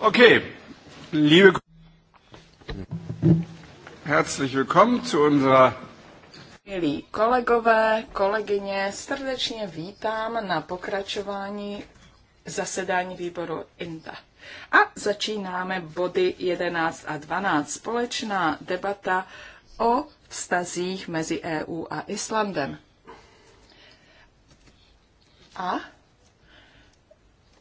Okay, liebe herzlich willkommen zu unserer Milí kolegové, kolegyně, srdečně vítám na pokračování zasedání výboru INTA. A začínáme body 11 a 12. Společná debata o vztazích mezi EU a Islandem. A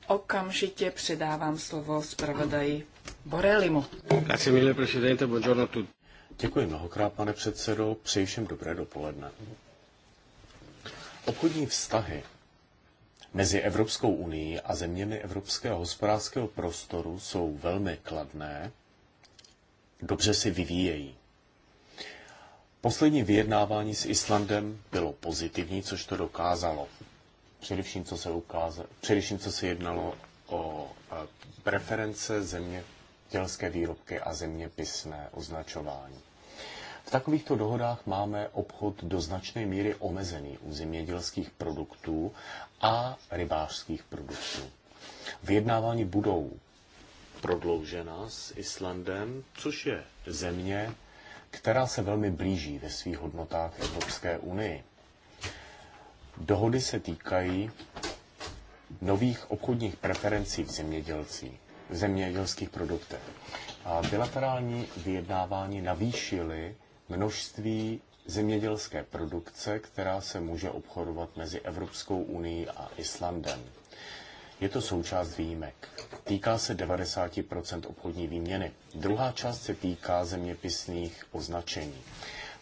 Okamžitě předávám slovo zpravodaji Borelimu. Děkuji mnohokrát, pane předsedo. Přeji všem dobré dopoledne. Obchodní vztahy mezi Evropskou unii a zeměmi Evropského hospodářského prostoru jsou velmi kladné, dobře si vyvíjejí. Poslední vyjednávání s Islandem bylo pozitivní, což to dokázalo především co se, ukáze, především, co se jednalo o e, preference zemědělské výrobky a zeměpisné označování. V takovýchto dohodách máme obchod do značné míry omezený u zemědělských produktů a rybářských produktů. Vyjednávání budou prodloužena s Islandem, což je země, která se velmi blíží ve svých hodnotách Evropské unii. Dohody se týkají nových obchodních preferencí v, zemědělcí, v zemědělských produktech. A bilaterální vyjednávání navýšily množství zemědělské produkce, která se může obchodovat mezi Evropskou unii a Islandem. Je to součást výjimek. Týká se 90 obchodní výměny. Druhá část se týká zeměpisných označení.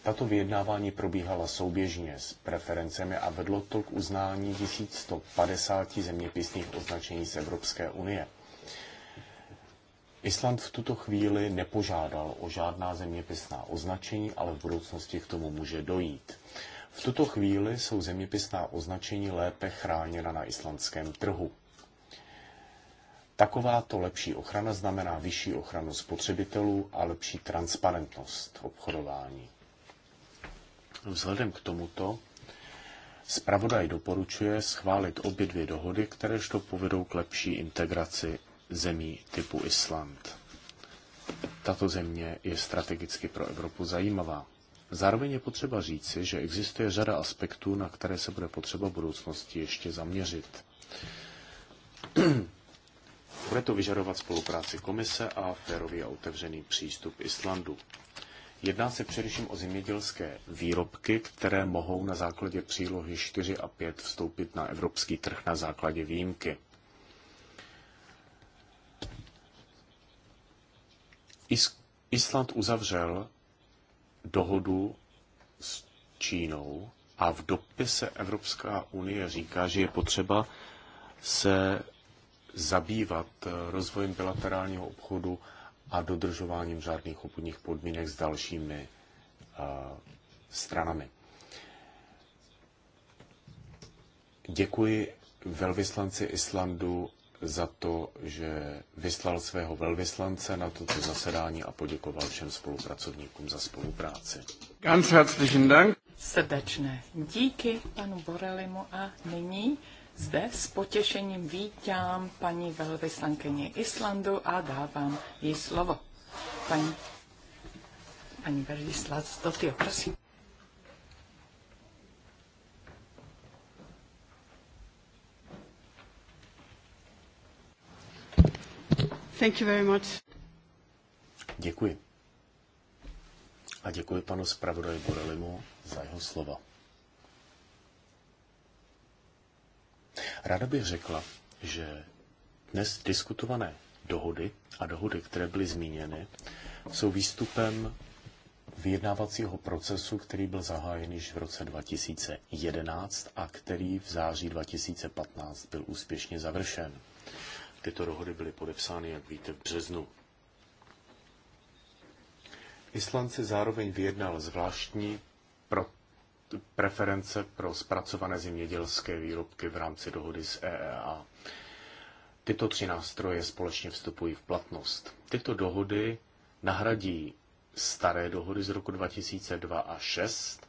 Tato vyjednávání probíhala souběžně s preferencemi a vedlo to k uznání 1150 zeměpisných označení z Evropské unie. Island v tuto chvíli nepožádal o žádná zeměpisná označení, ale v budoucnosti k tomu může dojít. V tuto chvíli jsou zeměpisná označení lépe chráněna na islandském trhu. Takováto lepší ochrana znamená vyšší ochranu spotřebitelů a lepší transparentnost obchodování. Vzhledem k tomuto Spravodaj doporučuje schválit obě dvě dohody, kteréž to povedou k lepší integraci zemí typu Island. Tato země je strategicky pro Evropu zajímavá. Zároveň je potřeba říci, že existuje řada aspektů, na které se bude potřeba budoucnosti ještě zaměřit. bude to vyžadovat spolupráci komise a férový a otevřený přístup Islandu. Jedná se především o zemědělské výrobky, které mohou na základě přílohy 4 a 5 vstoupit na evropský trh na základě výjimky. Island uzavřel dohodu s Čínou a v dopise Evropská unie říká, že je potřeba se zabývat eh, rozvojem bilaterálního obchodu a dodržováním řádných obchodních podmínek s dalšími eh, stranami. Děkuji velvyslanci Islandu za to, že vyslal svého velvyslance na toto zasedání a poděkoval všem spolupracovníkům za spolupráci. Ganz herzlichen Dank. Srdečné díky panu Borelimu a nyní zde s potěšením vítám paní velvyslankyni Islandu a dávám jí slovo. Paní, paní velvyslac Dotio, prosím. Thank you very much. Děkuji. A děkuji panu zpravodaji Borelimu za jeho slova. Ráda bych řekla, že dnes diskutované dohody a dohody, které byly zmíněny, jsou výstupem vyjednávacího procesu, který byl zahájen již v roce 2011 a který v září 2015 byl úspěšně završen. Tyto dohody byly podepsány, jak víte, v březnu. Island si zároveň vyjednal zvláštní preference pro zpracované zemědělské výrobky v rámci dohody s EEA. Tyto tři nástroje společně vstupují v platnost. Tyto dohody nahradí staré dohody z roku 2002 a 6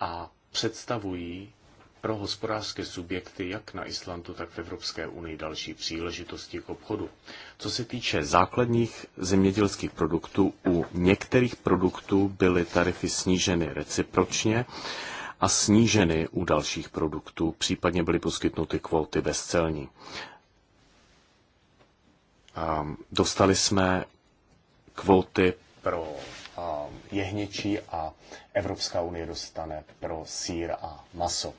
a představují pro hospodářské subjekty jak na Islandu, tak v Evropské unii další příležitosti k obchodu. Co se týče základních zemědělských produktů, u některých produktů byly tarify sníženy recipročně a sníženy u dalších produktů, případně byly poskytnuty kvóty bezcelní. Dostali jsme kvóty pro jehněčí a Evropská unie dostane pro sír a maso.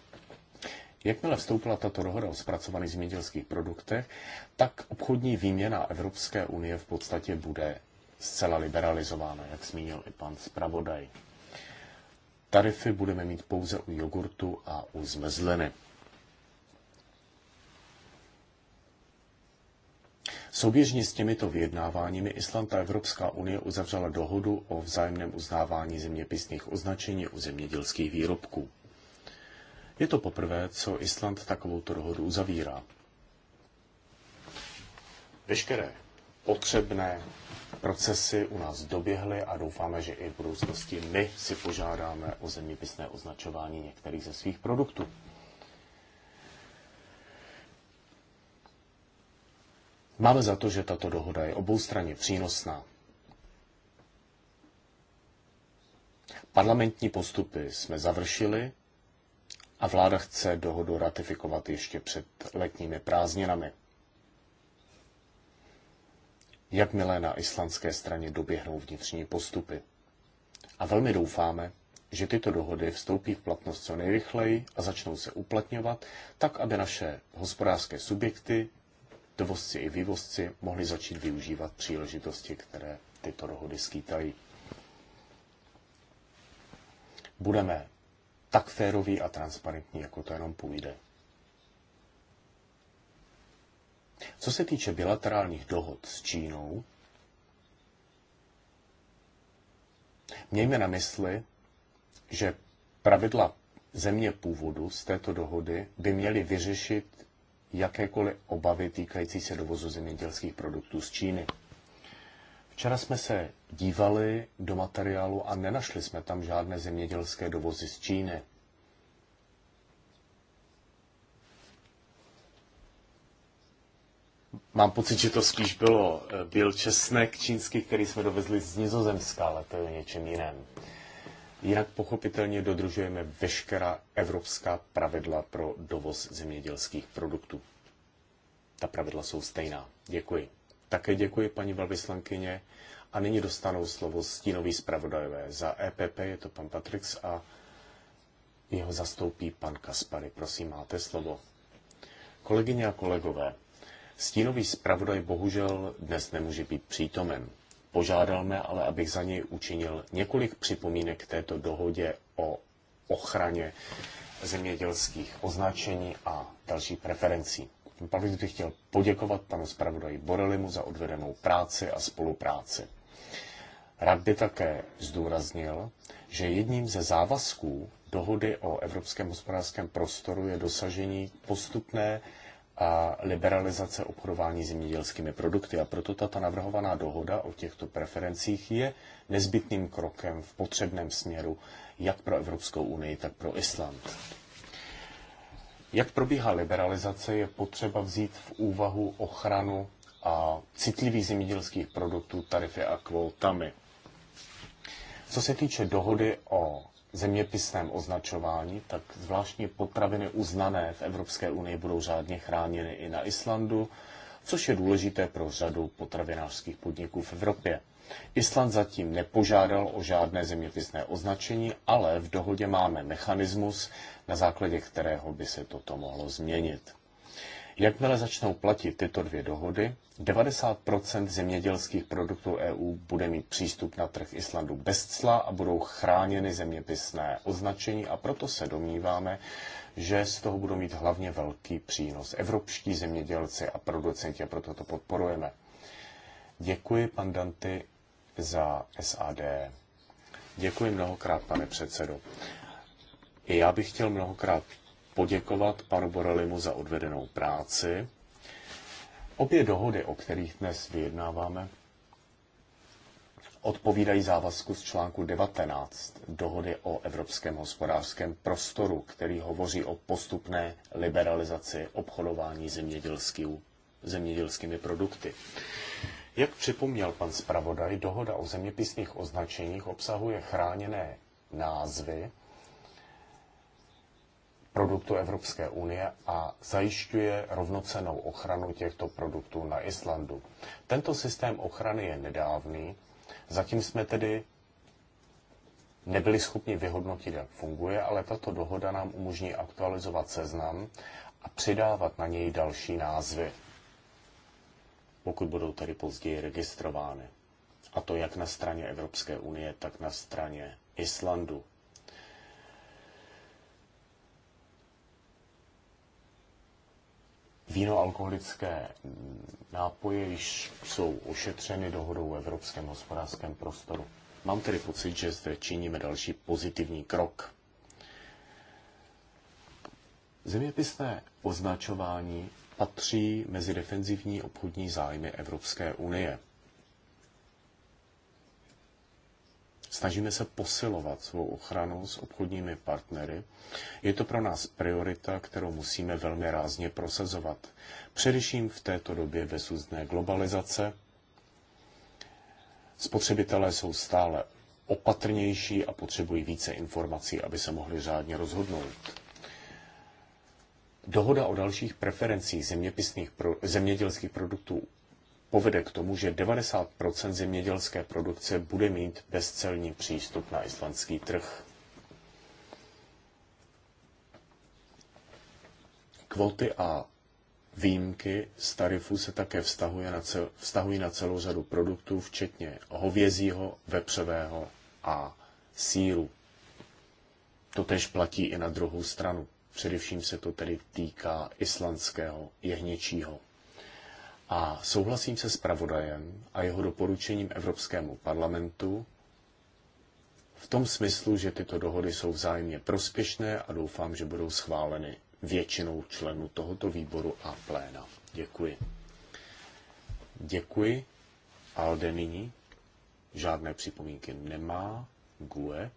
Jakmile vstoupila tato dohoda o zpracovaných zemědělských produktech, tak obchodní výměna Evropské unie v podstatě bude zcela liberalizována, jak zmínil i pan zpravodaj. Tarify budeme mít pouze u jogurtu a u zmrzliny. Souběžně s těmito vyjednáváními Island a Evropská unie uzavřela dohodu o vzájemném uznávání zeměpisných označení u zemědělských výrobků. Je to poprvé, co Island takovou dohodu uzavírá. Veškeré potřebné procesy u nás doběhly a doufáme, že i v budoucnosti my si požádáme o zeměpisné označování některých ze svých produktů. Máme za to, že tato dohoda je oboustranně přínosná. Parlamentní postupy jsme završili a vláda chce dohodu ratifikovat ještě před letními prázdninami. Jakmile na islandské straně doběhnou vnitřní postupy. A velmi doufáme, že tyto dohody vstoupí v platnost co nejrychleji a začnou se uplatňovat, tak aby naše hospodářské subjekty, dovozci i vývozci, mohli začít využívat příležitosti, které tyto dohody skýtají. Budeme tak férový a transparentní, jako to jenom půjde. Co se týče bilaterálních dohod s Čínou, mějme na mysli, že pravidla země původu z této dohody by měly vyřešit jakékoliv obavy týkající se dovozu zemědělských produktů z Číny. Včera jsme se dívali do materiálu a nenašli jsme tam žádné zemědělské dovozy z Číny. Mám pocit, že to spíš bylo, eh, byl česnek čínský, který jsme dovezli z Nizozemska, ale to je něčem jiném. Jinak pochopitelně dodržujeme veškerá evropská pravidla pro dovoz zemědělských produktů. Ta pravidla jsou stejná. Děkuji. Také děkuji, paní velvyslankyně. A nyní dostanou slovo stínový zpravodajové. Za EPP je to pan Patrix a jeho zastoupí pan Kaspary. Prosím, máte slovo. Kolegyně a kolegové, stínový zpravodaj bohužel dnes nemůže být přítomen. Požádal mne ale, abych za něj učinil několik připomínek k této dohodě o ochraně zemědělských označení a dalších preferencí. Pak bych chtěl poděkovat panu zpravodaji Borelimu za odvedenou práci a spolupráci. Rád by také zdůraznil, že jedním ze závazků dohody o Evropském hospodářském prostoru je dosažení postupné a liberalizace obchodování zemědělskými produkty. A proto tato navrhovaná dohoda o těchto preferencích je nezbytným krokem v potřebném směru jak pro Evropskou unii, tak pro Island. Jak probíhá liberalizace, je potřeba vzít v úvahu ochranu a citlivých zemědělských produktů, tarify a kvótami. Co se týče dohody o zeměpisném označování, tak zvláštní potraviny uznané v Evropské unii budou řádně chráněny i na Islandu, což je důležité pro řadu potravinářských podniků v Evropě. Island zatím nepožádal o žádné zeměpisné označení, ale v dohodě máme mechanismus, na základě kterého by se toto mohlo změnit. Jakmile začnou platit tyto dvě dohody, 90 zemědělských produktů EU bude mít přístup na trh Islandu bez cla a budou chráněny zeměpisné označení a proto se domníváme, že z toho budou mít hlavně velký přínos evropští zemědělci a producenti a proto to podporujeme. Děkuji, pan Danty, za SAD. Děkuji mnohokrát, pane předsedo. I já bych chtěl mnohokrát poděkovat panu Borelimu za odvedenou práci. Obě dohody, o kterých dnes vyjednáváme, odpovídají závazku z článku 19 dohody o Evropském hospodářském prostoru, který hovoří o postupné liberalizaci obchodování zemědělskými produkty. Jak připomněl pan zpravodaj, dohoda o zeměpisných označeních obsahuje chráněné názvy produktů Evropské unie a zajišťuje rovnocenou ochranu těchto produktů na Islandu. Tento systém ochrany je nedávný, zatím jsme tedy nebyli schopni vyhodnotit, jak funguje, ale tato dohoda nám umožní aktualizovat seznam a přidávat na něj další názvy pokud budou tady později registrovány. A to jak na straně Evropské unie, tak na straně Islandu. Víno alkoholické nápoje již jsou ošetřeny dohodou v Evropském hospodářském prostoru. Mám tedy pocit, že zde činíme další pozitivní krok. Zeměpisné označování patří mezi defenzivní obchodní zájmy Evropské unie. Snažíme se posilovat svou ochranu s obchodními partnery. Je to pro nás priorita, kterou musíme velmi rázně prosazovat. Především v této době bezúzné globalizace. Spotřebitelé jsou stále opatrnější a potřebují více informací, aby se mohli řádně rozhodnout. Dohoda o dalších preferencích zeměpisných pro, zemědělských produktů povede k tomu, že 90 zemědělské produkce bude mít bezcelní přístup na islandský trh. Kvóty a výjimky z tarifu se také vztahuje na cel, vztahují na celou řadu produktů, včetně hovězího, vepřového a síru. tež platí i na druhou stranu. Především se to tedy týká islandského jehněčího. A souhlasím se pravodajem a jeho doporučením Evropskému parlamentu v tom smyslu, že tyto dohody jsou vzájemně prospěšné a doufám, že budou schváleny většinou členů tohoto výboru a pléna. Děkuji. Děkuji. Alde nyní žádné připomínky nemá. GUE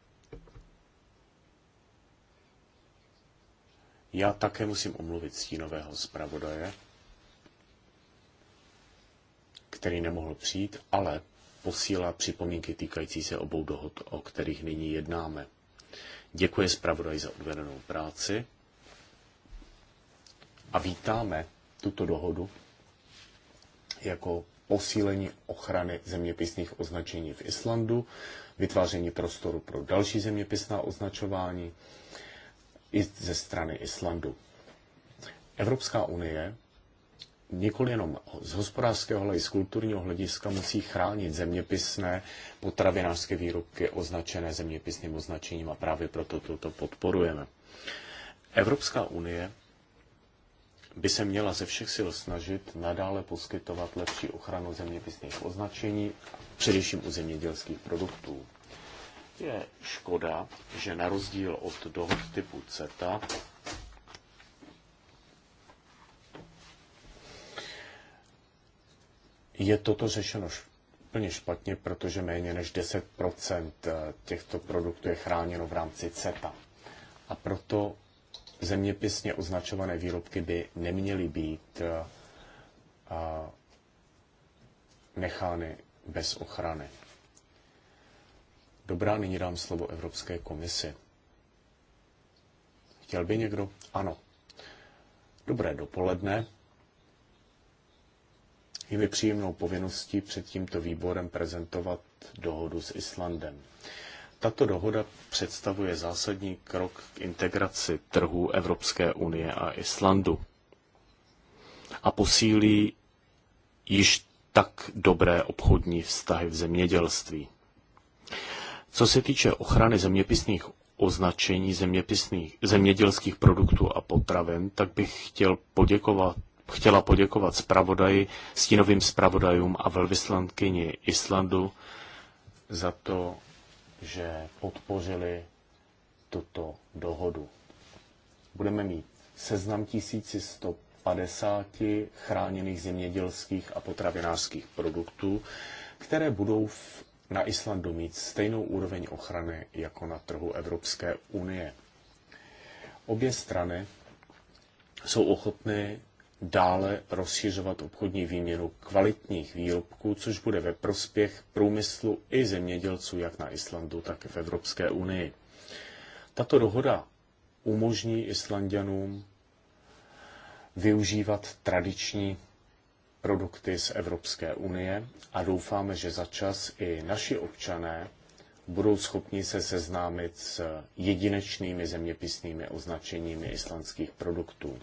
Já také musím omluvit stínového zpravodaje, který nemohl přijít, ale posílá připomínky týkající se obou dohod, o kterých nyní jednáme. Děkuji zpravodaj za odvedenou práci a vítáme tuto dohodu jako posílení ochrany zeměpisných označení v Islandu, vytváření prostoru pro další zeměpisná označování, i ze strany Islandu. Evropská unie nikoli jenom z hospodářského, ale i z kulturního hlediska musí chránit zeměpisné potravinářské výrobky označené zeměpisným označením a právě proto toto podporujeme. Evropská unie by se měla ze všech sil snažit nadále poskytovat lepší ochranu zeměpisných označení, především u zemědělských produktů je škoda, že na rozdíl od dohod typu CETA, je toto řešeno úplně špatně, protože méně než 10% eh, těchto produktů je chráněno v rámci CETA. A proto zeměpisně označované výrobky by neměly být eh, eh, nechány bez ochrany. Dobrá, nyní dám slovo Evropské komisi. Chtěl by někdo? Ano. Dobré dopoledne. Je mi příjemnou povinností před tímto výborem prezentovat dohodu s Islandem. Tato dohoda představuje zásadní krok k integraci trhů Evropské unie a Islandu a posílí již tak dobré obchodní vztahy v zemědělství. Co se týče ochrany zeměpisných označení zeměpisných, zemědělských produktů a potravin, tak bych chtěl poděkovat, chtěla poděkovat zpravodaji, stínovým zpravodajům a velvyslankyni Islandu za to, že podpořili tuto dohodu. Budeme mít seznam 1150 chráněných zemědělských a potravinářských produktů, které budou v na Islandu mít stejnou úroveň ochrany jako na trhu Evropské unie. Obě strany jsou ochotné dále rozšiřovat obchodní výměnu kvalitních výrobků, což bude ve prospěch průmyslu i zemědělců jak na Islandu, tak i v Evropské unii. Tato dohoda umožní Islandianům využívat tradiční produkty z Evropské unie a doufáme, že za čas i naši občané budou schopni se seznámit s jedinečnými zeměpisnými označeními islandských produktů.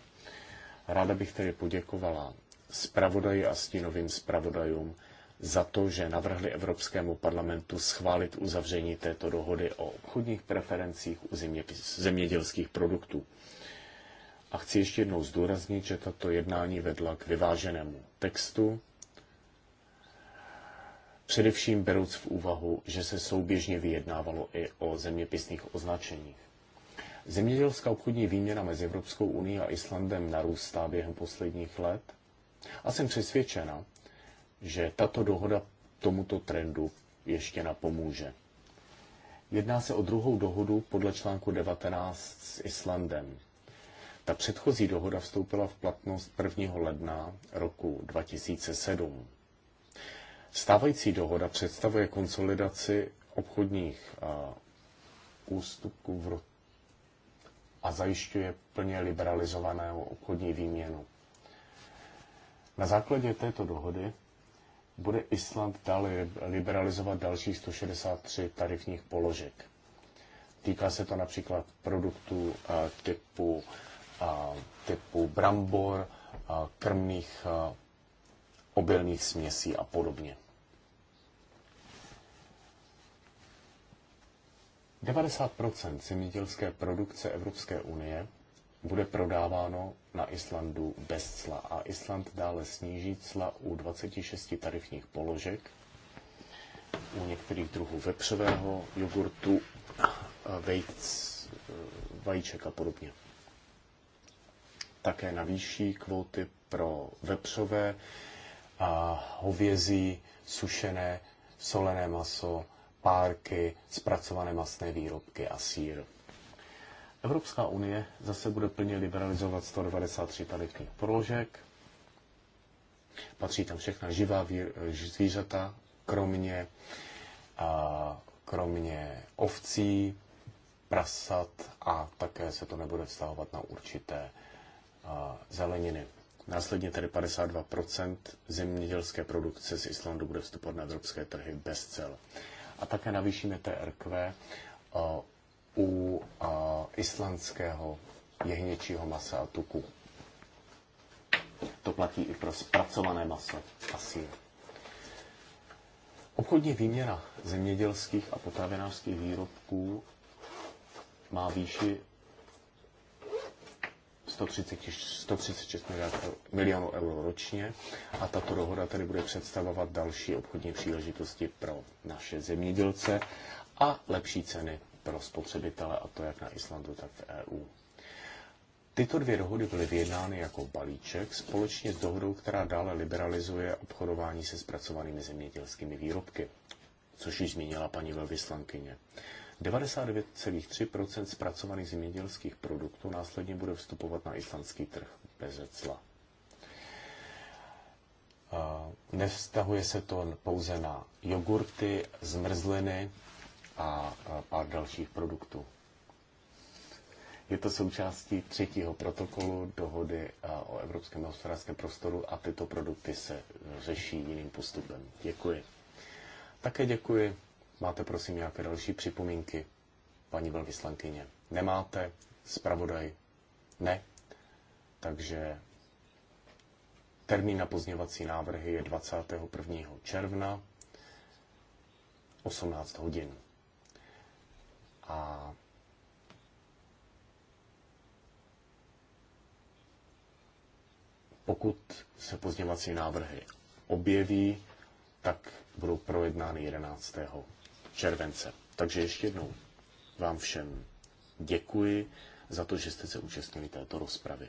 Ráda bych tedy poděkovala zpravodaji a stínovým zpravodajům za to, že navrhli Evropskému parlamentu schválit uzavření této dohody o obchodních preferencích u zemědělských produktů. A chci ještě jednou zdůraznit, že tato jednání vedla k vyváženému textu, především beruc v úvahu, že se souběžně vyjednávalo i o zeměpisných označeních. Zemědělská obchodní výměna mezi Evropskou unii a Islandem narůstá během posledních let a jsem přesvědčena, že tato dohoda tomuto trendu ještě napomůže. Jedná se o druhou dohodu podle článku 19 s Islandem. Ta předchozí dohoda vstoupila v platnost 1. ledna roku 2007. Stávající dohoda představuje konsolidaci obchodních ústupků a zajišťuje plně liberalizovanou obchodní výměnu. Na základě této dohody bude Island dále liberalizovat dalších 163 tarifních položek. Týká se to například produktů typu typu brambor, krmných obilných směsí a podobně. 90 zemědělské produkce Evropské unie bude prodáváno na Islandu bez cla a Island dále sníží cla u 26 tarifních položek, u některých druhů vepřového, jogurtu, vejc, vajíček a podobně také navýší kvóty pro vepřové, a hovězí, sušené, solené maso, párky, zpracované masné výrobky a sír. Evropská unie zase bude plně liberalizovat 193 tarifních položek. Patří tam všechna živá zvířata, kromě, a, kromě ovcí, prasat a také se to nebude vztahovat na určité zeleniny. Následně tedy 52% zemědělské produkce z Islandu bude vstupovat na evropské trhy bez cel. A také navýšíme TRQ eh, u eh, islandského jehněčího masa a tuku. To platí i pro zpracované maso a sír. Obchodní výměra zemědělských a potravinářských výrobků má výši 130, 136 miliard, milionů euro ročně a tato dohoda tedy bude představovat další obchodní příležitosti pro naše zemědělce a lepší ceny pro spotřebitele, a to jak na Islandu, tak v EU. Tyto dvě dohody byly vyjednány jako balíček společně s dohodou, která dále liberalizuje obchodování se zpracovanými zemědělskými výrobky, což již zmínila paní velvyslankyně. 99,3 zpracovaných zemědělských produktů následně bude vstupovat na islandský trh bez cla. Nevztahuje se to pouze na jogurty, zmrzliny a pár dalších produktů. Je to součástí třetího protokolu dohody o Evropském hospodářském prostoru a tyto produkty se e, řeší jiným postupem. Děkuji. Také děkuji. Máte prosím nějaké další připomínky, paní velvyslankyně? Nemáte? Spravodaj? Ne? Takže termín na pozněvací návrhy je 21. června 18 hodin. A pokud se pozněvací návrhy objeví, tak budou projednány 11 července. Takže ještě jednou vám všem děkuji za to, že jste se účastnili této rozpravy.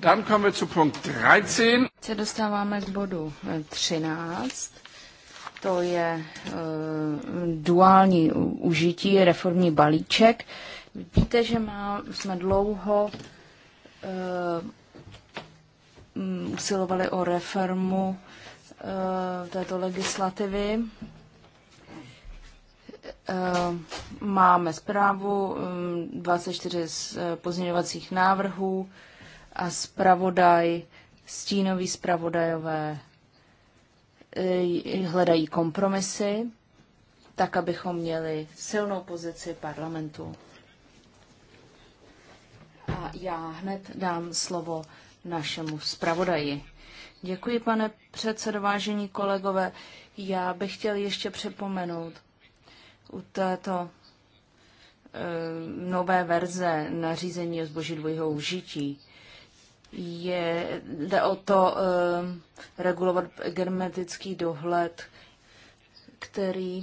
Dan, kommen zu Punkt 13. Se dostáváme k bodu 13. Eh, to je e, duální užití, reformní balíček. Víte, že má, jsme dlouho e, usilovali o reformu e, této legislativy. Eh, máme zprávu 24 mm, z eh, pozměňovacích návrhů a zpravodaj, stínový zpravodajové eh, hledají kompromisy, tak abychom měli silnou pozici parlamentu. A já hned dám slovo našemu zpravodaji. Děkuji, pane předsedo, vážení kolegové. Já bych chtěl ještě připomenout, u této eh, nové verze nařízení o zboží dvojího užití. Je, jde o to e, regulovat germetický dohled, který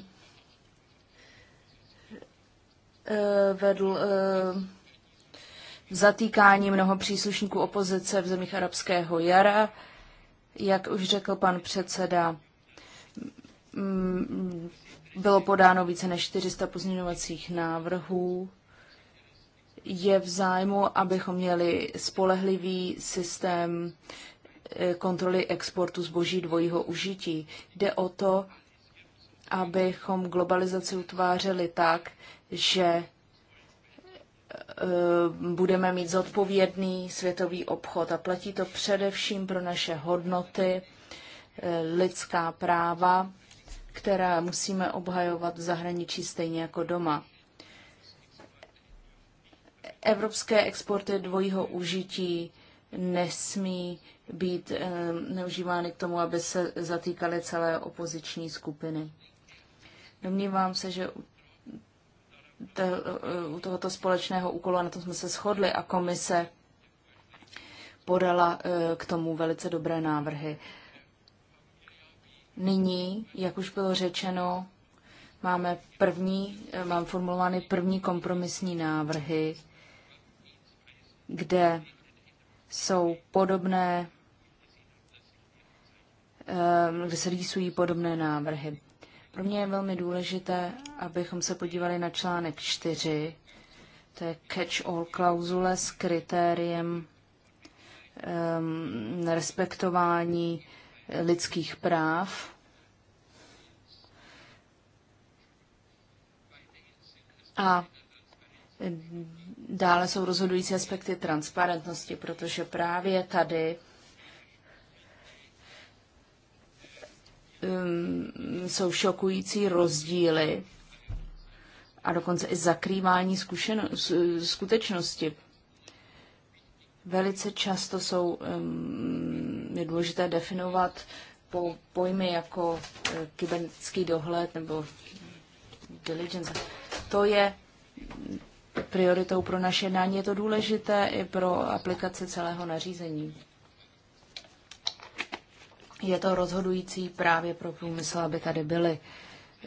e, vedl e, zatýkání mnoho příslušníků opozice v zemích arabského jara. Jak už řekl pan předseda, mm, bylo podáno více než 400 pozměňovacích návrhů. Je v zájmu, abychom měli spolehlivý systém eh, kontroly exportu zboží dvojího užití. Jde o to, abychom globalizaci utvářeli tak, že eh, budeme mít zodpovědný světový obchod a platí to především pro naše hodnoty, eh, lidská práva která musíme obhajovat v zahraničí stejně jako doma. Evropské exporty dvojího užití nesmí být eh, neužívány k tomu, aby se zatýkaly celé opoziční skupiny. Domnívám se, že u eh, tohoto společného úkolu, a na tom jsme se shodli, a komise podala eh, k tomu velice dobré návrhy. Nyní, jak už bylo řečeno, máme první, eh, mám formulovány první kompromisní návrhy, kde jsou podobné, eh, kde se rýsují podobné návrhy. Pro mě je velmi důležité, abychom se podívali na článek 4, to je catch-all klauzule s kritériem um, respektování lidských práv. A dále jsou rozhodující aspekty transparentnosti, protože právě tady um, jsou šokující rozdíly a dokonce i zakrývání skutečnosti. Velice často jsou um, je důležité definovat po, pojmy jako e, kybernetický dohled nebo diligence. To je prioritou pro naše jednání. Je to důležité i pro aplikaci celého nařízení. Je to rozhodující právě pro průmysl, aby tady byly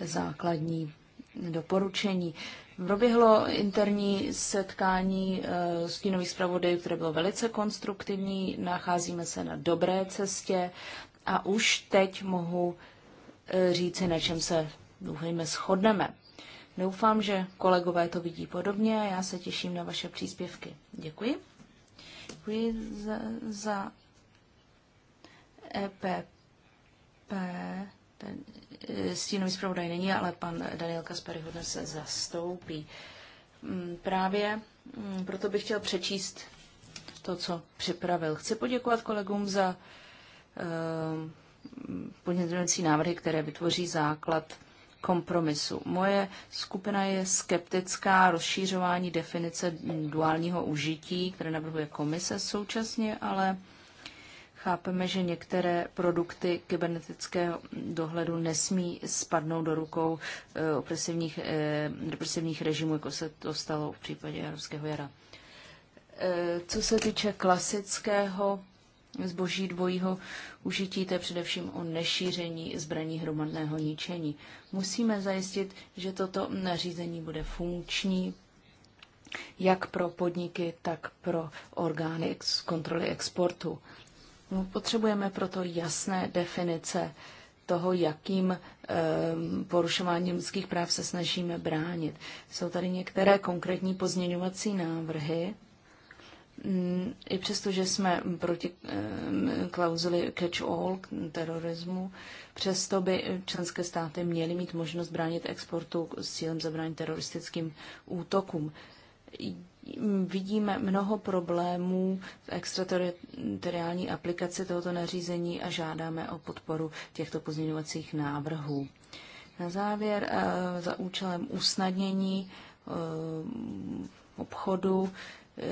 základní doporučení. Proběhlo interní setkání eh, stínových zpravodajů, které bylo velice konstruktivní, nacházíme se na dobré cestě a už teď mohu eh, říci, na čem se doufejme shodneme. Doufám, že kolegové to vidí podobně a já se těším na vaše příspěvky. Děkuji. Děkuji za, za EPP. Ten, Eh, stínový zpravodaj není, ale pan Daniel Kaspery ho dnes zastoupí. Mm, právě mm, proto bych chtěl přečíst to, co připravil. Chci poděkovat kolegům za eh, podnětující návrhy, které vytvoří základ kompromisu. Moje skupina je skeptická rozšířování definice duálního užití, které navrhuje komise současně, ale Chápeme, že některé produkty kybernetického dohledu nesmí spadnout do rukou eh, opresivních, eh, represivních režimů, jako se to stalo v případě arabského jara. Eh, co se týče klasického zboží dvojího užití, to je především o nešíření zbraní hromadného ničení. Musíme zajistit, že toto nařízení bude funkční jak pro podniky, tak pro orgány kontroly exportu. No, potřebujeme proto jasné definice toho, jakým ehm, porušováním lidských práv se snažíme bránit. Jsou tady některé konkrétní pozměňovací návrhy. Mm, I přesto, že jsme proti ehm, klauzuli catch-all terorismu, přesto by členské státy měly mít možnost bránit exportu s cílem zabránit teroristickým útokům vidíme mnoho problémů v extrateritoriální aplikaci tohoto nařízení a žádáme o podporu těchto pozměňovacích návrhů. Na závěr eh, za účelem usnadnění eh, obchodu eh,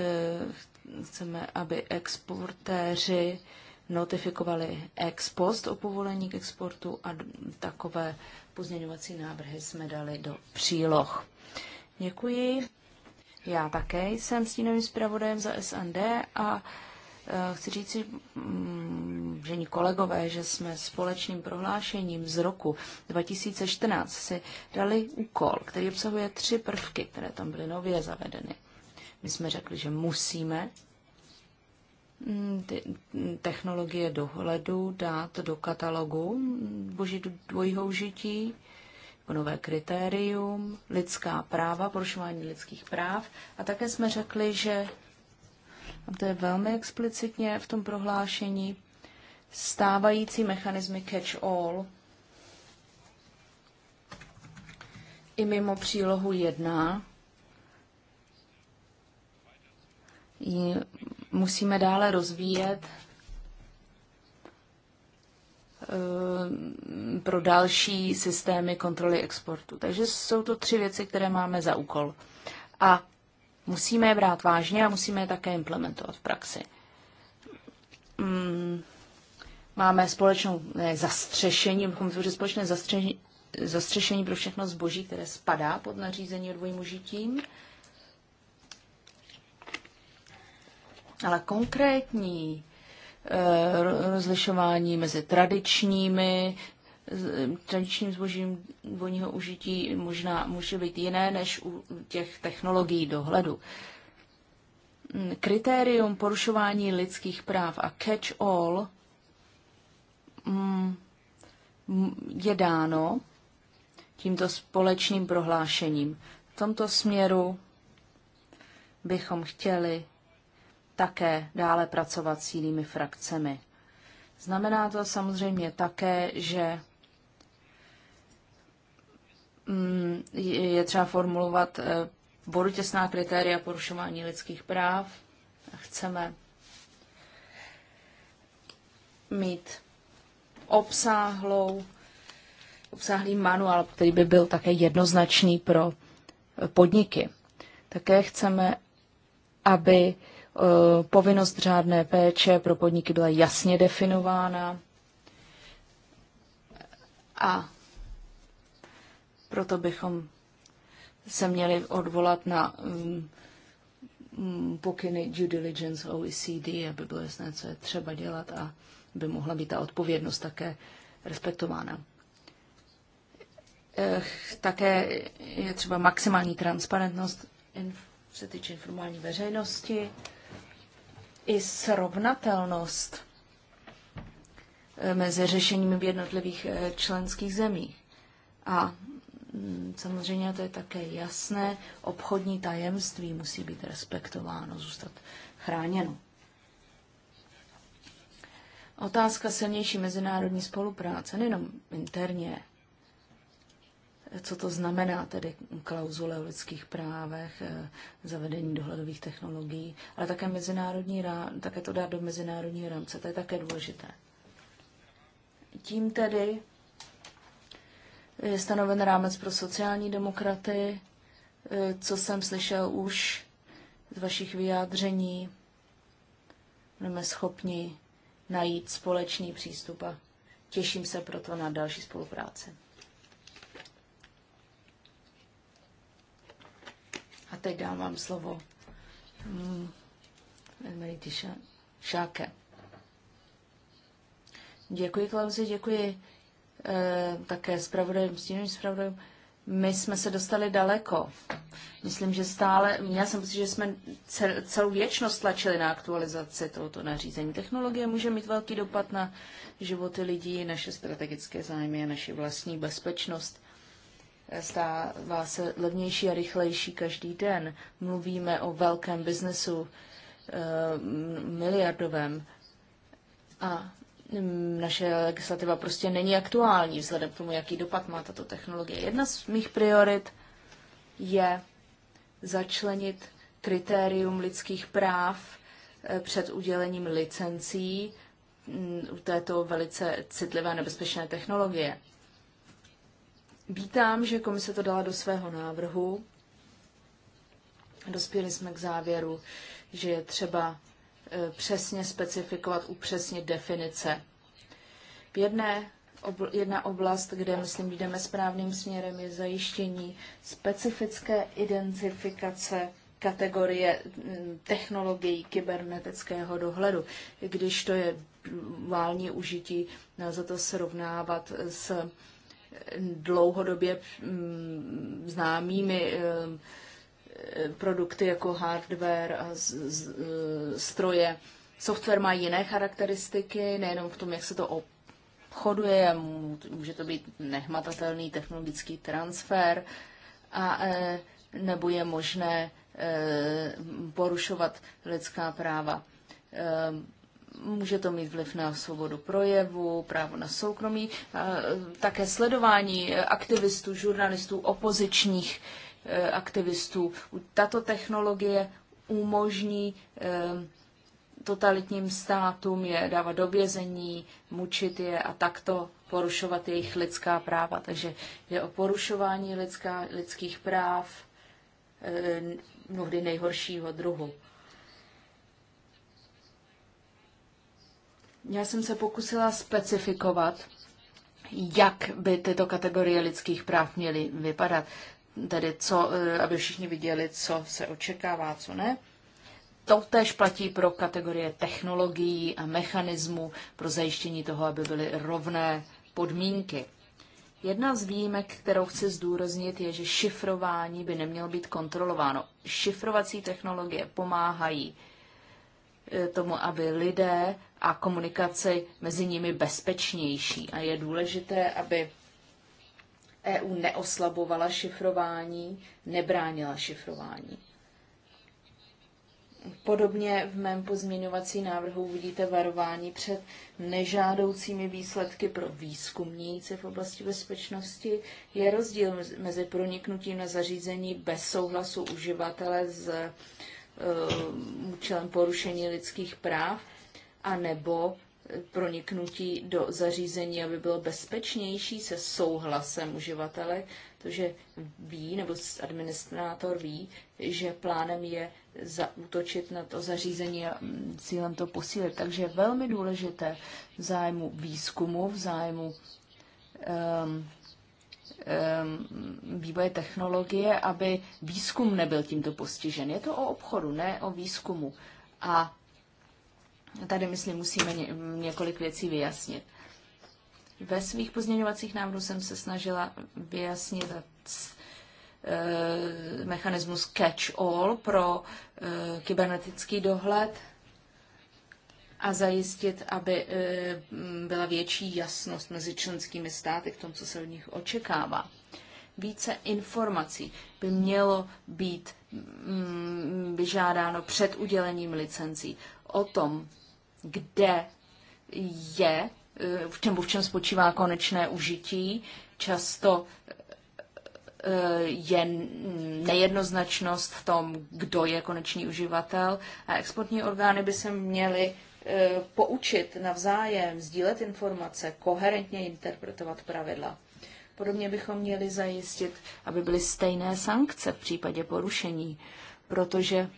chceme, aby exportéři notifikovali ex post o povolení k exportu a takové pozměňovací návrhy jsme dali do příloh. Děkuji. Já také jsem stínovým zpravodajem za SND a e, chci říci, mm, ní kolegové, že jsme společným prohlášením z roku 2014 si dali úkol, který obsahuje tři prvky, které tam byly nově zavedeny. My jsme řekli, že musíme mm, ty mm, technologie dohledu dát do katalogu boží dvojího užití, nové kritérium, lidská práva, porušování lidských práv. A také jsme řekli, že, a to je velmi explicitně v tom prohlášení, stávající mechanismy catch-all i mimo přílohu 1 musíme dále rozvíjet Eh, pro další systémy kontroly exportu. Takže jsou to tři věci, které máme za úkol. A musíme je brát vážně a musíme je také implementovat v praxi. Mm, máme společnou ne, zastřešení, bychom vytvořili společné zastřešení, zastřešení pro všechno zboží, které spadá pod nařízení o dvojímu Ale konkrétní Eh, rozlišování mezi tradičními, tradičním zbožím dvojního užití možná může být jiné než u těch technologií dohledu. Mm, kritérium porušování lidských práv a catch-all mm, mm, je dáno tímto společným prohlášením. V tomto směru bychom chtěli také dále pracovat s jinými frakcemi. Znamená to samozřejmě také, že mm, je třeba formulovat eh, bodu těsná kritéria porušování lidských práv. Chceme mít obsáhlou, obsáhlý manuál, který by byl také jednoznačný pro podniky. Také chceme, aby Eh, povinnost řádné péče pro podniky byla jasně definována a proto bychom se měli odvolat na mm, mm, pokyny due diligence OECD, aby bylo jasné, co je třeba dělat a by mohla být ta odpovědnost také respektována. Eh, také je třeba maximální transparentnost se týče informální veřejnosti i srovnatelnost eh, mezi řešením v jednotlivých eh, členských zemích. A mm, samozřejmě to je také jasné, obchodní tajemství musí být respektováno, zůstat chráněno. Otázka silnější mezinárodní spolupráce, nejenom interně, co to znamená tedy klauzule o lidských právech, eh, zavedení dohledových technologií, ale také, mezinárodní, také to dát do mezinárodního rámce, to je také důležité. Tím tedy je stanoven rámec pro sociální demokraty, eh, co jsem slyšel už z vašich vyjádření, budeme schopni najít společný přístup a těším se proto na další spolupráci. A teď dám vám slovo. Hmm. Šáke. Děkuji, Klauzi, děkuji e, také zpravodajům, stínovým zpravodajům. My jsme se dostali daleko. Myslím, že stále, já jsem pocit, že jsme cel, celou věčnost tlačili na aktualizaci tohoto nařízení. Technologie může mít velký dopad na životy lidí, naše strategické zájmy a naši vlastní bezpečnost stává se levnější a rychlejší každý den. Mluvíme o velkém biznesu eh, miliardovém a naše legislativa prostě není aktuální vzhledem k tomu, jaký dopad má tato technologie. Jedna z mých priorit je začlenit kritérium lidských práv eh, před udělením licencí mm, u této velice citlivé a nebezpečné technologie. Vítám, že komise to dala do svého návrhu. Dospěli jsme k závěru, že je třeba e, přesně specifikovat, upřesnit definice. jedné jedna oblast, kde, myslím, jdeme správným směrem, je zajištění specifické identifikace kategorie technologií kybernetického dohledu. Když to je vální užití, nelze to srovnávat s dlouhodobě mm, známými eh, produkty jako hardware a eh, stroje. Software má jiné charakteristiky, nejenom v tom, jak se to obchoduje, může to být nehmatatelný technologický transfer, a, eh, nebo je možné porušovat lidská práva. Může to mít vliv na svobodu projevu, právo na soukromí, e, také sledování aktivistů, žurnalistů, opozičních e, aktivistů. Tato technologie umožní e, totalitním státům je dávat do vězení, mučit je a takto porušovat jejich lidská práva. Takže je o porušování lidská, lidských práv, mnohdy nejhoršího druhu. Já jsem se pokusila specifikovat, jak by tyto kategorie lidských práv měly vypadat. Tedy, co, e, aby všichni viděli, co se očekává, co ne. To též platí pro kategorie technologií a mechanismů pro zajištění toho, aby byly rovné podmínky. Jedna z výjimek, kterou chci zdůraznit, je, že šifrování by nemělo být kontrolováno. Šifrovací technologie pomáhají e, tomu, aby lidé a komunikaci mezi nimi bezpečnější. A je důležité, aby EU neoslabovala šifrování, nebránila šifrování. Podobně v mém pozměňovací návrhu vidíte varování před nežádoucími výsledky pro výzkumníce v oblasti bezpečnosti. Je rozdíl mezi proniknutím na zařízení bez souhlasu uživatele s uh, eh, účelem porušení lidských práv a nebo proniknutí do zařízení, aby bylo bezpečnější se souhlasem uživatele, protože ví, nebo administrátor ví, že plánem je zaútočit na to zařízení a mm, cílem to posílit. Takže je velmi důležité v zájmu výzkumu, v zájmu um, um, vývoje technologie, aby výzkum nebyl tímto postižen. Je to o obchodu, ne o výzkumu. A Tady, myslím, musíme několik věcí vyjasnit. Ve svých pozměňovacích návrhů jsem se snažila vyjasnit eh, mechanismus catch-all pro eh, kybernetický dohled a zajistit, aby eh, byla větší jasnost mezi členskými státy k tomu, co se od nich očekává. Více informací by mělo být mm, vyžádáno před udělením licencí o tom, kde je, eh, v čem, v čem spočívá konečné užití. Často eh, je nejednoznačnost v tom, kdo je konečný uživatel a exportní orgány by se měly eh, poučit navzájem, sdílet informace, koherentně interpretovat pravidla. Podobně bychom měli zajistit, aby byly stejné sankce v případě porušení, protože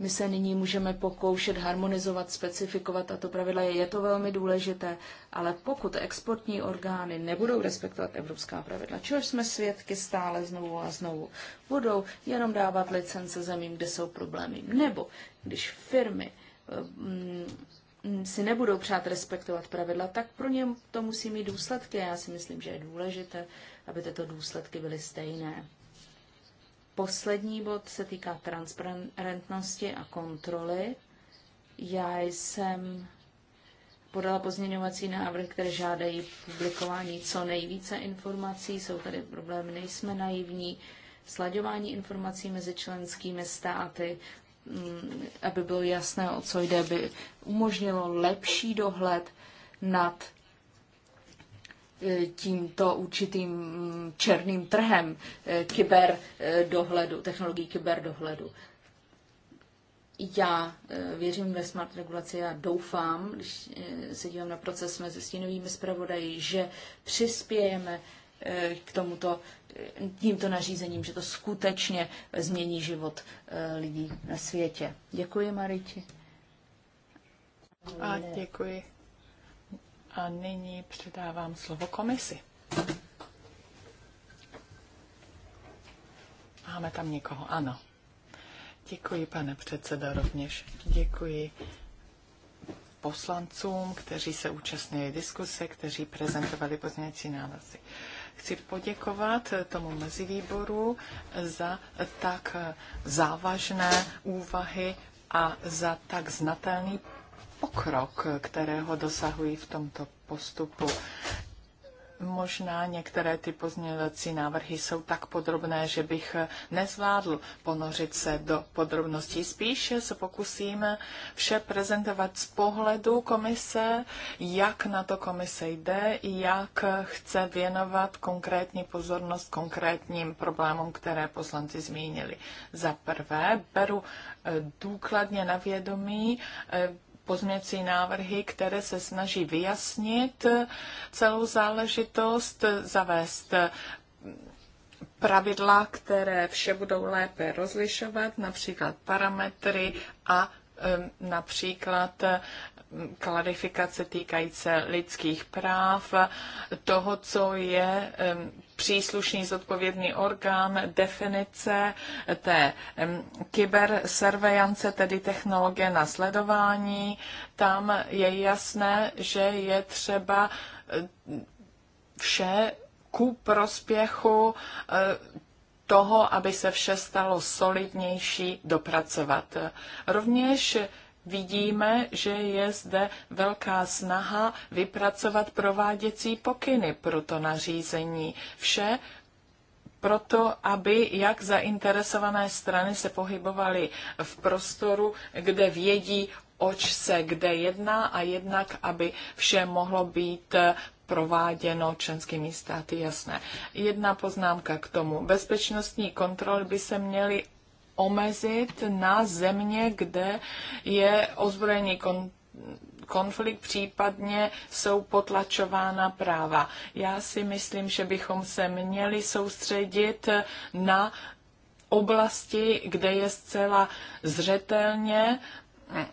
my se nyní můžeme pokoušet harmonizovat, specifikovat tato pravidla. Je to velmi důležité, ale pokud exportní orgány nebudou respektovat evropská pravidla, čehož jsme svědky stále znovu a znovu, budou jenom dávat licence zemím, kde jsou problémy. Nebo když firmy eh, mm, si nebudou přát respektovat pravidla, tak pro ně to musí mít důsledky. Já si myslím, že je důležité, aby tyto důsledky byly stejné poslední bod se týká transparentnosti a kontroly. Já jsem podala pozměňovací návrh, které žádají publikování co nejvíce informací. Jsou tady problémy, nejsme naivní. Slaďování informací mezi členskými státy, mm, aby bylo jasné, o co jde, by umožnilo lepší dohled nad E, tímto určitým černým trhem e, kyber e, dohledu, technologií kyber dohledu. Já věřím ve smart regulaci a doufám, když se dívám na proces mezi stínovými zpravodaji, že přispějeme k tomuto tímto nařízením, že to skutečně změní život lidí na světě. Děkuji, Mariči. A děkuji. A nyní předávám slovo komisi. Máme tam někoho, ano. Děkuji, pane předsedo, rovněž děkuji poslancům, kteří se účastnili diskuse, kteří prezentovali pozměňovací nálezy. Chci poděkovat tomu mezivýboru za tak závažné úvahy a za tak znatelný pokrok, kterého dosahují v tomto postupu. Možná některé ty pozměňovací návrhy jsou tak podrobné, že bych nezvládl ponořit se do podrobností. Spíše se pokusím vše prezentovat z pohledu komise, jak na to komise jde, jak chce věnovat konkrétní pozornost konkrétním problémům, které poslanci zmínili. Za prvé, beru eh, důkladně na vědomí eh, pozměcí návrhy, které se snaží vyjasnit celou záležitost, zavést pravidla, které vše budou lépe rozlišovat, například parametry a například klarifikace týkající lidských práv, toho, co je příslušný zodpovědný orgán definice té kybersurveillance, tedy technologie na sledování. Tam je jasné, že je třeba eh, vše ku prospěchu eh, toho, aby se vše stalo solidnější, dopracovat. Rovněž vidíme, že je zde velká snaha vypracovat prováděcí pokyny pro to nařízení. Vše proto, aby jak zainteresované strany se pohybovaly v prostoru, kde vědí, oč se kde jedná a jednak, aby vše mohlo být prováděno členskými státy, jasné. Jedna poznámka k tomu. Bezpečnostní kontroly by se měly omezit na země, kde je ozbrojený kon- konflikt, případně jsou potlačována práva. Já si myslím, že bychom se měli soustředit na oblasti, kde je zcela zřetelně mm,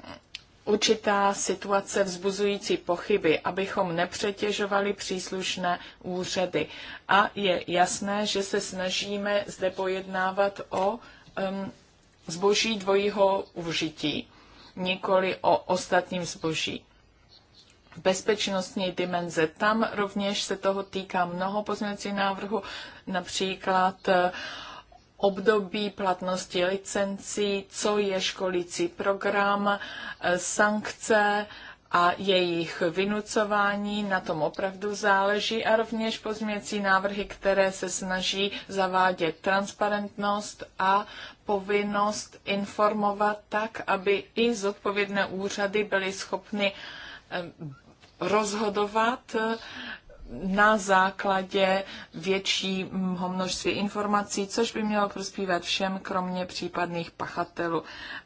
určitá situace vzbuzující pochyby, abychom nepřetěžovali příslušné úřady. A je jasné, že se snažíme zde pojednávat o um, zboží dvojího užití, nikoli o ostatním zboží. Bezpečnostní dimenze. Tam rovněž se toho týká mnoho pozměňovacích návrhů, například eh, období platnosti licencí, co je školící program, eh, sankce, a jejich vynucování, na tom opravdu záleží a rovněž pozměcí návrhy, které se snaží zavádět transparentnost a povinnost informovat tak, aby i zodpovědné úřady byly schopny eh, rozhodovat eh, na základě většího množství informací, což by mělo prospívat všem, kromě případných pachatelů.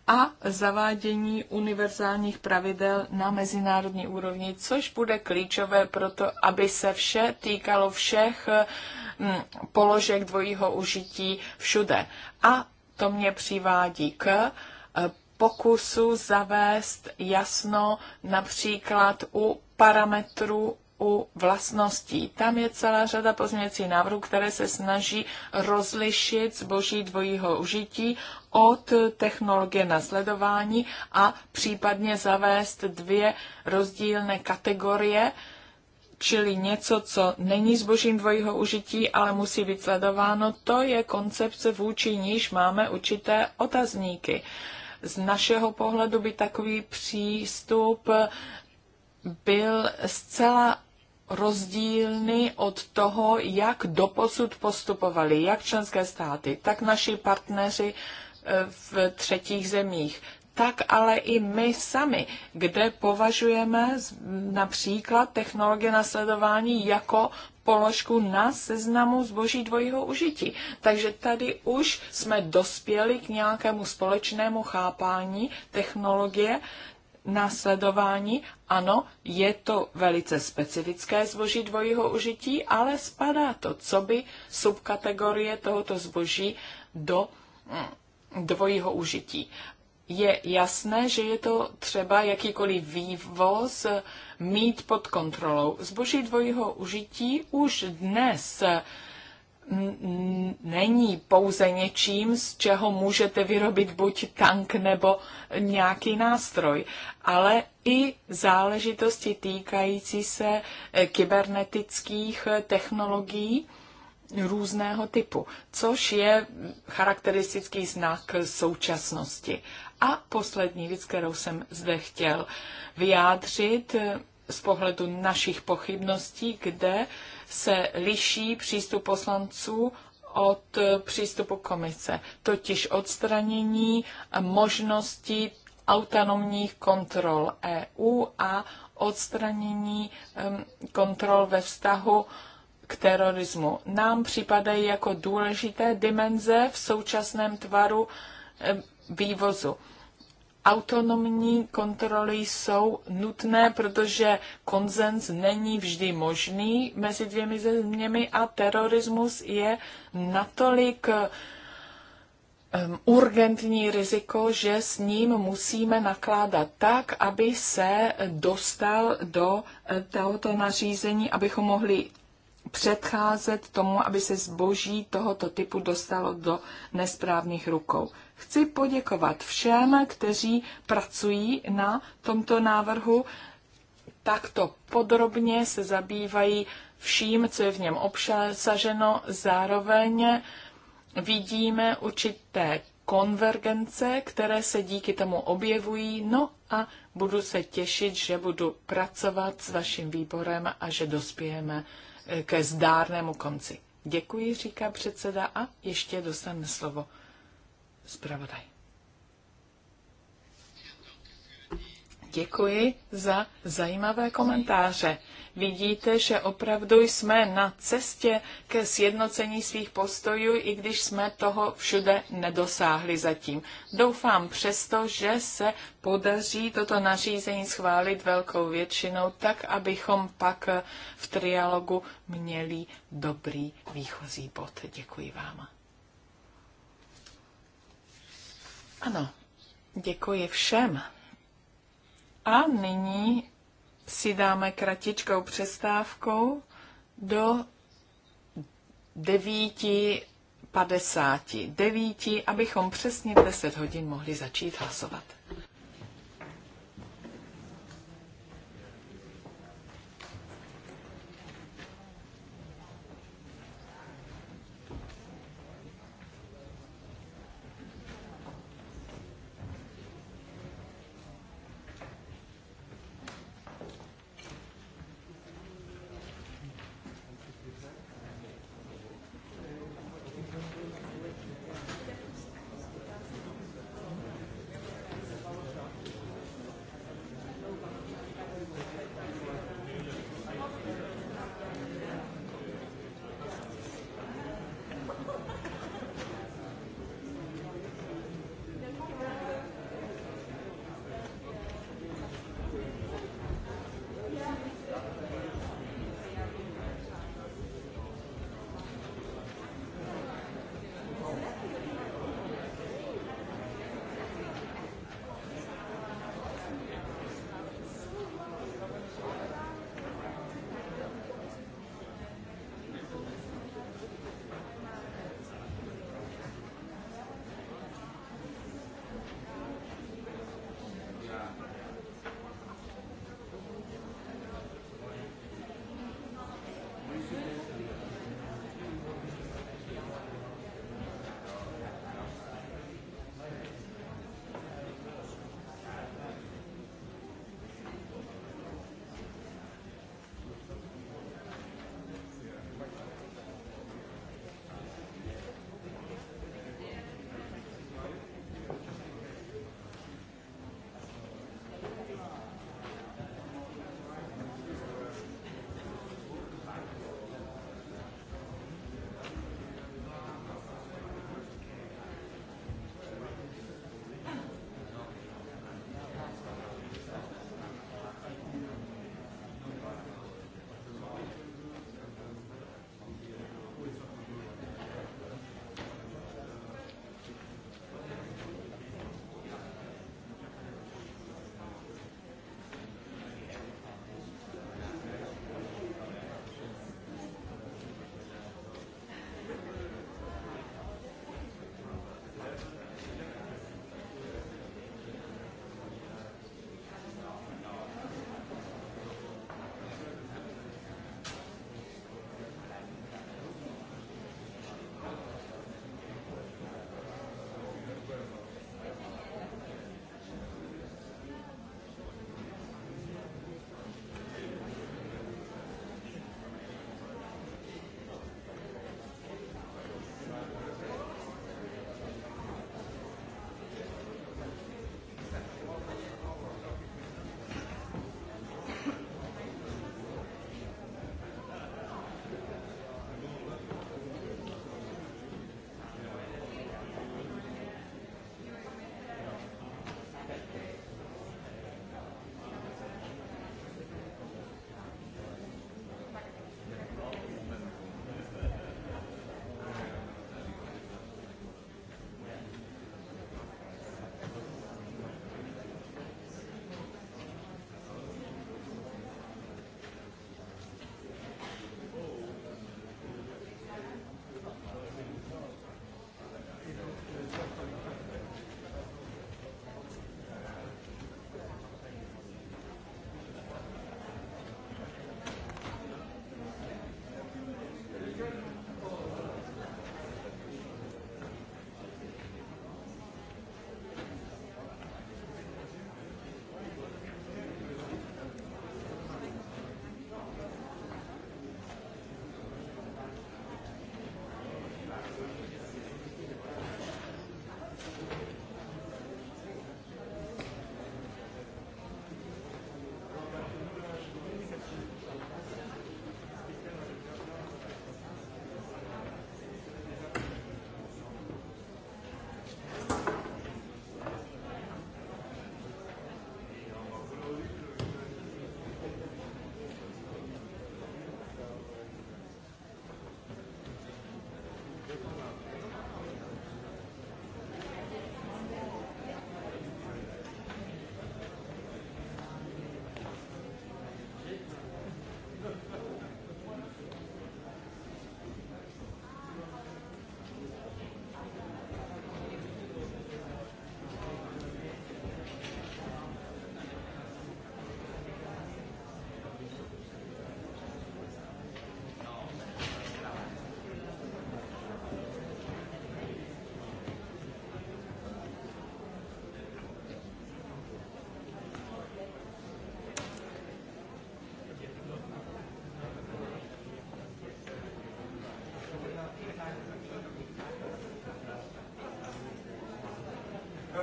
A zavádění univerzálních pravidel na mezinárodní úrovni, což bude klíčové pro to, aby se vše týkalo všech hm, položek dvojího užití všude. A to mě přivádí k eh, pokusu zavést jasno například u parametrů u vlastností. Tam je celá řada pozměňovacích návrhů, které se snaží rozlišit zboží dvojího užití od technologie nasledování a případně zavést dvě rozdílné kategorie, čili něco, co není zbožím dvojího užití, ale musí být sledováno, to je koncepce vůči níž máme určité otazníky. Z našeho pohledu by takový přístup byl zcela rozdílný od toho, jak doposud postupovali, jak členské státy, tak naši partneři eh, v třetích zemích, tak ale i my sami, kde považujeme například technologie nasledování jako položku na seznamu zboží dvojího užití. Takže tady už jsme dospěli k nějakému společnému chápání technologie, následování. Ano, je to velice specifické zboží dvojího užití, ale spadá to, co by subkategorie tohoto zboží do mm, dvojího užití. Je jasné, že je to třeba jakýkoliv vývoz eh, mít pod kontrolou. Zboží dvojího užití už dnes eh, není pouze něčím, z čeho můžete vyrobit buď tank nebo nějaký nástroj, ale i záležitosti týkající se eh, kybernetických eh, technologií různého typu, což je charakteristický znak současnosti. A poslední věc, kterou jsem zde chtěl vyjádřit eh, z pohledu našich pochybností, kde se liší přístup poslanců od přístupu komise, totiž odstranění možnosti autonomních kontrol EU a odstranění kontrol ve vztahu k terorismu. Nám připadají jako důležité dimenze v současném tvaru vývozu autonomní kontroly jsou nutné, protože konzens není vždy možný mezi dvěmi zeměmi a terorismus je natolik urgentní riziko, že s ním musíme nakládat tak, aby se dostal do eh, tohoto nařízení, abychom mohli předcházet tomu, aby se zboží tohoto typu dostalo do nesprávných rukou. Chci poděkovat všem, kteří pracují na tomto návrhu, takto podrobně se zabývají vším, co je v něm obsaženo. Zároveň vidíme určité konvergence, které se díky tomu objevují. No a budu se těšit, že budu pracovat s vaším výborem a že dospějeme ke zdárnému konci. Děkuji, říká předseda a ještě dostane slovo zpravodaj. Děkuji za zajímavé komentáře vidíte, že opravdu jsme na cestě ke sjednocení svých postojů, i když jsme toho všude nedosáhli zatím. Doufám přesto, že se podaří toto nařízení schválit velkou většinou, tak abychom pak v trialogu měli dobrý výchozí bod. Děkuji vám. Ano, děkuji všem. A nyní si dáme kratičkou přestávkou do 9.50. 9, abychom přesně v 10 hodin mohli začít hlasovat.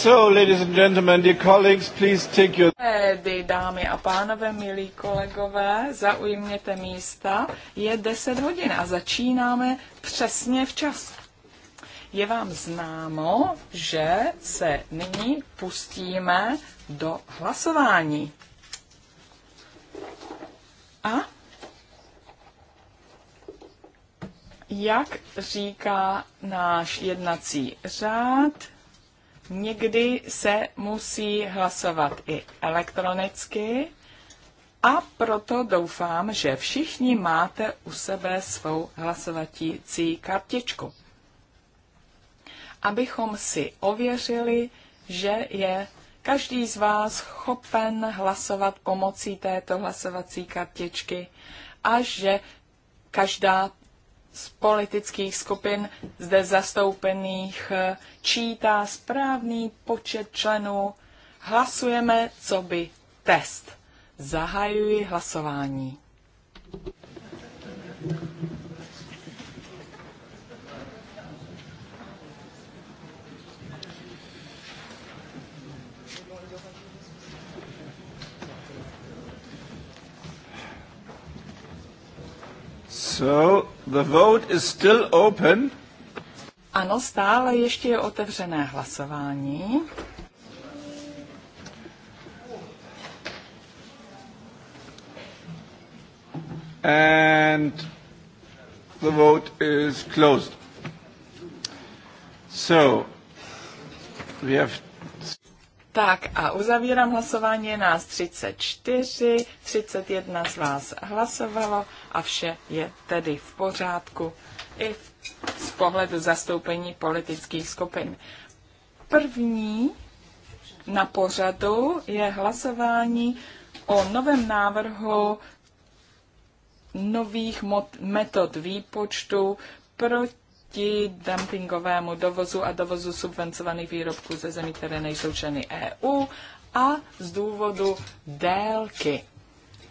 So, ladies and gentlemen, dear colleagues, please take your... Tedy, dámy a pánové, milí kolegové, zaujměte místa. Je 10 hodin a začínáme přesně včas. Je vám známo, že se nyní pustíme do hlasování. A jak říká náš jednací řád, Někdy se musí hlasovat i elektronicky a proto doufám, že všichni máte u sebe svou hlasovací kartičku. Abychom si ověřili, že je každý z vás chopen hlasovat pomocí této hlasovací kartičky a že každá z politických skupin zde zastoupených eh, čítá správný počet členů. Hlasujeme, co by test. Zahajuji hlasování. So, the vote is still open. Ano, stále ještě je otevřené hlasování. And the vote is closed. So, we have tak a uzavírám hlasování, je nás 34, 31 z vás hlasovalo a vše je tedy v pořádku i z pohledu zastoupení politických skupin. První na pořadu je hlasování o novém návrhu nových metod výpočtu proti proti dumpingovému dovozu a dovozu subvencovaných výrobků ze zemí, které nejsou členy EU a z důvodu délky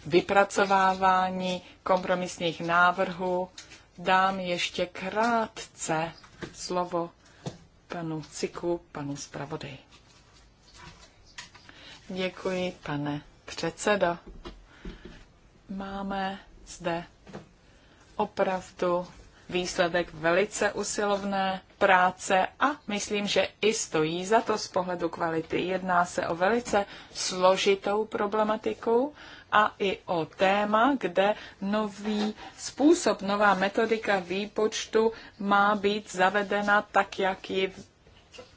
vypracovávání kompromisních návrhů dám ještě krátce slovo panu Ciku, panu zpravodaji. Děkuji, pane předsedo. Máme zde opravdu výsledek velice usilovné práce a myslím, že i stojí za to z pohledu kvality. Jedná se o velice složitou problematiku a i o téma, kde nový způsob, nová metodika výpočtu má být zavedena tak, jak ji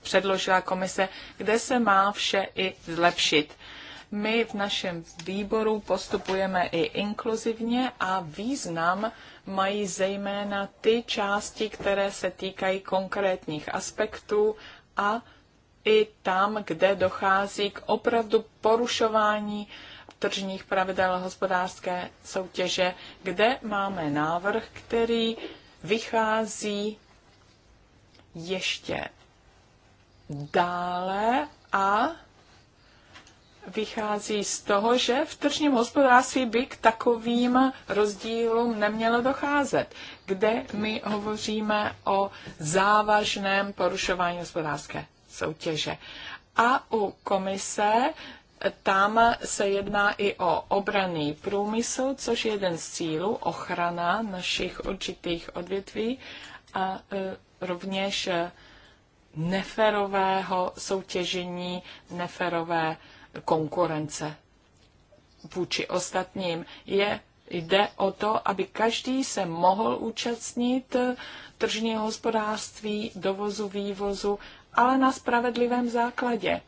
předložila komise, kde se má vše i zlepšit. My v našem výboru postupujeme i inkluzivně a význam mají zejména ty části, které se týkají konkrétních aspektů a i tam, kde dochází k opravdu porušování tržních pravidel hospodářské soutěže, kde máme návrh, který vychází ještě dále a vychází z toho, že v tržním hospodářství by k takovým rozdílům nemělo docházet, kde my hovoříme o závažném porušování hospodářské soutěže. A u komise tam se jedná i o obraný průmysl, což je jeden z cílů, ochrana našich určitých odvětví a e, rovněž e, neferového soutěžení, neferové konkurence vůči ostatním, je Jde o to, aby každý se mohl účastnit eh, tržního hospodářství, dovozu, vývozu, ale na spravedlivém základě.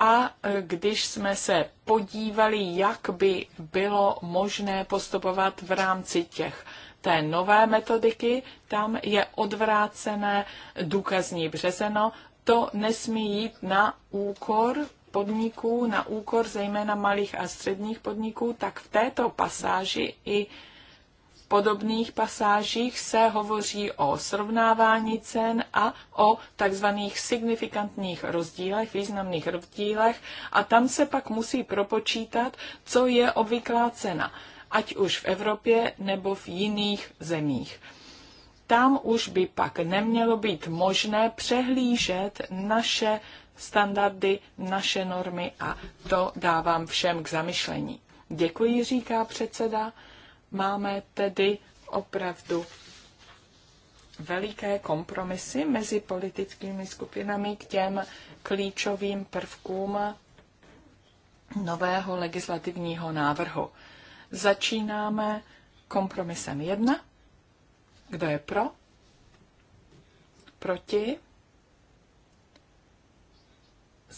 A eh, když jsme se podívali, jak by bylo možné postupovat v rámci těch té nové metodiky, tam je odvrácené důkazní březeno, to nesmí jít na úkor podniků na úkor zejména malých a středních podniků, tak v této pasáži i v podobných pasážích se hovoří o srovnávání cen a o takzvaných signifikantních rozdílech, významných rozdílech a tam se pak musí propočítat, co je obvyklá cena, ať už v Evropě nebo v jiných zemích tam už by pak nemělo být možné přehlížet naše standardy, naše normy a to dávám všem k zamyšlení. Děkuji, říká předseda. Máme tedy opravdu veliké kompromisy mezi politickými skupinami k těm klíčovým prvkům nového legislativního návrhu. Začínáme kompromisem 1. Kdo je pro? Proti?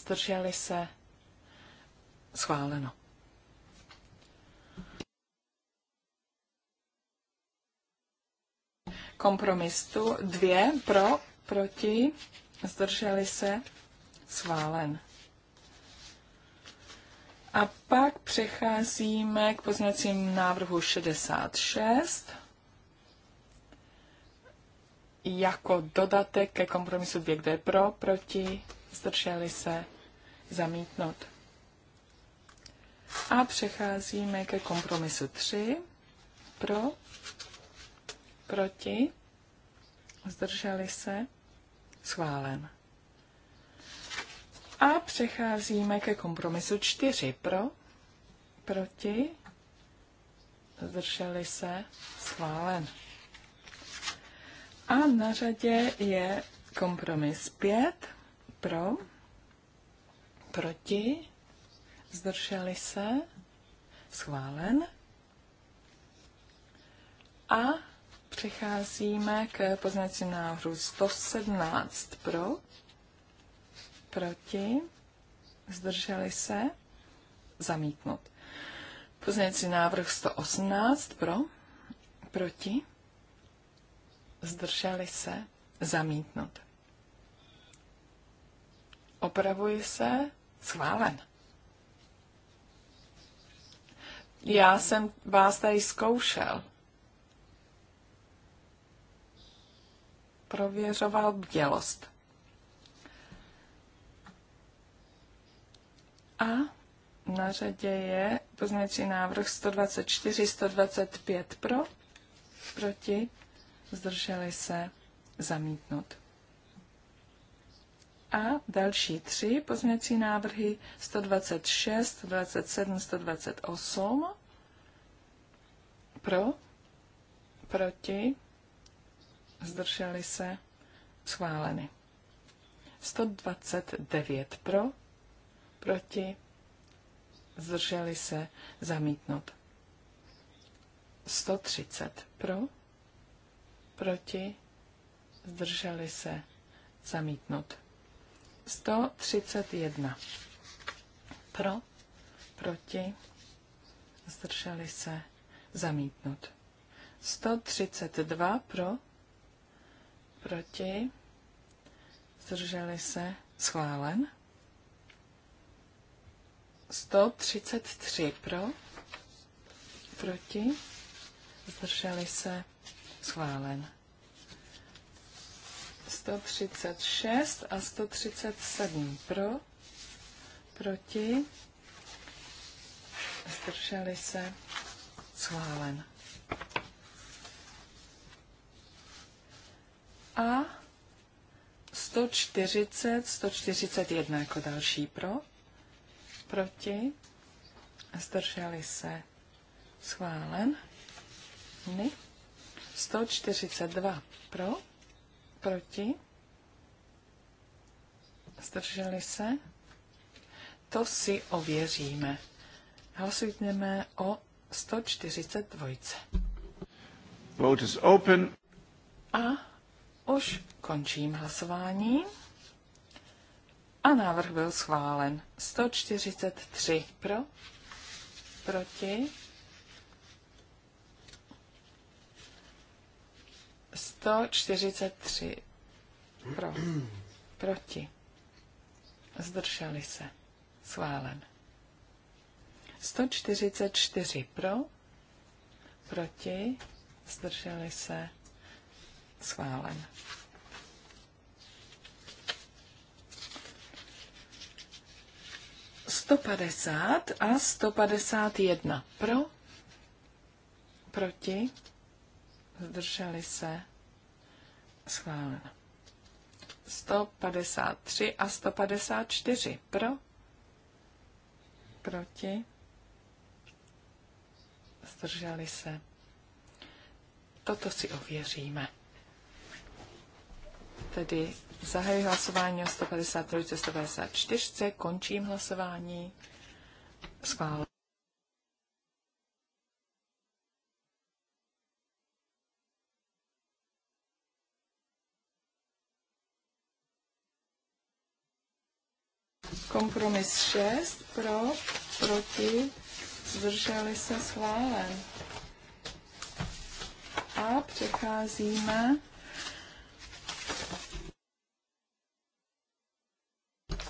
zdrželi se, schváleno. tu dvě pro, proti, zdrželi se, schválen. A pak přecházíme k poznacím návrhu 66 jako dodatek ke kompromisu 2, kde pro, proti, zdrželi se, zamítnout. A přecházíme ke kompromisu 3. Pro, proti, zdrželi se, schválen. A přecházíme ke kompromisu 4. Pro, proti, zdrželi se, schválen. A na řadě je kompromis 5. Pro, Proti? Zdrželi se? Schválen. A přicházíme k poznací návrhu 117 pro, proti, zdrželi se, zamítnut. Pozměňující návrh 118 pro, proti, zdrželi se, zamítnut. Opravuji se, schválen. Já jsem vás tady zkoušel. Prověřoval bdělost. A na řadě je pozměňovací návrh 124, 125 pro, proti, zdrželi se zamítnout. A další tři pozměňovací návrhy 126, 127, 128 pro, proti, zdrželi se, schváleny. 129 pro, proti, zdrželi se, zamítnout. 130 pro, proti, zdrželi se, zamítnout. 131. Pro, proti, zdrželi se, zamítnut. 132 pro, proti, zdrželi se, schválen. 133 pro, proti, zdrželi se, schválen. 136 a 137 pro, proti, zdrželi se, schválen. A 140, 141 jako další pro, proti, zdrželi se, schválen. Nyní 142 pro, Proti? Zdrželi se? To si ověříme. Hlasujeme o 142. Vote is open. A už končím hlasování. A návrh byl schválen. 143 pro, proti, 143 pro, proti, zdrželi se, schválen. 144 pro, proti, zdrželi se, schválen. Sto padesát a sto padesát jedna pro, proti, zdrželi se, schváleno. 153 a 154 pro, proti, zdrželi se. Toto si ověříme. Tedy zahajuji hlasování o 153, 154, končím hlasování. schválen. Kompromis 6 pro, proti, zdrželi se schválen. A přecházíme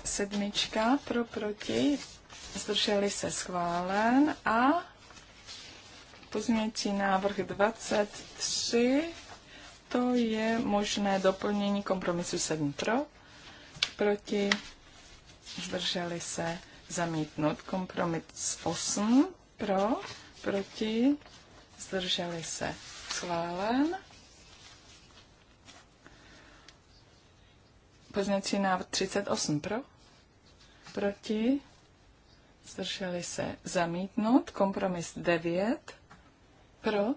sedmička pro proti, zdrželi se schválen a pozměňující návrh 23, to je možné doplnění kompromisu 7 pro, proti zdrželi se zamítnut. Kompromis 8 pro, proti, zdrželi se schválen. Pozměňovací návrh 38 pro, proti, zdrželi se zamítnout. Kompromis 9 pro,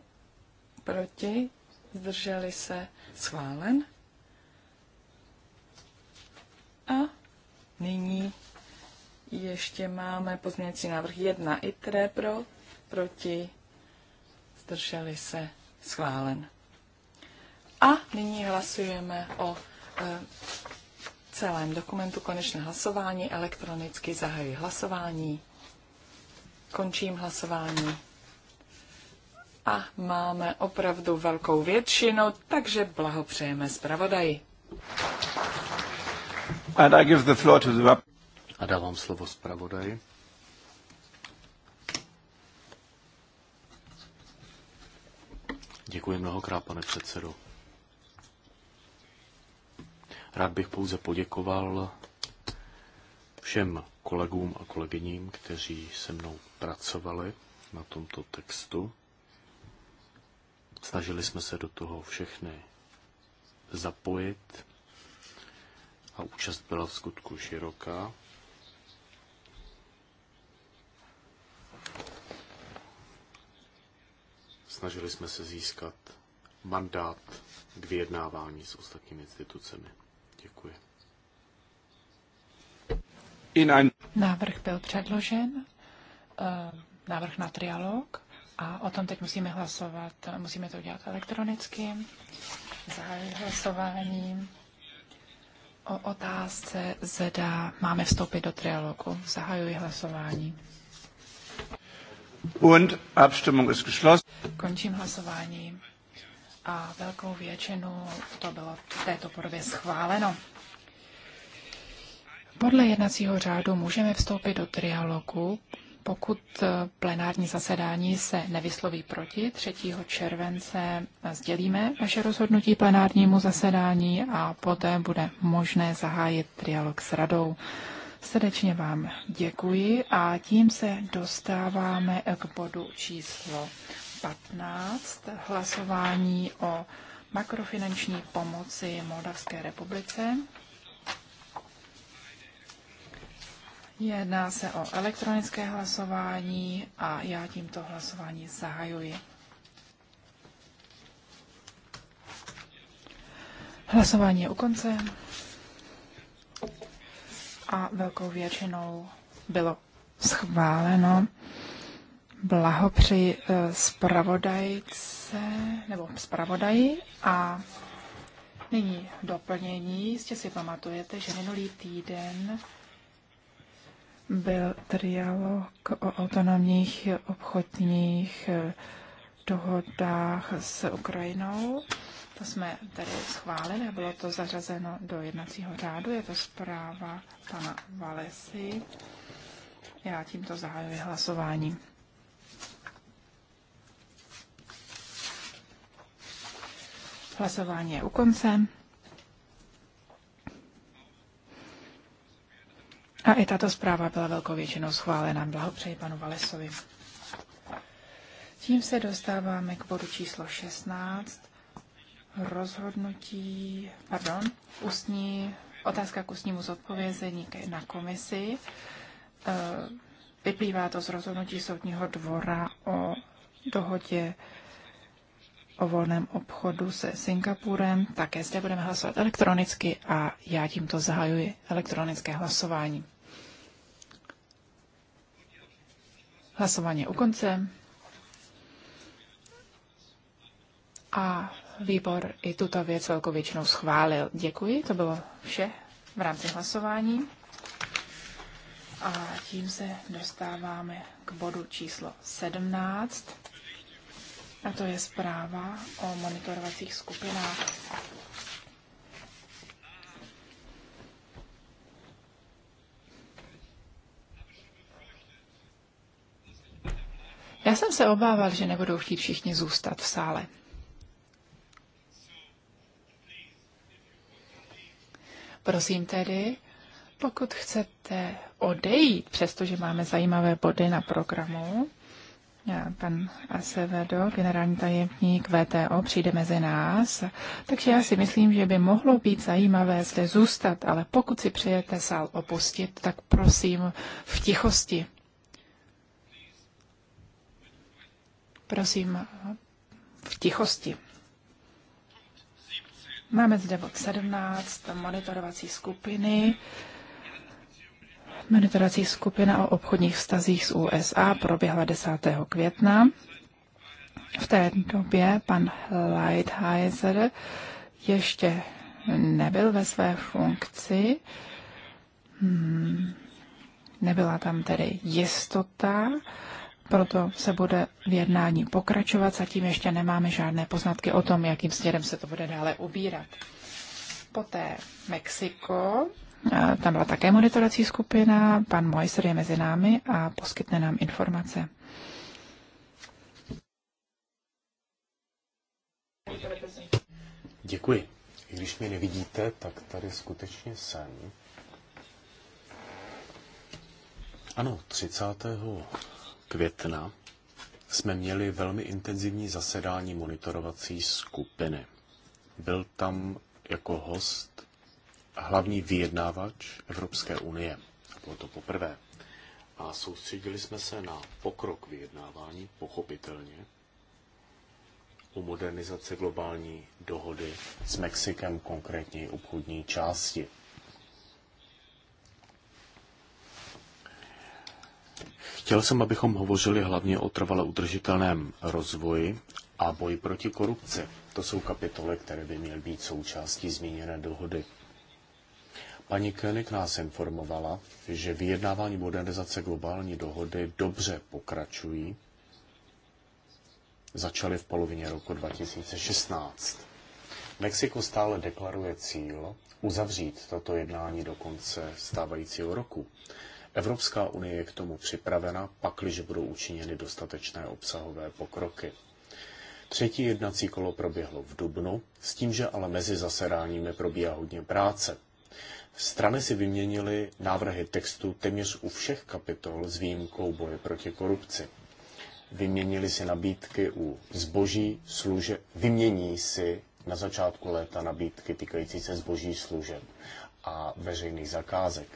proti, zdrželi se schválen. A Nyní ještě máme pozměňovací návrh 1 ITRE pro, proti, zdrželi se, schválen. A nyní hlasujeme o e, celém dokumentu konečné hlasování. Elektronicky zahajuji hlasování. Končím hlasování. A máme opravdu velkou většinu, takže blahopřejeme zpravodaji. And I give the floor to the... A dávám slovo zpravodaji. Děkuji mnohokrát, pane předsedo. Rád bych pouze poděkoval všem kolegům a kolegyním, kteří se mnou pracovali na tomto textu. Snažili jsme se do toho všechny zapojit a účast byla v skutku široká. Snažili jsme se získat mandát k vyjednávání s ostatními institucemi. Děkuji. Návrh byl předložen, eh, návrh na trialog a o tom teď musíme hlasovat. Musíme to udělat elektronicky. zahájit hlasováním o otázce, zda máme vstoupit do trialogu. Zahajuji hlasování. Und Abstimmung ist geschlossen. Končím hlasování. A velkou většinu to bylo v této podobě schváleno. Podle jednacího řádu můžeme vstoupit do trialogu, pokud eh, plenární zasedání se nevysloví proti, 3. července sdělíme vaše rozhodnutí plenárnímu zasedání a poté bude možné zahájit dialog s radou. Srdečně vám děkuji a tím se dostáváme k bodu číslo 15, hlasování o makrofinanční pomoci Moldavské republice. Jedná se o elektronické hlasování a já tímto hlasování zahajuji. Hlasování je u konce a velkou většinou bylo schváleno. Blahopřeji eh, zpravodajce nebo zpravodaji a nyní doplnění. Jistě si pamatujete, že minulý týden byl dialog o autonomních obchodních eh, dohodách s Ukrajinou. To jsme tady schválili a bylo to zařazeno do jednacího řádu. Je to zpráva pana Valesy. Já tímto zahajuji hlasování. Hlasování je u konce. A i tato zpráva byla velkou většinou schválena. Blahopřeji panu Valesovi. Tím se dostáváme k bodu číslo 16. Rozhodnutí, pardon, ústní, otázka k ústnímu zodpovězení na komisi. Eh, vyplývá to z rozhodnutí soudního dvora o dohodě o volném obchodu se Singapurem. Také zde budeme hlasovat elektronicky a já tímto zahajuji elektronické hlasování. Hlasování u konce. A výbor i tuto věc velkou většinou schválil. Děkuji, to bylo vše v rámci hlasování. A tím se dostáváme k bodu číslo 17. A to je zpráva o monitorovacích skupinách. Já jsem se obával, že nebudou chtít všichni zůstat v sále. Prosím tedy, pokud chcete odejít, přestože máme zajímavé body na programu, Eh, pan Acevedo, generální tajemník VTO, přijde mezi nás, takže já si myslím, že by mohlo být zajímavé zde zůstat, ale pokud si přejete sál opustit, tak prosím v tichosti. Prosím eh, v tichosti. Máme zde od 17 monitorovací skupiny. Monitorací skupina o obchodních vztazích z USA proběhla 10. května. V té době pan Lighthizer ještě nebyl ve své funkci. Hmm. Nebyla tam tedy jistota, proto se bude v jednání pokračovat. Zatím ještě nemáme žádné poznatky o tom, jakým směrem se to bude dále ubírat. Poté Mexiko. Eh, tam byla také monitorací skupina, pan Mojser je mezi námi a poskytne nám informace. Děkuji. I když mě nevidíte, tak tady skutečně jsem. Ano, 30. května jsme měli velmi intenzivní zasedání monitorovací skupiny. Byl tam jako host hlavní vyjednávač Evropské unie. Bylo to poprvé. A soustředili jsme se na pokrok vyjednávání, pochopitelně, u modernizace globální dohody s Mexikem, konkrétně obchodní části. Chtěl jsem, abychom hovořili hlavně o trvale udržitelném rozvoji a boji proti korupci. To jsou kapitoly, které by měly být součástí zmíněné dohody. Paní König nás informovala, že vyjednávání modernizace globální dohody dobře pokračují. Začaly v polovině roku 2016. Mexiko stále deklaruje cíl uzavřít toto jednání do konce stávajícího roku. Evropská unie je k tomu připravena, pakliže budou učiněny dostatečné obsahové pokroky. Třetí jednací kolo proběhlo v Dubnu, s tím, že ale mezi zasedáními probíhá hodně práce. Strany si vyměnily návrhy textu téměř u všech kapitol s výjimkou boje proti korupci. Vyměnili si nabídky u zboží, služeb, vymění si na začátku léta nabídky týkající se zboží, služeb a veřejných zakázek.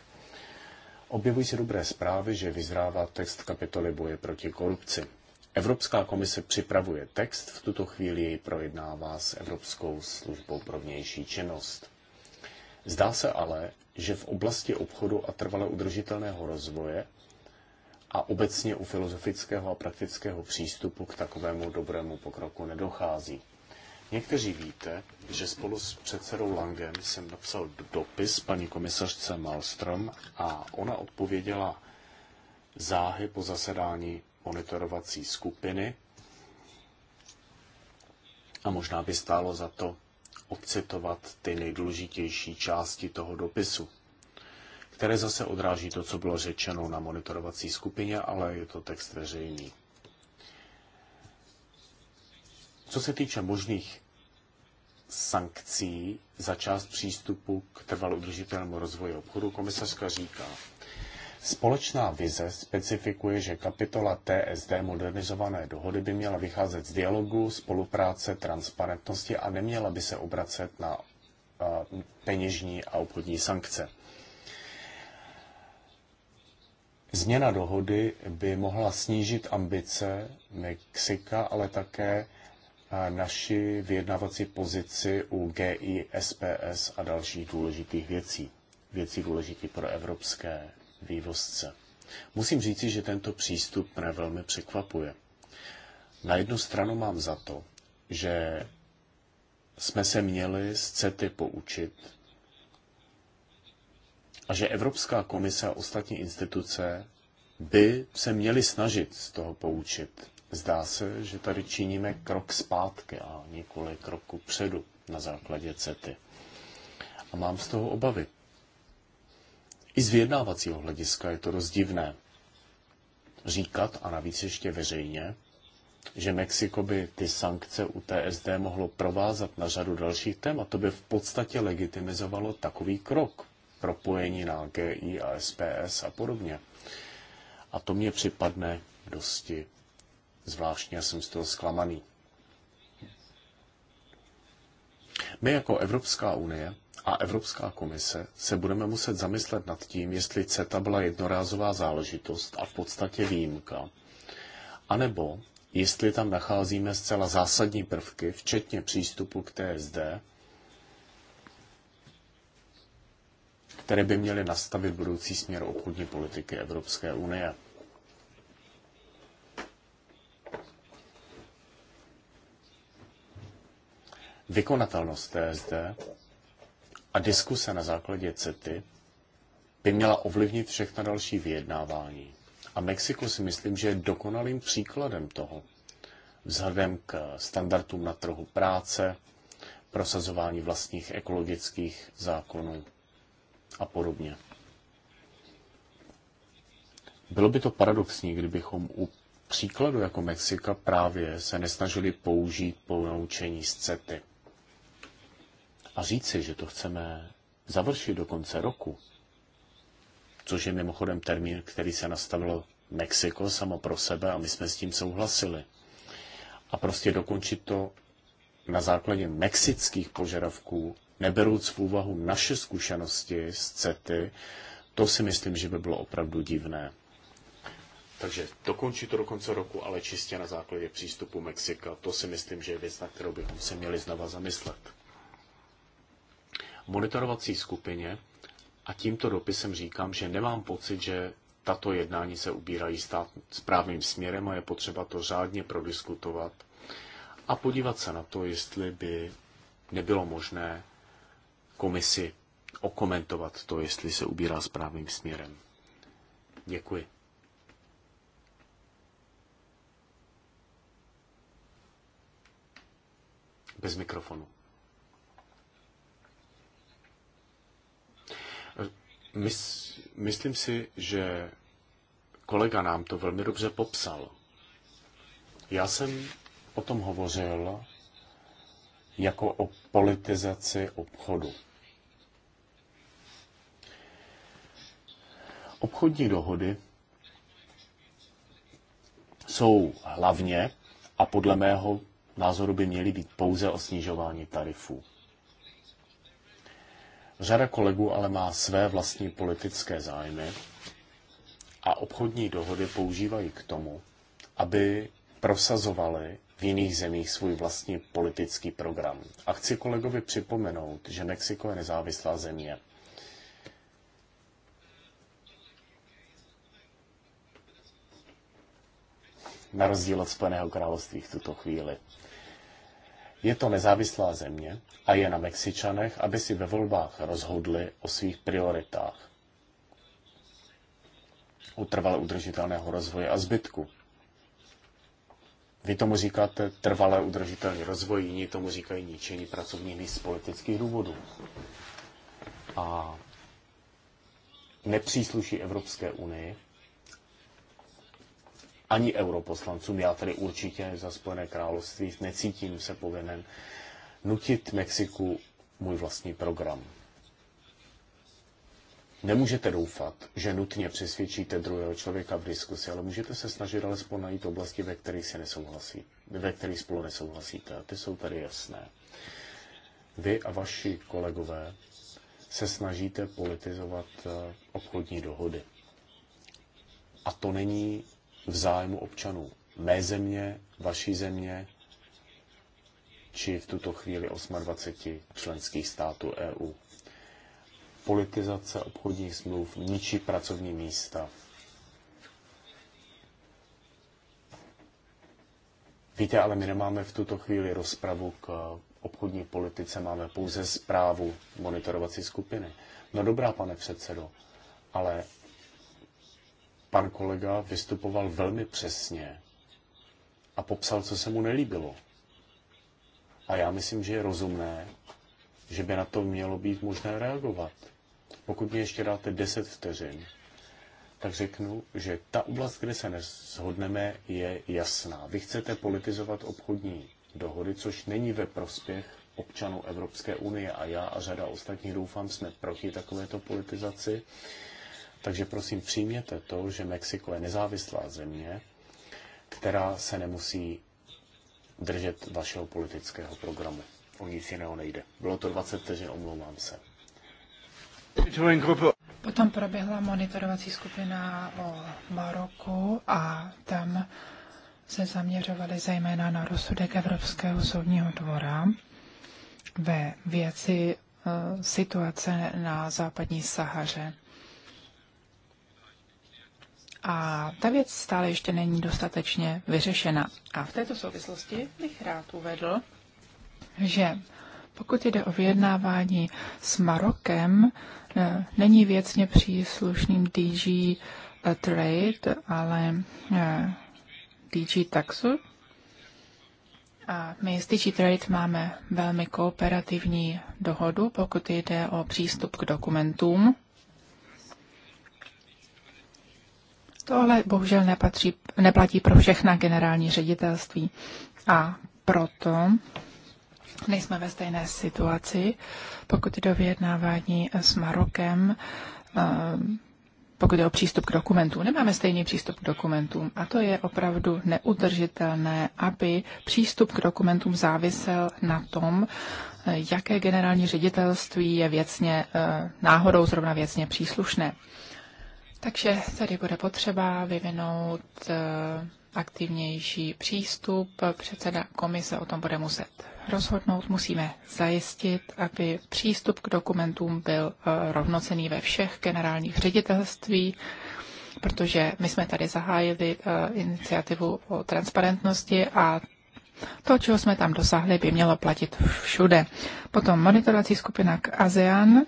Objevují se dobré zprávy, že vyzrává text kapitoly boje proti korupci. Evropská komise připravuje text, v tuto chvíli jej projednává s Evropskou službou pro vnější činnost. Zdá se ale, že v oblasti obchodu a trvale udržitelného rozvoje a obecně u filozofického a praktického přístupu k takovému dobrému pokroku nedochází. Někteří víte, že spolu s předsedou Langem jsem napsal dopis paní komisařce Malmström a ona odpověděla záhy po zasedání monitorovací skupiny. A možná by stálo za to odcitovat ty nejdůležitější části toho dopisu, které zase odráží to, co bylo řečeno na monitorovací skupině, ale je to text veřejný. Co se týče možných sankcí za část přístupu k trvalo udržitelnému rozvoji obchodu, komisařka říká, Společná vize specifikuje, že kapitola TSD modernizované dohody by měla vycházet z dialogu, spolupráce, transparentnosti a neměla by se obracet na peněžní a obchodní sankce. Změna dohody by mohla snížit ambice Mexika, ale také naši vyjednavací pozici u GI, SPS a dalších důležitých věcí. Věcí důležitých pro evropské vývozce. Musím říci, že tento přístup mne velmi překvapuje. Na jednu stranu mám za to, že jsme se měli z CETY poučit a že Evropská komise a ostatní instituce by se měly snažit z toho poučit. Zdá se, že tady činíme krok zpátky a nikoli kroku předu na základě CETY. A mám z toho obavy, i z vyjednávacího hlediska je to rozdivné. Říkat, a navíc ještě veřejně, že Mexiko by ty sankce u TSD mohlo provázat na řadu dalších tém a to by v podstatě legitimizovalo takový krok. Propojení na GI a SPS a podobně. A to mě připadne dosti zvláštně, já jsem z toho zklamaný. My jako Evropská unie a Evropská komise se budeme muset zamyslet nad tím, jestli CETA byla jednorázová záležitost a v podstatě výjimka, anebo jestli tam nacházíme zcela zásadní prvky, včetně přístupu k TSD, které by měly nastavit budoucí směr obchodní politiky Evropské unie. Vykonatelnost TSD a diskuse na základě CETY by měla ovlivnit všechna další vyjednávání. A Mexiko si myslím, že je dokonalým příkladem toho. Vzhledem k standardům na trhu práce, prosazování vlastních ekologických zákonů a podobně. Bylo by to paradoxní, kdybychom u příkladu jako Mexika právě se nesnažili použít po naučení z CETY a říci, že to chceme završit do konce roku, což je mimochodem termín, který se nastavilo Mexiko samo pro sebe a my jsme s tím souhlasili. A prostě dokončit to na základě mexických požadavků, neberouc v úvahu naše zkušenosti z CETY, to si myslím, že by bylo opravdu divné. Takže dokončit to do konce roku, ale čistě na základě přístupu Mexika, to si myslím, že je věc, na kterou bychom se měli znova zamyslet monitorovací skupině a tímto dopisem říkám, že nemám pocit, že tato jednání se ubírají stát správným směrem a je potřeba to řádně prodiskutovat a podívat se na to, jestli by nebylo možné komisi okomentovat to, jestli se ubírá správným směrem. Děkuji. Bez mikrofonu. Mys, myslím si, že kolega nám to velmi dobře popsal. Já jsem o tom hovořil jako o politizaci obchodu. Obchodní dohody jsou hlavně a podle mého názoru by měly být pouze o snižování tarifů. Řada kolegů ale má své vlastní politické zájmy a obchodní dohody používají k tomu, aby prosazovali v jiných zemích svůj vlastní politický program. A chci kolegovi připomenout, že Mexiko je nezávislá země. Na rozdíl od Spojeného království v tuto chvíli. Je to nezávislá země a je na Mexičanech, aby si ve volbách rozhodli o svých prioritách utrvale udržitelného rozvoje a zbytku. Vy tomu říkáte trvalé udržitelný rozvoj, jiní tomu říkají ničení pracovních míst z politických důvodů. A nepřísluší Evropské unii, ani europoslancům, já tedy určitě za Spojené království necítím se povinen nutit Mexiku můj vlastní program. Nemůžete doufat, že nutně přesvědčíte druhého člověka v diskusi, ale můžete se snažit alespoň najít oblasti, ve kterých, se nesouhlasí, ve kterých spolu nesouhlasíte. A ty jsou tady jasné. Vy a vaši kolegové se snažíte politizovat eh, obchodní dohody. A to není v zájmu občanů mé země, vaší země, či v tuto chvíli 28 členských států EU. Politizace obchodních smluv ničí pracovní místa. Víte, ale my nemáme v tuto chvíli rozpravu k obchodní politice, máme pouze zprávu monitorovací skupiny. No dobrá, pane předsedo, ale pan kolega vystupoval velmi přesně a popsal, co se mu nelíbilo. A já myslím, že je rozumné, že by na to mělo být možné reagovat. Pokud mi ještě dáte 10 vteřin, tak řeknu, že ta oblast, kde se neshodneme, je jasná. Vy chcete politizovat obchodní dohody, což není ve prospěch občanů Evropské unie a já a řada ostatních doufám jsme proti takovéto politizaci. Takže prosím přijměte to, že Mexiko je nezávislá země, která se nemusí držet vašeho politického programu. O nic jiného nejde. Bylo to 20 vteřin, omlouvám se. Potom proběhla monitorovací skupina o Maroku a tam se zaměřovali zejména na rozsudek Evropského soudního dvora ve věci eh, situace na západní Sahaře. A ta věc stále ještě není dostatečně vyřešena. A v této souvislosti bych rád uvedl, že pokud jde o vyjednávání s Marokem, e, není věcně příslušným DG e, Trade, ale e, DG Taxu. A my s DG Trade máme velmi kooperativní dohodu, pokud jde o přístup k dokumentům. To ale bohužel nepatří, neplatí pro všechna generální ředitelství. A proto nejsme ve stejné situaci, pokud jde o vyjednávání s Marokem, eh, pokud jde o přístup k dokumentům. Nemáme stejný přístup k dokumentům a to je opravdu neudržitelné, aby přístup k dokumentům závisel na tom, eh, jaké generální ředitelství je věcně eh, náhodou zrovna věcně příslušné. Takže tady bude potřeba vyvinout eh, aktivnější přístup. Předseda komise o tom bude muset rozhodnout. Musíme zajistit, aby přístup k dokumentům byl eh, rovnocený ve všech generálních ředitelství, protože my jsme tady zahájili eh, iniciativu o transparentnosti a to, čeho jsme tam dosáhli, by mělo platit všude. Potom monitorací skupina k ASEAN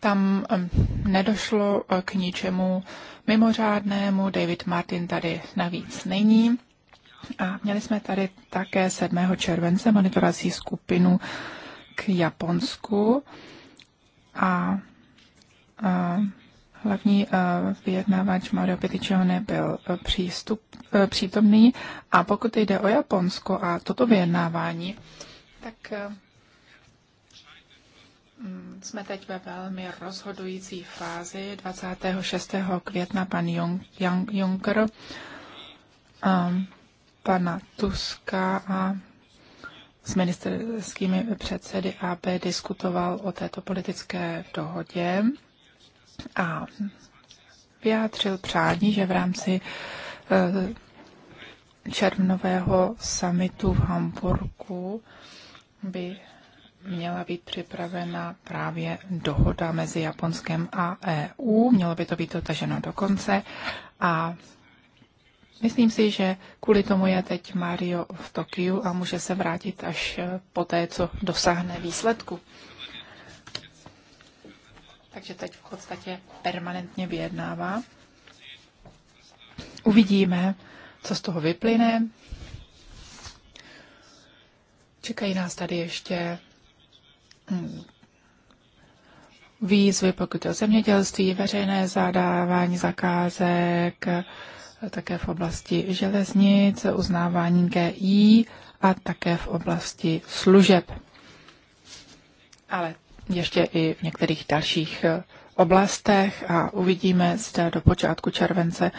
tam nedošlo eh, k ničemu mimořádnému. David Martin tady navíc není. A měli jsme tady také 7. července monitorací skupinu k Japonsku. A, a hlavní uh, eh, vyjednávač Mario Petičeho nebyl eh, přístup, a, přítomný. A pokud jde o Japonsko a toto vyjednávání, tak A, jsme teď ve velmi rozhodující fázi. 26. května pan Juncker, um, pana Tuska a s ministerskými předsedy AB diskutoval o této politické dohodě a vyjádřil přání, že v rámci eh, červnového samitu v Hamburgu by měla být připravena právě dohoda mezi Japonskem a EU. Mělo by to být dotaženo do konce a myslím si, že kvůli tomu je teď Mario v Tokiu a může se vrátit až po té, co dosáhne výsledku. Takže teď v podstatě permanentně vyjednává. Uvidíme, co z toho vyplyne. Čekají nás tady ještě výzvy, pokud je o zemědělství, veřejné zadávání zakázek, také v oblasti železnic, uznávání GI a také v oblasti služeb. Ale ještě i v některých dalších eh, oblastech a uvidíme, zda do počátku července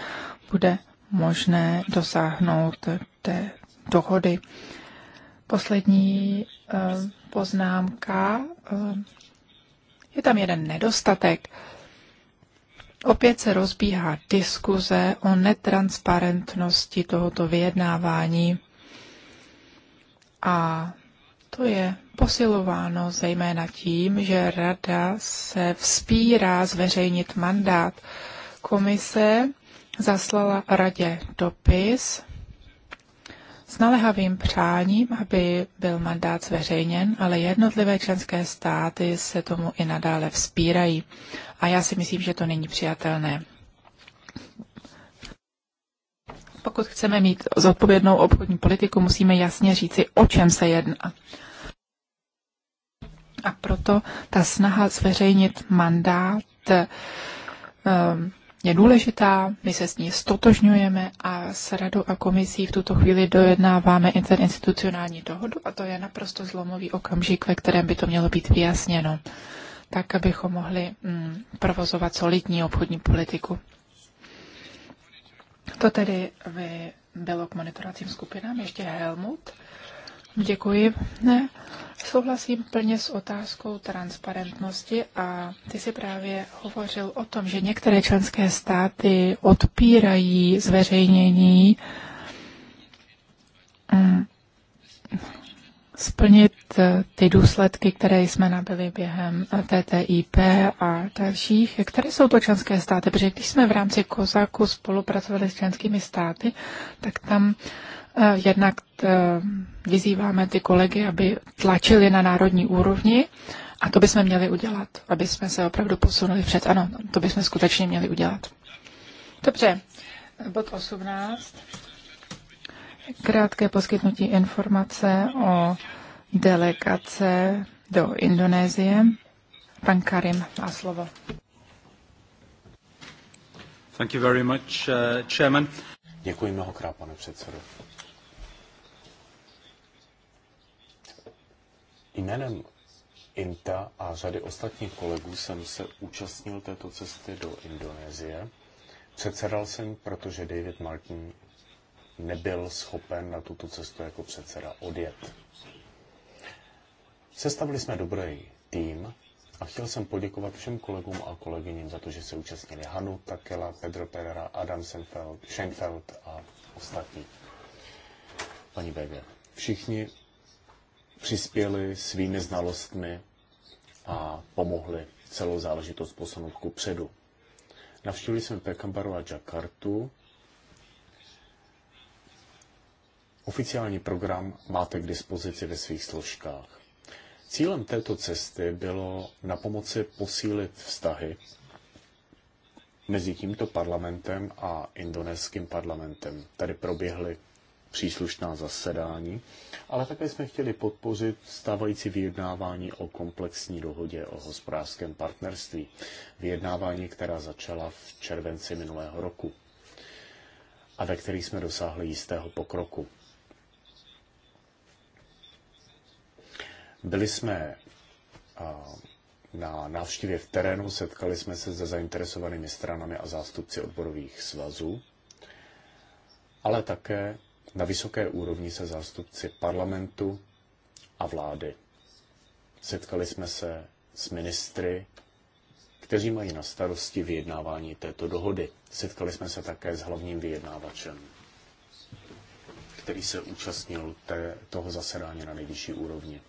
bude možné dosáhnout té dohody. Poslední eh, poznámka. Eh, je tam jeden nedostatek. Opět se rozbíhá diskuze o netransparentnosti tohoto vyjednávání a to je posilováno zejména tím, že rada se vzpírá zveřejnit mandát. Komise zaslala radě dopis, s naléhavým přáním, aby byl mandát zveřejněn, ale jednotlivé členské státy se tomu i nadále vzpírají. A já si myslím, že to není přijatelné. Pokud chceme mít zodpovědnou obchodní politiku, musíme jasně říci, o čem se jedná. A proto ta snaha zveřejnit mandát um, je důležitá, my se s ní stotožňujeme a s radou a komisí v tuto chvíli dojednáváme interinstitucionální dohodu a to je naprosto zlomový okamžik, ve kterém by to mělo být vyjasněno, tak abychom mohli mm, provozovat solidní obchodní politiku. To tedy by bylo k monitoracím skupinám. Ještě Helmut. Děkuji. Ne. Souhlasím plně s otázkou transparentnosti a ty si právě hovořil o tom, že některé členské státy odpírají zveřejnění mm, splnit eh, ty důsledky, které jsme nabili během TTIP a dalších. Které jsou to členské státy? Protože když jsme v rámci Kozaku spolupracovali s členskými státy, tak tam Eh, jednak eh, vyzýváme ty kolegy, aby tlačili na národní úrovni a to bychom měli udělat, aby jsme se opravdu posunuli před. Ano, to bychom skutečně měli udělat. Dobře, bod 18. Krátké poskytnutí informace o delegace do Indonésie. Pan Karim má slovo. Thank you very much, uh, chairman. Děkuji mnohokrát, pane předsedo. Jménem INTA a řady ostatních kolegů jsem se účastnil této cesty do Indonésie. Předsedal jsem, protože David Martin nebyl schopen na tuto cestu jako předseda odjet. Sestavili jsme dobrý tým a chtěl jsem poděkovat všem kolegům a kolegyním za to, že se účastnili Hanu Takela, Pedro Pereira, Adam Senfeld, Schenfeld a ostatní. Paní Bege, všichni přispěli svými znalostmi a pomohli celou záležitost posunout ku předu. Navštívili jsme Pekambaru a Jakartu. Oficiální program máte k dispozici ve svých složkách. Cílem této cesty bylo na pomoci posílit vztahy mezi tímto parlamentem a indonéským parlamentem. Tady proběhly příslušná zasedání, ale také jsme chtěli podpořit stávající vyjednávání o komplexní dohodě o hospodářském partnerství, vyjednávání, která začala v červenci minulého roku a ve kterých jsme dosáhli jistého pokroku. Byli jsme na návštěvě v terénu, setkali jsme se se zainteresovanými stranami a zástupci odborových svazů, ale také na vysoké úrovni se zástupci parlamentu a vlády. Setkali jsme se s ministry, kteří mají na starosti vyjednávání této dohody. Setkali jsme se také s hlavním vyjednávačem, který se účastnil té, toho zasedání na nejvyšší úrovni.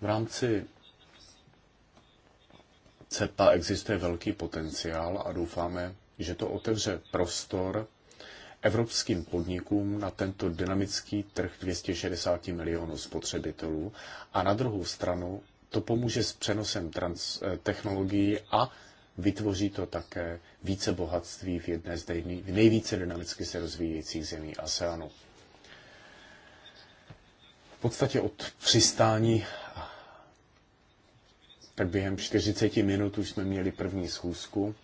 V rámci CEPA existuje velký potenciál a doufáme, že to otevře prostor evropským podnikům na tento dynamický trh 260 milionů spotřebitelů a na druhou stranu to pomůže s přenosem trans, eh, technologií a vytvoří to také více bohatství v jedné z nejvíce dynamicky se rozvíjejících zemí ASEANu. V podstatě od přistání tak během 40 minut už jsme měli první schůzku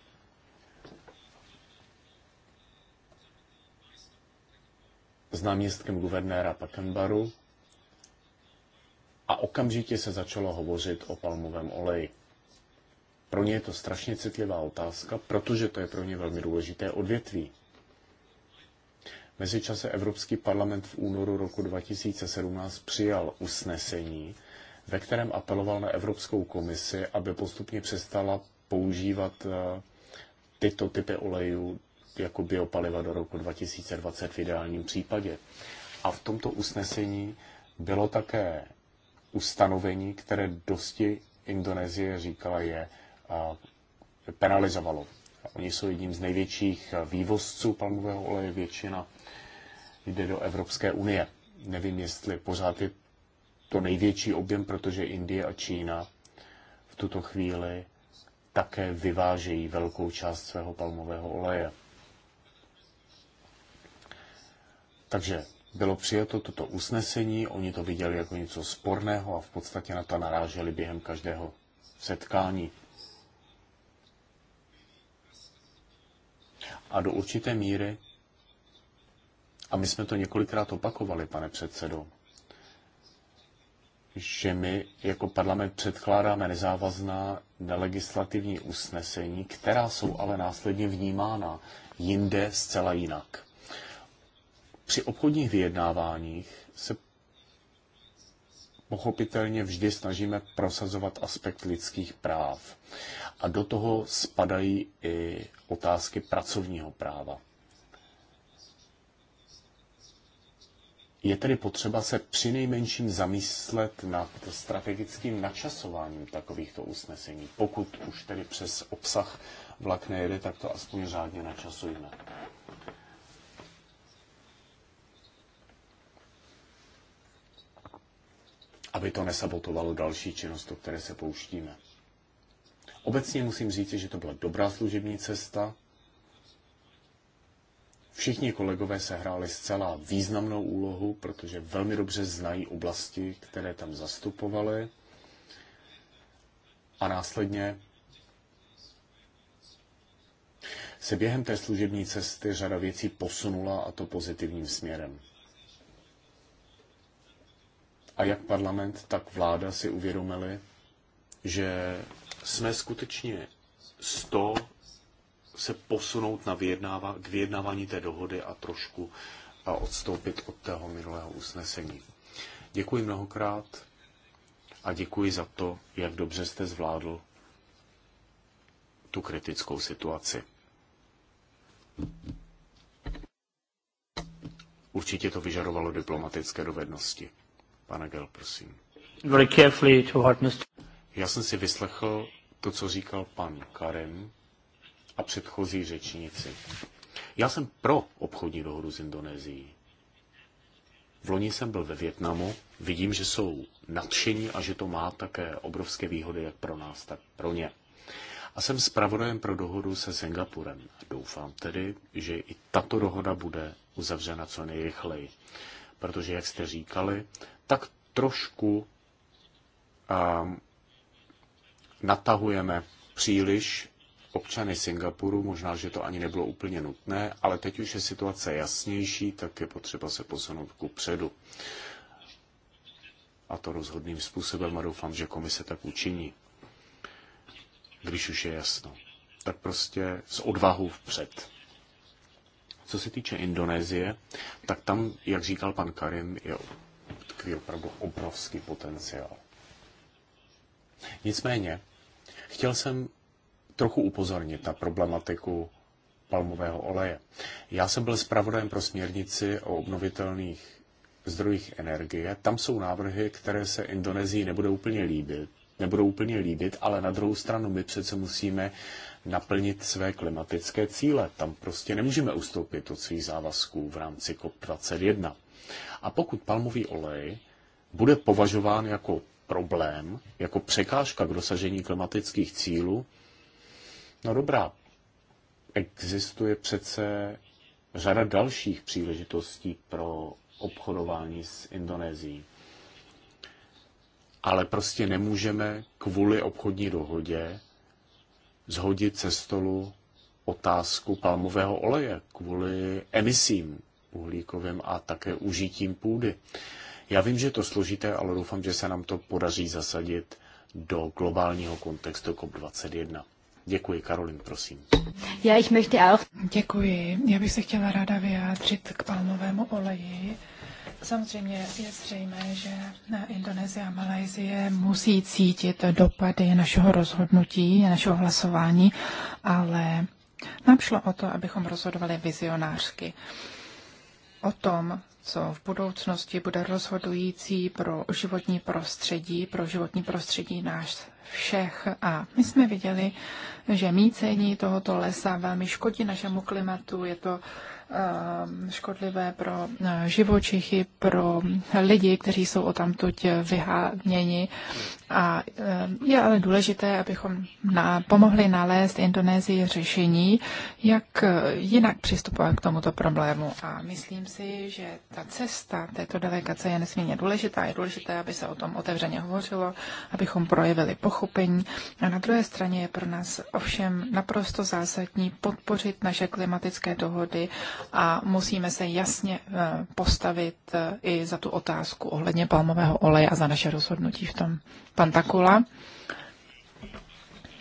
s náměstkem guvernéra Pakenbaru a okamžitě se začalo hovořit o palmovém oleji. Pro ně je to strašně citlivá otázka, protože to je pro ně velmi důležité odvětví. Mezičase Evropský parlament v únoru roku 2017 přijal usnesení, ve kterém apeloval na Evropskou komisi, aby postupně přestala používat eh, tyto typy olejů jako biopaliva do roku 2020 v ideálním případě. A v tomto usnesení bylo také ustanovení, které dosti Indonésie říkala je penalizovalo. Oni jsou jedním z největších vývozců palmového oleje, většina jde do Evropské unie. Nevím, jestli pořád je to největší objem, protože Indie a Čína v tuto chvíli také vyvážejí velkou část svého palmového oleje. Takže bylo přijato toto usnesení, oni to viděli jako něco sporného a v podstatě na to naráželi během každého setkání. A do určité míry, a my jsme to několikrát opakovali, pane předsedo, že my jako parlament předkládáme nezávazná nelegislativní usnesení, která jsou ale následně vnímána jinde zcela jinak při obchodních vyjednáváních se pochopitelně vždy snažíme prosazovat aspekt lidských práv. A do toho spadají i otázky pracovního práva. Je tedy potřeba se při nejmenším zamyslet nad strategickým načasováním takovýchto usnesení. Pokud už tedy přes obsah vlak nejede, tak to aspoň řádně načasujeme. aby to nesabotovalo další činnost, do které se pouštíme. Obecně musím říct, že to byla dobrá služební cesta. Všichni kolegové se hráli zcela významnou úlohu, protože velmi dobře znají oblasti, které tam zastupovali. A následně se během té služební cesty řada věcí posunula a to pozitivním směrem a jak parlament, tak vláda si uvědomili, že jsme skutečně 100 se posunout na vyjednáva, k vyjednávání té dohody a trošku a odstoupit od tého minulého usnesení. Děkuji mnohokrát a děkuji za to, jak dobře jste zvládl tu kritickou situaci. Určitě to vyžadovalo diplomatické dovednosti. Pane Gel, prosím. Very carefully to what Mr. Já jsem si vyslechl to, co říkal pan Karen a předchozí řečnici. Já jsem pro obchodní dohodu s Indonésií. V loni jsem byl ve Větnamu, vidím, že jsou nadšení a že to má také obrovské výhody jak pro nás, tak pro ně. A jsem zpravodajem pro dohodu se Singapurem. Doufám tedy, že i tato dohoda bude uzavřena co nejrychleji protože, jak jste říkali, tak trošku um, natahujeme příliš občany Singapuru, možná, že to ani nebylo úplně nutné, ale teď už je situace jasnější, tak je potřeba se posunout ku předu. A to rozhodným způsobem a doufám, že komise tak učiní, když už je jasno. Tak prostě s odvahou vpřed. Co se týče Indonésie, tak tam, jak říkal pan Karim, je opravdu obrovský potenciál. Nicméně, chtěl jsem trochu upozornit na problematiku palmového oleje. Já jsem byl zpravodajem pro směrnici o obnovitelných zdrojích energie. Tam jsou návrhy, které se Indonésii nebude úplně líbit, nebudou úplně líbit, ale na druhou stranu my přece musíme naplnit své klimatické cíle. Tam prostě nemůžeme ustoupit od svých závazků v rámci COP21. A pokud palmový olej bude považován jako problém, jako překážka k dosažení klimatických cílů, no dobrá, existuje přece řada dalších příležitostí pro obchodování s Indonésií ale prostě nemůžeme kvůli obchodní dohodě zhodit ze stolu otázku palmového oleje kvůli emisím uhlíkovým a také užitím půdy. Já vím, že je to složité, ale doufám, že se nám to podaří zasadit do globálního kontextu COP21. Děkuji, Karolin, prosím. Já ich möchte auch. Děkuji. Já bych se chtěla ráda vyjádřit k palmovému oleji. Samozřejmě je zřejmé, že na Indonésie a Malajzie musí cítit dopady našeho rozhodnutí, našeho hlasování, ale nám šlo o to, abychom rozhodovali vizionářsky o tom, co v budoucnosti bude rozhodující pro životní prostředí, pro životní prostředí náš všech. A my jsme viděli, že mícení tohoto lesa velmi škodí našemu klimatu. Je to Ehm, škodlivé pro eh, živočichy, pro lidi, kteří jsou odtamtud vyháněni. A ehm, je ale důležité, abychom na, pomohli nalézt Indonésii řešení, jak eh, jinak přistupovat k tomuto problému. A myslím si, že ta cesta této delegace je nesmírně důležitá. Je důležité, aby se o tom otevřeně hovořilo, abychom projevili pochopení. A na druhé straně je pro nás ovšem naprosto zásadní podpořit naše klimatické dohody a musíme se jasně eh, postavit eh, i za tu otázku ohledně palmového oleje a za naše rozhodnutí v tom. Pan Takula.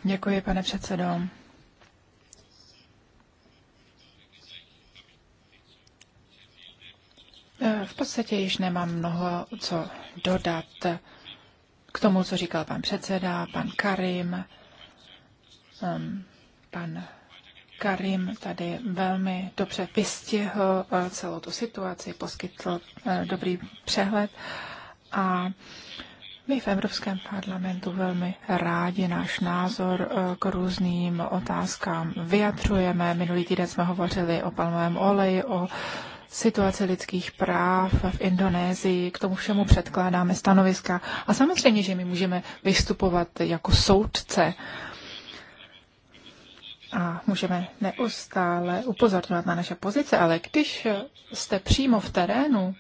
Děkuji, pane předsedo. Eh, v podstatě již nemám mnoho co dodat k tomu, co říkal pan předseda, pan Karim, ehm, pan Karim tady velmi dobře vystihl eh, celou tu situaci, poskytl eh, dobrý přehled a my v Evropském parlamentu velmi rádi náš názor eh, k různým otázkám vyjadřujeme. Minulý týden jsme hovořili o palmovém oleji, o situaci lidských práv v Indonésii, k tomu všemu předkládáme stanoviska. A samozřejmě, že my můžeme vystupovat jako soudce, a můžeme neustále upozorňovat na naše pozice, ale když jste přímo v terénu,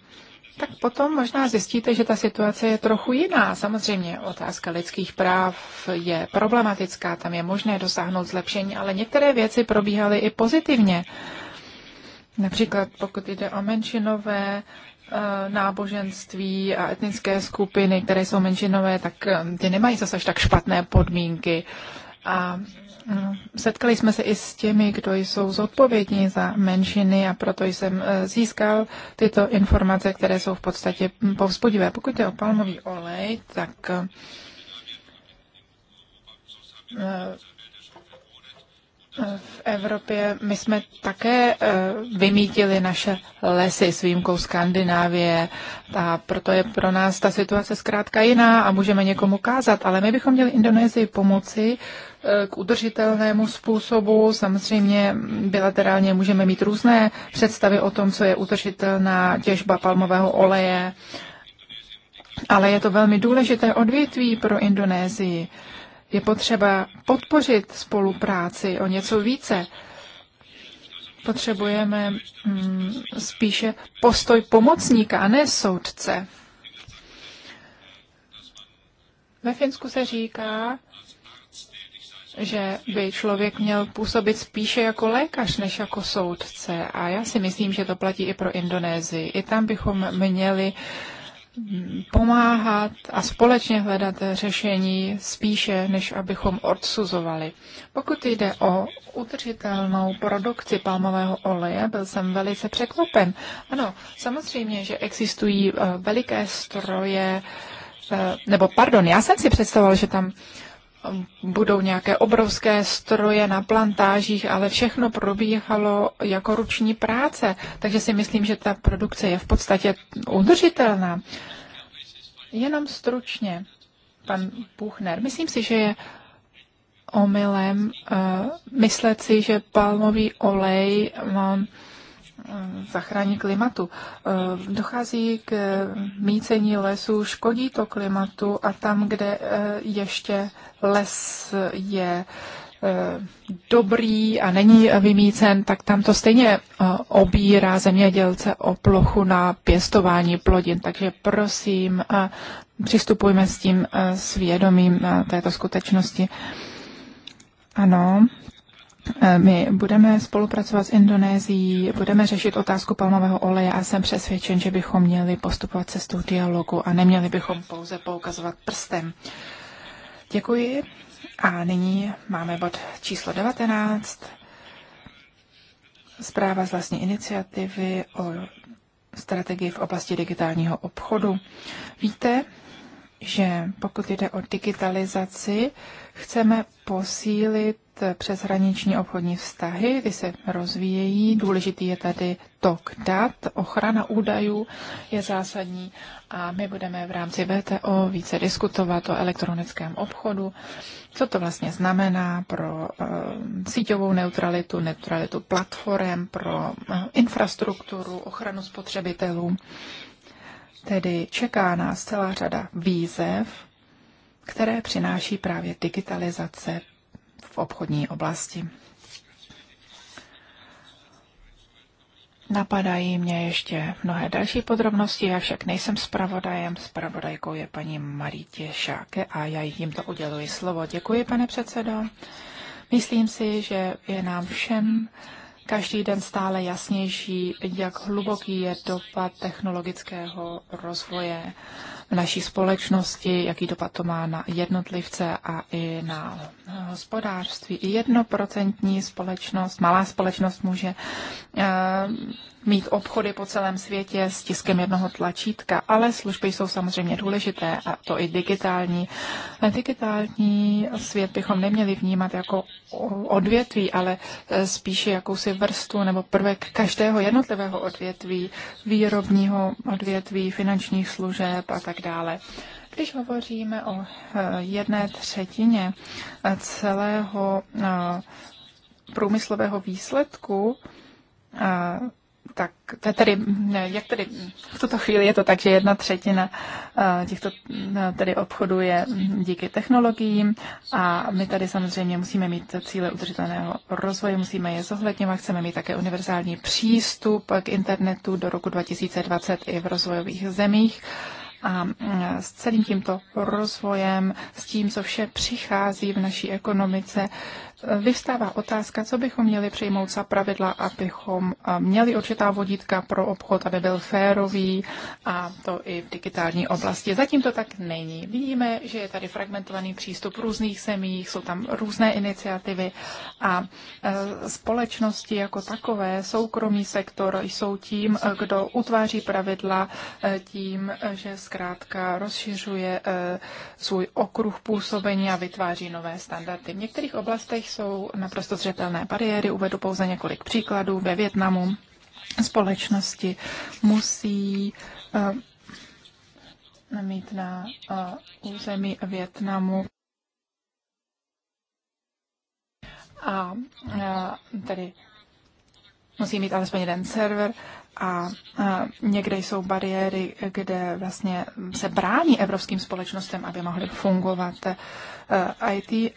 tak potom možná zjistíte, že ta situace je trochu jiná. Samozřejmě otázka lidských práv je problematická, tam je možné dosáhnout zlepšení, ale některé věci probíhaly i pozitivně. Například pokud jde o menšinové eh, náboženství a etnické skupiny, které jsou menšinové, tak eh, ty nemají zase až tak špatné podmínky. A Setkali jsme se i s těmi, kdo jsou zodpovědní za menšiny a proto jsem eh, získal tyto informace, které jsou v podstatě hm, povzbudivé. Pokud je o palmový olej, tak eh, eh, v Evropě my jsme také vymítili naše lesy s výjimkou Skandinávie a proto je pro nás ta situace zkrátka jiná a můžeme někomu kázat, ale my bychom měli Indonésii pomoci k udržitelnému způsobu. Samozřejmě bilaterálně můžeme mít různé představy o tom, co je udržitelná těžba palmového oleje, ale je to velmi důležité odvětví pro Indonésii. Je potřeba podpořit spolupráci o něco více. Potřebujeme mm, spíše postoj pomocníka a ne soudce. Ve Finsku se říká, že by člověk měl působit spíše jako lékař než jako soudce. A já si myslím, že to platí i pro Indonésii. I tam bychom měli pomáhat a společně hledat řešení spíše, než abychom odsuzovali. Pokud jde o udržitelnou produkci palmového oleje, byl jsem velice překvapen. Ano, samozřejmě, že existují eh, veliké stroje, eh, nebo pardon, já jsem si představoval, že tam budou nějaké obrovské stroje na plantážích, ale všechno probíhalo jako ruční práce. Takže si myslím, že ta produkce je v podstatě udržitelná. Jenom stručně, pan Buchner, myslím si, že je omylem uh, myslet si, že palmový olej um, zachrání klimatu. Eh, dochází k mícení lesů, škodí to klimatu a tam, kde eh, ještě les je eh, dobrý a není vymícen, tak tam to stejně obírá zemědělce o plochu na pěstování plodin. Takže prosím, přistupujme s tím svědomím této skutečnosti. Ano, Eh, my budeme spolupracovat s Indonésií, budeme řešit otázku palmového oleje a jsem přesvědčen, že bychom měli postupovat cestou dialogu a neměli bychom pouze poukazovat prstem. Děkuji a nyní máme bod číslo 19. Zpráva z vlastní iniciativy o strategii v oblasti digitálního obchodu. Víte, že pokud jde o digitalizaci, chceme posílit přeshraniční obchodní vztahy, ty se rozvíjejí. Důležitý je tady tok dat, ochrana údajů je zásadní a my budeme v rámci VTO více diskutovat o elektronickém obchodu, co to vlastně znamená pro uh, síťovou neutralitu, neutralitu platform, pro uh, infrastrukturu, ochranu spotřebitelů. Tedy čeká nás celá řada výzev, které přináší právě digitalizace v obchodní oblasti. Napadají mě ještě mnohé další podrobnosti, já však nejsem zpravodajem, zpravodajkou je paní Marítě Šáke a já jim to uděluji slovo. Děkuji, pane předsedo. Myslím si, že je nám všem každý den stále jasnější, jak hluboký je dopad technologického rozvoje naší společnosti, jaký dopad to má na jednotlivce a i na hospodářství. I jednoprocentní společnost, malá společnost může eh, mít obchody po celém světě s tiskem jednoho tlačítka, ale služby jsou samozřejmě důležité a to i digitální. Eh, digitální svět bychom neměli vnímat jako odvětví, ale eh, spíše jakousi vrstu nebo prvek každého jednotlivého odvětví, výrobního odvětví, finančních služeb a tak dále. Když hovoříme o eh, jedné třetině eh, celého eh, průmyslového výsledku, tak tedy, jak tedy v tuto chvíli je to tak, že jedna třetina těchto tedy obchodů je díky technologiím a my tady samozřejmě musíme mít cíle udržitelného rozvoje, musíme je zohledňovat, chceme mít také univerzální přístup k internetu do roku 2020 i v rozvojových zemích a mm, s celým tímto rozvojem, s tím, co vše přichází v naší ekonomice, vyvstává otázka, co bychom měli přijmout za pravidla, abychom eh, měli určitá vodítka pro obchod, aby byl férový a to i v digitální oblasti. Zatím to tak není. Vidíme, že je tady fragmentovaný přístup v různých zemích, jsou tam různé iniciativy a eh, společnosti jako takové, soukromý sektor jsou tím, eh, kdo utváří pravidla tím, že zkrátka rozšiřuje svůj okruh působení a vytváří nové standardy. V některých oblastech jsou naprosto zřetelné bariéry. Uvedu pouze několik příkladů. Ve Větnamu společnosti musí uh, eh, mít na uh, území Větnamu a uh, tedy musí mít alespoň jeden server a, někde jsou bariéry, kde vlastně se brání evropským společnostem, aby mohly fungovat. IT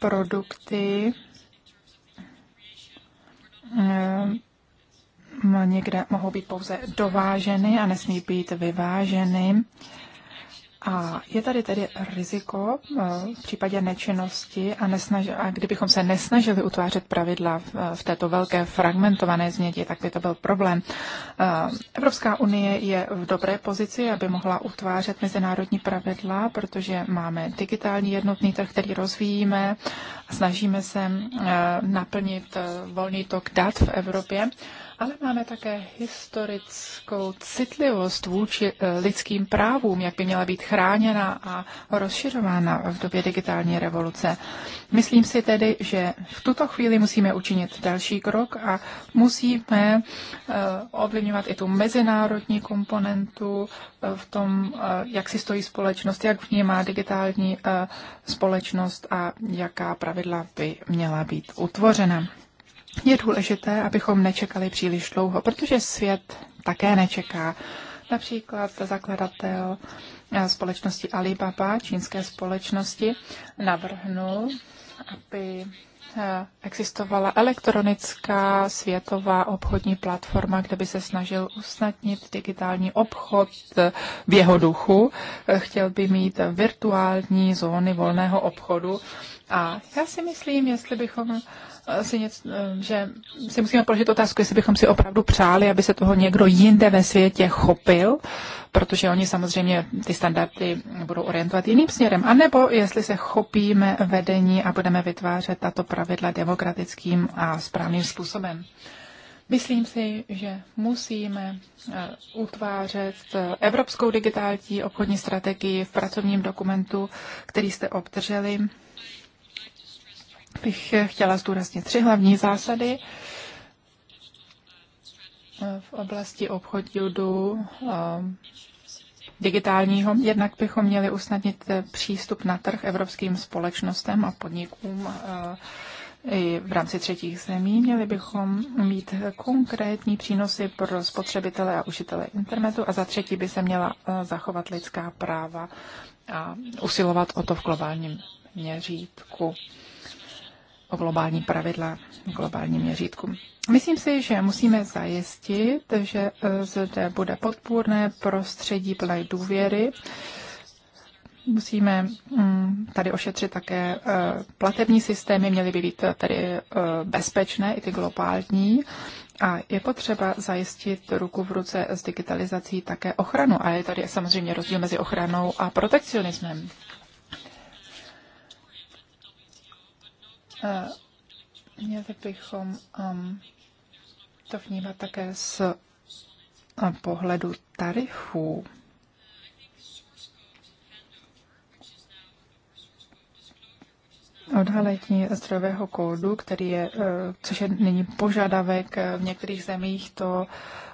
produkty eh, no, někde mohou být pouze dováženy a nesmí být vyváženy. A je tady tedy riziko eh, v případě nečinnosti a, nesnaž, a kdybychom se nesnažili utvářet pravidla v, v této velké fragmentované změti, tak by to byl problém. Eh, Evropská unie je v dobré pozici, aby mohla utvářet mezinárodní pravidla, protože máme digitální jednotný trh, který rozvíjíme a snažíme se eh, naplnit volný tok dat v Evropě ale máme také historickou citlivost vůči eh, lidským právům, jak by měla být chráněna a rozšiřována v době digitální revoluce. Myslím si tedy, že v tuto chvíli musíme učinit další krok a musíme eh, ovlivňovat i tu mezinárodní komponentu eh, v tom, jak si stojí společnost, jak v ní má digitální společnost a jaká pravidla by měla být utvořena. Je důležité, abychom nečekali příliš dlouho, protože svět také nečeká. Například zakladatel eh, společnosti Alibaba, čínské společnosti, navrhnul, aby eh, existovala elektronická světová obchodní platforma, kde by se snažil usnadnit digitální obchod eh, v jeho duchu. Chtěl by mít virtuální zóny volného obchodu. A já si myslím, jestli bychom si něco, že si musíme položit otázku, jestli bychom si opravdu přáli, aby se toho někdo jinde ve světě chopil, protože oni samozřejmě ty standardy budou orientovat jiným směrem, anebo jestli se chopíme vedení a budeme vytvářet tato pravidla demokratickým a správným způsobem. Myslím si, že musíme eh, utvářet eh, evropskou digitální obchodní strategii v pracovním dokumentu, který jste obdrželi bych chtěla zdůraznit tři hlavní zásady v oblasti obchodu eh, digitálního. Jednak bychom měli usnadnit eh, přístup na trh evropským společnostem a podnikům eh, i v rámci třetích zemí. Měli bychom mít konkrétní přínosy pro spotřebitele a užitele internetu a za třetí by se měla zachovat lidská práva a usilovat o to v globálním měřítku o globální pravidla, globální měřítku. Myslím si, že musíme zajistit, že eh, zde bude podpůrné prostředí plné důvěry. Musíme mm, tady ošetřit také eh, platební systémy, měly by být tady eh, bezpečné, i ty globální. A je potřeba zajistit ruku v ruce s digitalizací také ochranu. A je tady samozřejmě rozdíl mezi ochranou a protekcionismem. Eh, měli bychom um, to vnímat také z eh, pohledu tarifů. Odhalení zdravého kódu, který je, eh, což je nyní požadavek v některých zemích, to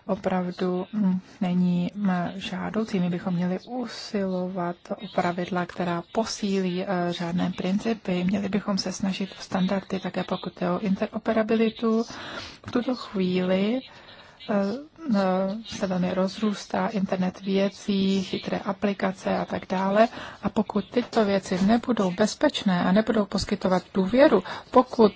opravdu hm, není hm, žádoucí. My bychom měli usilovat o pravidla, která posílí žádné eh, principy. Měli bychom se snažit o standardy také pokud je o interoperabilitu. V tuto chvíli Eh, se velmi rozrůstá, internet věcí, chytré aplikace a tak dále. A pokud tyto věci nebudou bezpečné a nebudou poskytovat důvěru, pokud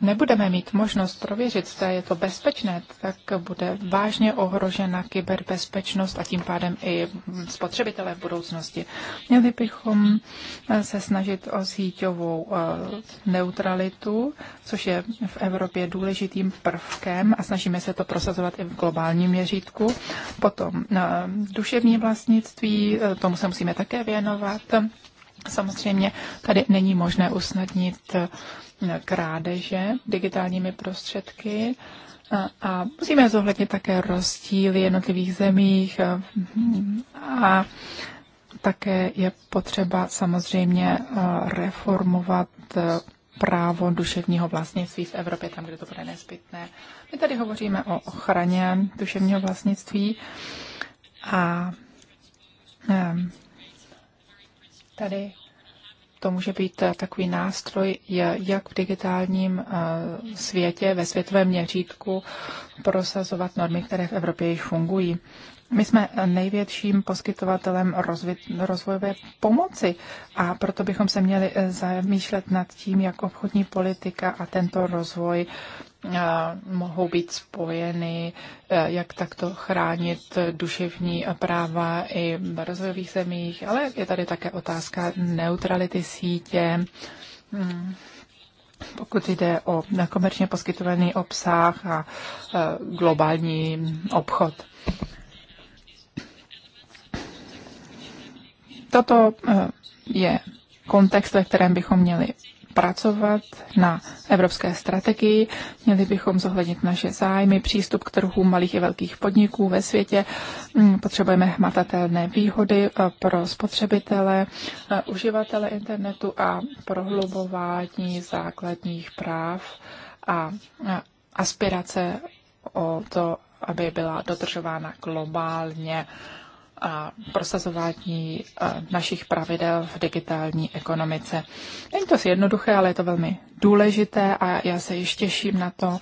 nebudeme mít možnost prověřit, zda je to bezpečné, tak bude vážně ohrožena kyberbezpečnost a tím pádem i spotřebitelé v budoucnosti. Měli bychom eh, se snažit o síťovou eh, neutralitu, což je v Evropě důležitým prvkem a snažíme se to prosazovat i v globálním měřítku. Potom eh, duševní vlastnictví, eh, tomu se musíme také věnovat. Samozřejmě tady není možné usnadnit eh, krádeže digitálními prostředky. A musíme zohlednit také rozdíly jednotlivých zemích a také je potřeba samozřejmě reformovat právo duševního vlastnictví v Evropě, tam, kde to bude nezbytné. My tady hovoříme o ochraně duševního vlastnictví a tady to může být takový nástroj, jak v digitálním eh, světě, ve světovém měřítku prosazovat normy, které v Evropě již fungují. My jsme největším poskytovatelem rozvoj, rozvojové pomoci a proto bychom se měli eh, zamýšlet nad tím, jak obchodní politika a tento rozvoj eh, mohou být spojeny, eh, jak takto chránit duševní práva i v rozvojových zemích, ale je tady také otázka neutrality sítě. Hmm. Pokud jde o komerčně poskytovaný obsah a globální obchod. Toto eh, je kontext, ve kterém bychom měli pracovat na evropské strategii. Měli bychom zohlednit naše zájmy, přístup k trhu malých i velkých podniků ve světě. Mm, potřebujeme hmatatelné výhody eh, pro spotřebitele, eh, uživatele internetu a prohlubování základních práv a aspirace o to, aby byla dodržována globálně a prosazování našich pravidel v digitální ekonomice. Není to si jednoduché, ale je to velmi důležité a já se již těším na to,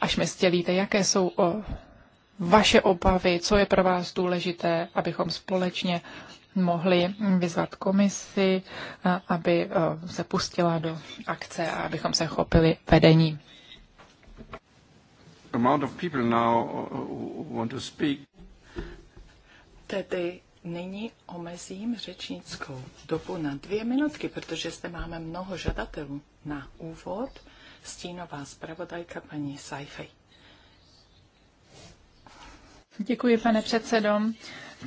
až mi sdělíte, jaké jsou vaše obavy, co je pro vás důležité, abychom společně mohli vyzvat komisi, aby se pustila do akce a abychom se chopili vedení. Amount of people now uh, uh, want to speak tedy nyní omezím řečnickou dobu na dvě minutky, protože zde máme mnoho žadatelů. Na úvod stínová zpravodajka paní Saifej. Děkuji, pane předsedo.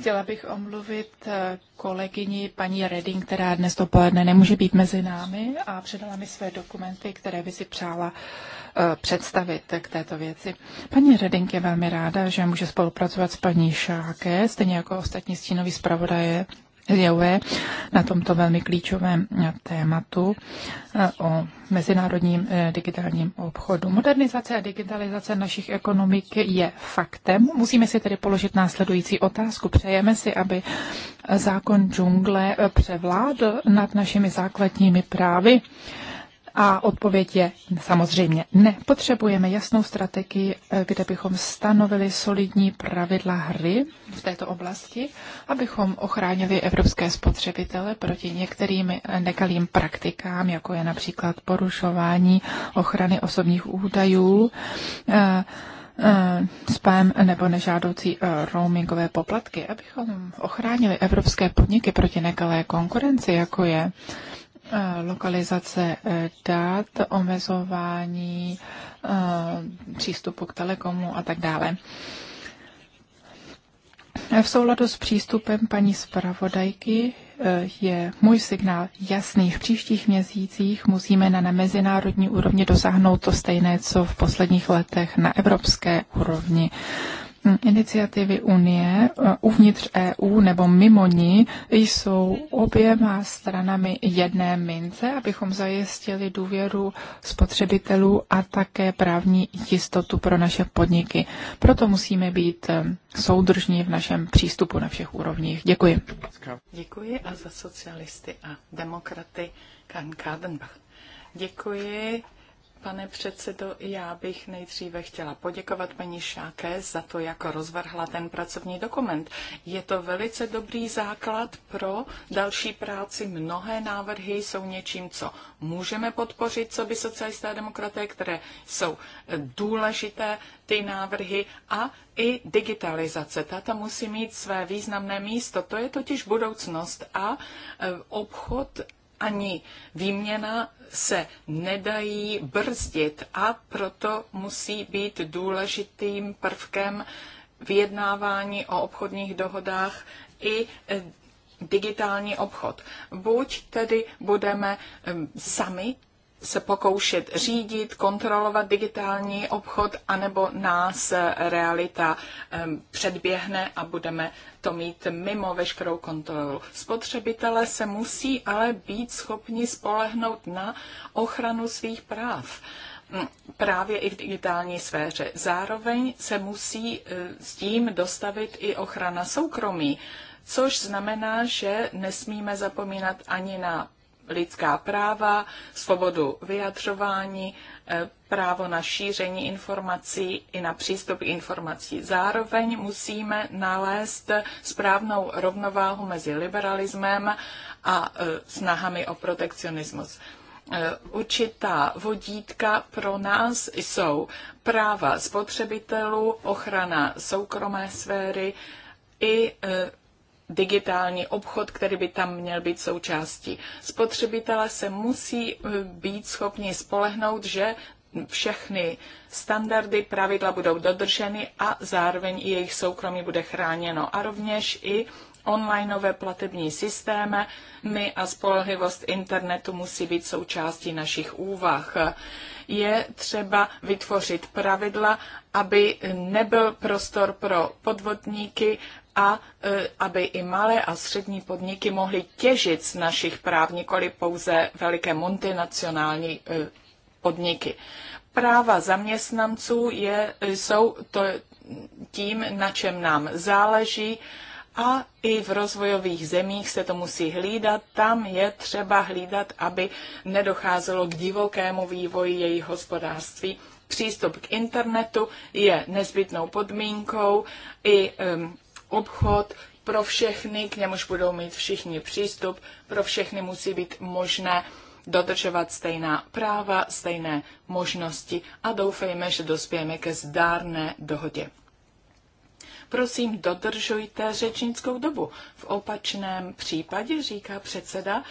Chtěla bych omluvit eh, kolegyni paní Redding, která dnes dopoledne nemůže být mezi námi a předala mi své dokumenty, které by si přála eh, představit k této věci. Paní Reding je velmi ráda, že může spolupracovat s paní Šáke, stejně jako ostatní stínový zpravodaje zjevuje na tomto velmi klíčovém eh, tématu eh, o mezinárodním eh, digitálním obchodu. Modernizace a digitalizace našich ekonomik je faktem. Musíme si tedy položit následující otázku. Přejeme si, aby zákon džungle převládl nad našimi základními právy. A odpověď je samozřejmě ne. Potřebujeme jasnou strategii, eh, kde bychom stanovili solidní pravidla hry v této oblasti, abychom ochránili evropské spotřebitele proti některým eh, nekalým praktikám, jako je například porušování ochrany osobních údajů, eh, spam nebo nežádoucí roamingové poplatky, abychom ochránili evropské podniky proti nekalé konkurenci, jako je Eh, lokalizace eh, dat, omezování eh, přístupu k telekomu a tak dále. V souladu s přístupem paní zpravodajky je můj signál jasný. V příštích měsících musíme na, na mezinárodní úrovni dosáhnout to stejné, co v posledních letech na evropské úrovni. Hm, iniciativy Unie eh, uvnitř EU nebo mimo ní jsou oběma stranami jedné mince, abychom zajistili důvěru spotřebitelů a také právní jistotu pro naše podniky. Proto musíme být eh, soudržní v našem přístupu na všech úrovních. Děkuji. Děkuji a za socialisty a demokraty Kan Kadenbach. Děkuji. Pane předsedo, já bych nejdříve chtěla poděkovat paní Šáke za to, jak rozvrhla ten pracovní dokument. Je to velice dobrý základ pro další práci. Mnohé návrhy jsou něčím, co můžeme podpořit, co by socialisté a demokraté, které jsou důležité, ty návrhy a i digitalizace. Tato musí mít své významné místo. To je totiž budoucnost a e, obchod ani výměna se nedají brzdit a proto musí být důležitým prvkem vyjednávání o obchodních dohodách i eh, digitální obchod. Buď tedy budeme eh, sami se pokoušet řídit, kontrolovat digitální obchod, anebo nás realita předběhne a budeme to mít mimo veškerou kontrolu. Spotřebitelé se musí ale být schopni spolehnout na ochranu svých práv právě i v digitální sféře. Zároveň se musí e, s tím dostavit i ochrana soukromí, což znamená, že nesmíme zapomínat ani na lidská práva, svobodu vyjadřování, eh, právo na šíření informací i na přístup k informací. Zároveň musíme nalézt správnou rovnováhu mezi liberalismem a eh, snahami o protekcionismus eh, určitá vodítka pro nás jsou práva spotřebitelů, ochrana soukromé sféry i digitální obchod, který by tam měl být součástí. Spotřebitele se musí eh, být schopni spolehnout, že všechny standardy, pravidla budou dodrženy a zároveň i jejich soukromí bude chráněno. A rovněž i onlineové platební systémy my a spolehlivost internetu musí být součástí našich úvah. Je třeba vytvořit pravidla, aby nebyl prostor pro podvodníky, a e, aby i malé a střední podniky mohly těžit z našich práv, nikoli pouze veliké multinacionální e, podniky. Práva zaměstnanců je, e, jsou to tím, na čem nám záleží a i v rozvojových zemích se to musí hlídat. Tam je třeba hlídat, aby nedocházelo k divokému vývoji jejich hospodářství. Přístup k internetu je nezbytnou podmínkou i um, obchod pro všechny, k němuž budou mít všichni přístup, pro všechny musí být možné dodržovat stejná práva, stejné možnosti a doufejme, že dospějeme ke zdárné dohodě. Prosím, dodržujte řečnickou dobu. V opačném případě, říká předseda,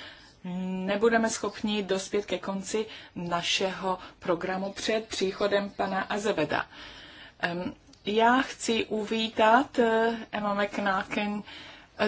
nebudeme schopni dospět ke konci našeho programu před příchodem pana Azeveda. Já chci uvítat eh, Emma McNaken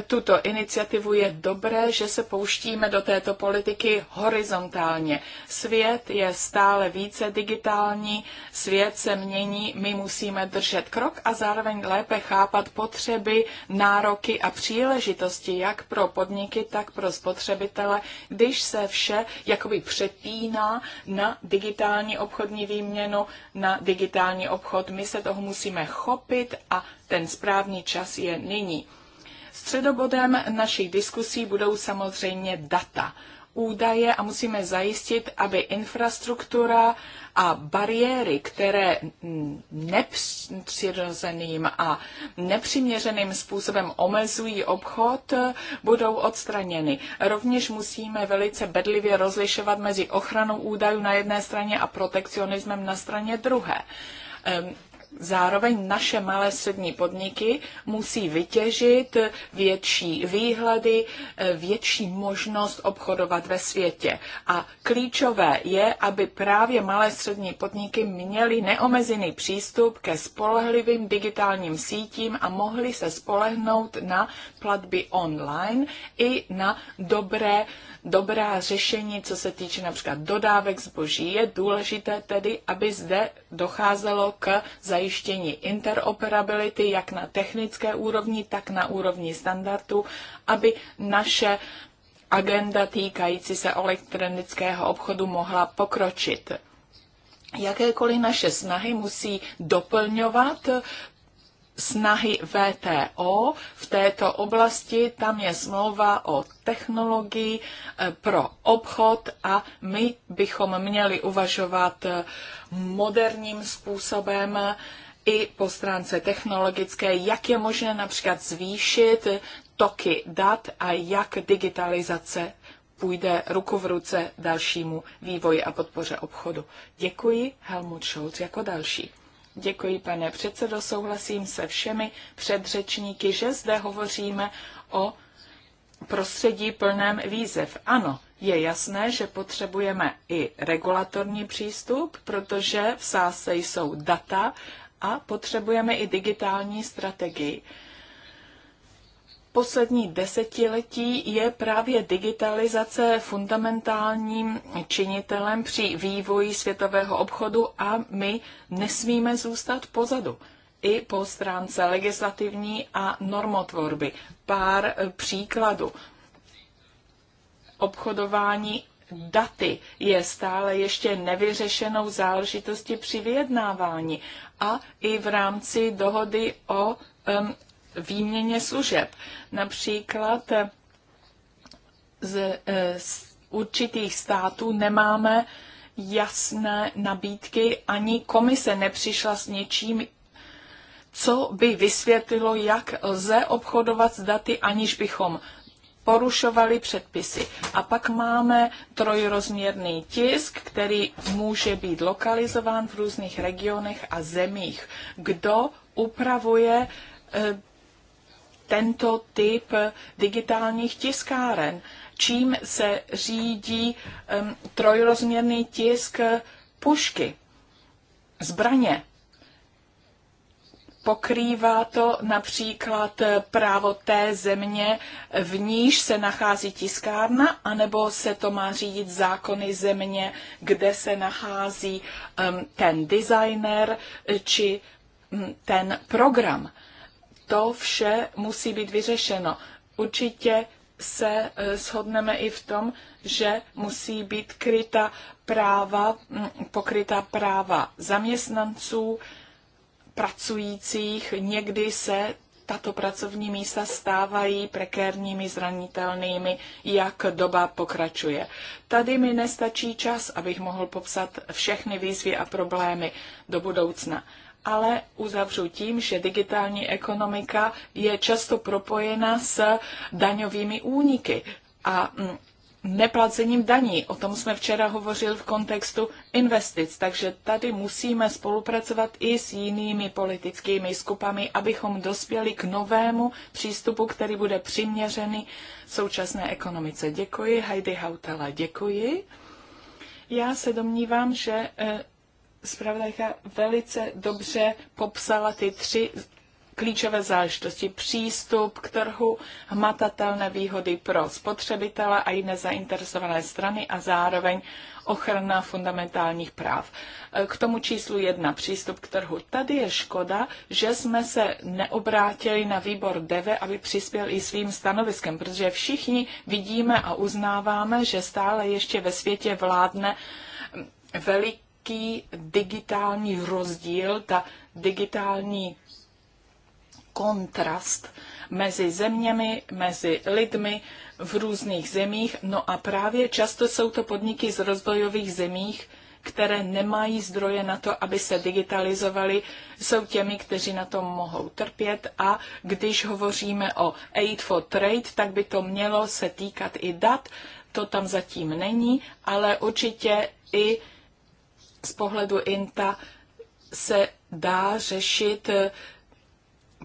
tuto iniciativu, je dobré, že se pouštíme do této politiky horizontálně. Svět je stále více digitální, svět se mění, my musíme držet krok a zároveň lépe chápat potřeby, nároky a příležitosti jak pro podniky, tak pro spotřebitele, když se vše jakoby přepíná na digitální obchodní výměnu, na digitální obchod. My se toho musíme chopit a ten správný čas je nyní. Středobodem našich diskusí budou samozřejmě data, údaje a musíme zajistit, aby infrastruktura a bariéry, které nepřirozeným a nepřiměřeným způsobem omezují obchod, budou odstraněny. Rovněž musíme velice bedlivě rozlišovat mezi ochranou údajů na jedné straně a protekcionismem na straně druhé ehm, Zároveň naše malé střední podniky musí vytěžit větší výhledy, eh, větší možnost obchodovat ve světě. A klíčové je, aby právě malé střední podniky měly neomezený přístup ke spolehlivým digitálním sítím a mohly se spolehnout na platby online i na dobré uh, dobrá řešení, co se týče například dodávek zboží. Je důležité tedy, aby zde docházelo k zajištění interoperability jak na technické úrovni, tak na úrovni standardu, aby naše agenda týkající se elektronického obchodu mohla pokročit jakékoliv naše snahy musí doplňovat snahy VTO v této oblasti. Tam je smlouva o technologii eh, pro obchod a my bychom měli uvažovat eh, moderním způsobem eh, i po stránce technologické, jak je možné například zvýšit toky dat a jak digitalizace půjde ruku v ruce dalšímu vývoji a podpoře obchodu. Děkuji Helmut Scholz jako další. Děkuji, pane předsedo. Souhlasím se všemi předřečníky, že zde hovoříme o prostředí plném výzev. Ano, je jasné, že potřebujeme i regulatorní přístup, protože v sáse jsou data a potřebujeme i digitální strategii poslední desetiletí je právě digitalizace fundamentálním činitelem při vývoji světového obchodu a my nesmíme zůstat pozadu. I po stránce legislativní a normotvorby. Pár eh, příkladů. Obchodování daty je stále ještě nevyřešenou záležitostí při vyjednávání a i v rámci dohody o výměně služeb. Například eh, z, eh, z určitých států nemáme jasné nabídky, ani komise nepřišla s něčím, co by vysvětlilo, jak lze obchodovat s daty, aniž bychom porušovali předpisy. A pak máme trojrozměrný tisk, který může být lokalizován v různých regionech a zemích. Kdo upravuje eh, tento typ digitálních tiskáren, čím se řídí um, trojrozměrný tisk pušky, zbraně. Pokrývá to například právo té země, v níž se nachází tiskárna, anebo se to má řídit zákony země, kde se nachází um, ten designer či um, ten program to vše musí být vyřešeno. Určitě se eh, shodneme i v tom, že musí být kryta práva, mm, pokryta práva zaměstnanců, pracujících. Někdy se tato pracovní místa stávají prekérními, zranitelnými, jak doba pokračuje. Tady mi nestačí čas, abych mohl popsat všechny výzvy a problémy do budoucna ale uzavřu tím, že digitální ekonomika je často propojena s daňovými úniky a mm, neplacením daní. O tom jsme včera hovořili v kontextu investic, takže tady musíme spolupracovat i s jinými politickými skupami, abychom dospěli k novému přístupu, který bude přiměřený současné ekonomice. Děkuji, Heidi Hautala, děkuji. Já se domnívám, že eh, zpravodajka velice dobře popsala ty tři klíčové záležitosti. Přístup k trhu, hmatatelné výhody pro spotřebitele a jiné zainteresované strany a zároveň ochrana fundamentálních práv. K tomu číslu jedna, přístup k trhu. Tady je škoda, že jsme se neobrátili na výbor DEVE, aby přispěl i svým stanoviskem, protože všichni vidíme a uznáváme, že stále ještě ve světě vládne velik velký digitální rozdíl, ta digitální kontrast mezi zeměmi, mezi lidmi v různých zemích. No a právě často jsou to podniky z rozvojových zemích, které nemají zdroje na to, aby se digitalizovali, jsou těmi, kteří na tom mohou trpět a když hovoříme o Aid for Trade, tak by to mělo se týkat i dat, to tam zatím není, ale určitě i z pohledu INTA se dá řešit eh,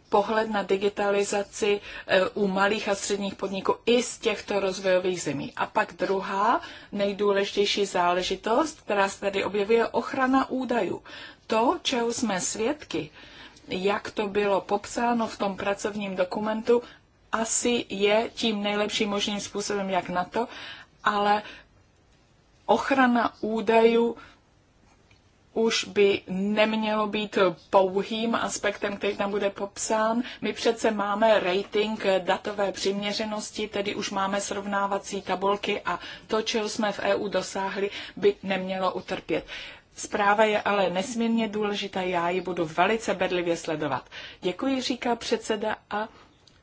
pohled na digitalizaci eh, u malých a středních podniků i z těchto rozvojových zemí. A pak druhá nejdůležitější záležitost, která se tady objevuje, ochrana údajů. To, čeho jsme svědky, jak to bylo popsáno v tom pracovním dokumentu, asi je tím nejlepším možným způsobem, jak na to, ale ochrana údajů už by nemělo být pouhým aspektem, který tam bude popsán. My přece máme rating datové přiměřenosti, tedy už máme srovnávací tabulky a to, čeho jsme v EU dosáhli, by nemělo utrpět. Zpráva je ale nesmírně důležitá, já ji budu velice bedlivě sledovat. Děkuji, říká předseda a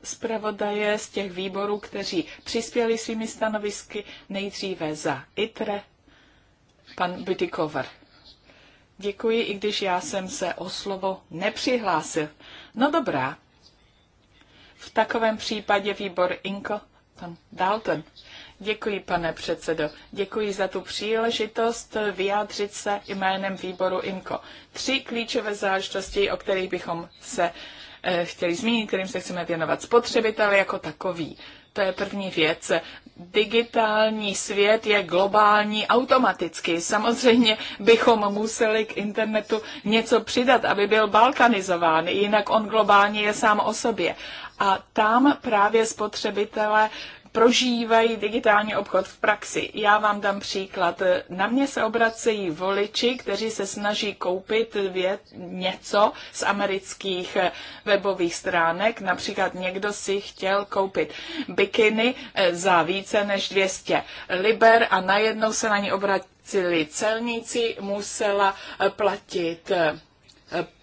zpravodaje z těch výborů, kteří přispěli svými stanovisky nejdříve za ITRE, pan Bytikover. Děkuji, i když já jsem se o slovo nepřihlásil. No dobrá. V takovém případě výbor Inko, pan Dalton. Děkuji, pane předsedo. Děkuji za tu příležitost vyjádřit se jménem výboru Inko. Tři klíčové záležitosti, o kterých bychom se eh, chtěli zmínit, kterým se chceme věnovat. Spotřebitel jako takový. To je první věc digitální svět je globální automaticky. Samozřejmě bychom museli k internetu něco přidat, aby byl balkanizován, jinak on globálně je sám o sobě. A tam právě spotřebitelé prožívají digitální obchod v praxi. Já vám dám příklad. Na mě se obracejí voliči, kteří se snaží koupit věc, něco z amerických eh, webových stránek. Například někdo si chtěl koupit bikiny eh, za více než 200 liber a najednou se na ní obrátili celníci, musela eh, platit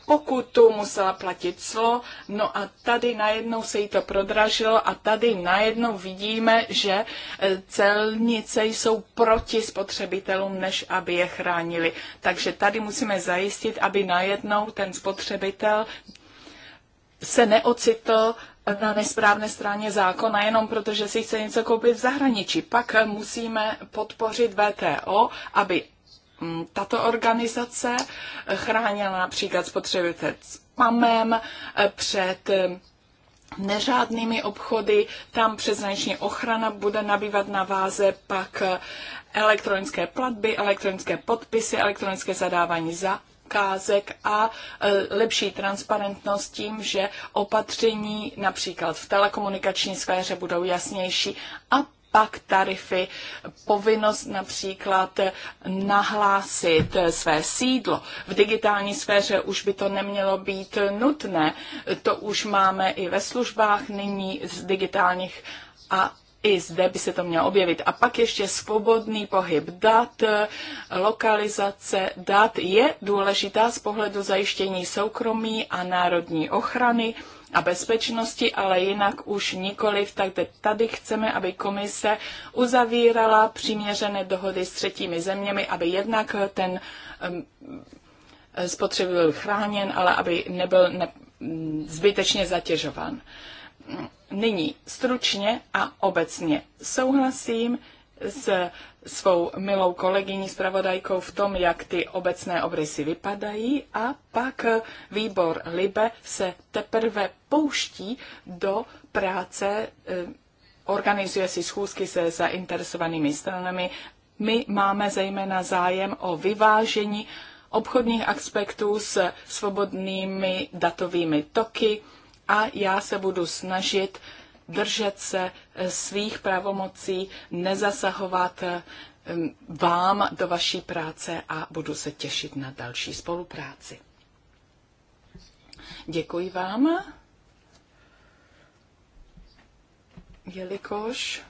pokutu, musela platit clo, no a tady najednou se jí to prodražilo a tady najednou vidíme, že eh, celnice jsou proti spotřebitelům, než aby je chránili. Takže tady musíme zajistit, aby najednou ten spotřebitel se neocitl na nesprávné straně zákona jenom protože si chce něco koupit v zahraničí. Pak musíme podpořit VTO, aby Mm, tato organizace chránila například spotřebitel pamem eh, před eh, neřádnými obchody, tam přeznačně ochrana bude nabývat na váze pak eh, elektronické platby, elektronické podpisy, elektronické zadávání za zakázek a lepší transparentnost tím, že opatření například v telekomunikační sféře budou jasnější a pak tarify, povinnost například nahlásit své sídlo. V digitální sféře už by to nemělo být nutné. To už máme i ve službách nyní z digitálních a i zde by se to mělo objevit. A pak ještě svobodný pohyb dat, lokalizace dat je důležitá z pohledu zajištění soukromí a národní ochrany a bezpečnosti, ale jinak už nikoliv. Tak tady chceme, aby komise uzavírala přiměřené dohody s třetími zeměmi, aby jednak ten spotřebitel byl chráněn, ale aby nebyl ne, zbytečně zatěžován. Nyní stručně a obecně souhlasím, s svou milou kolegyní zpravodajkou v tom, jak ty obecné obrysy vypadají a pak výbor Libe se teprve pouští do práce, eh, organizuje si schůzky se zainteresovanými stranami. My máme zejména zájem o vyvážení obchodních aspektů s svobodnými datovými toky a já se budu snažit držet se eh, svých pravomocí, nezasahovat eh, vám do vaší práce a budu se těšit na další spolupráci. Děkuji vám. Jelikož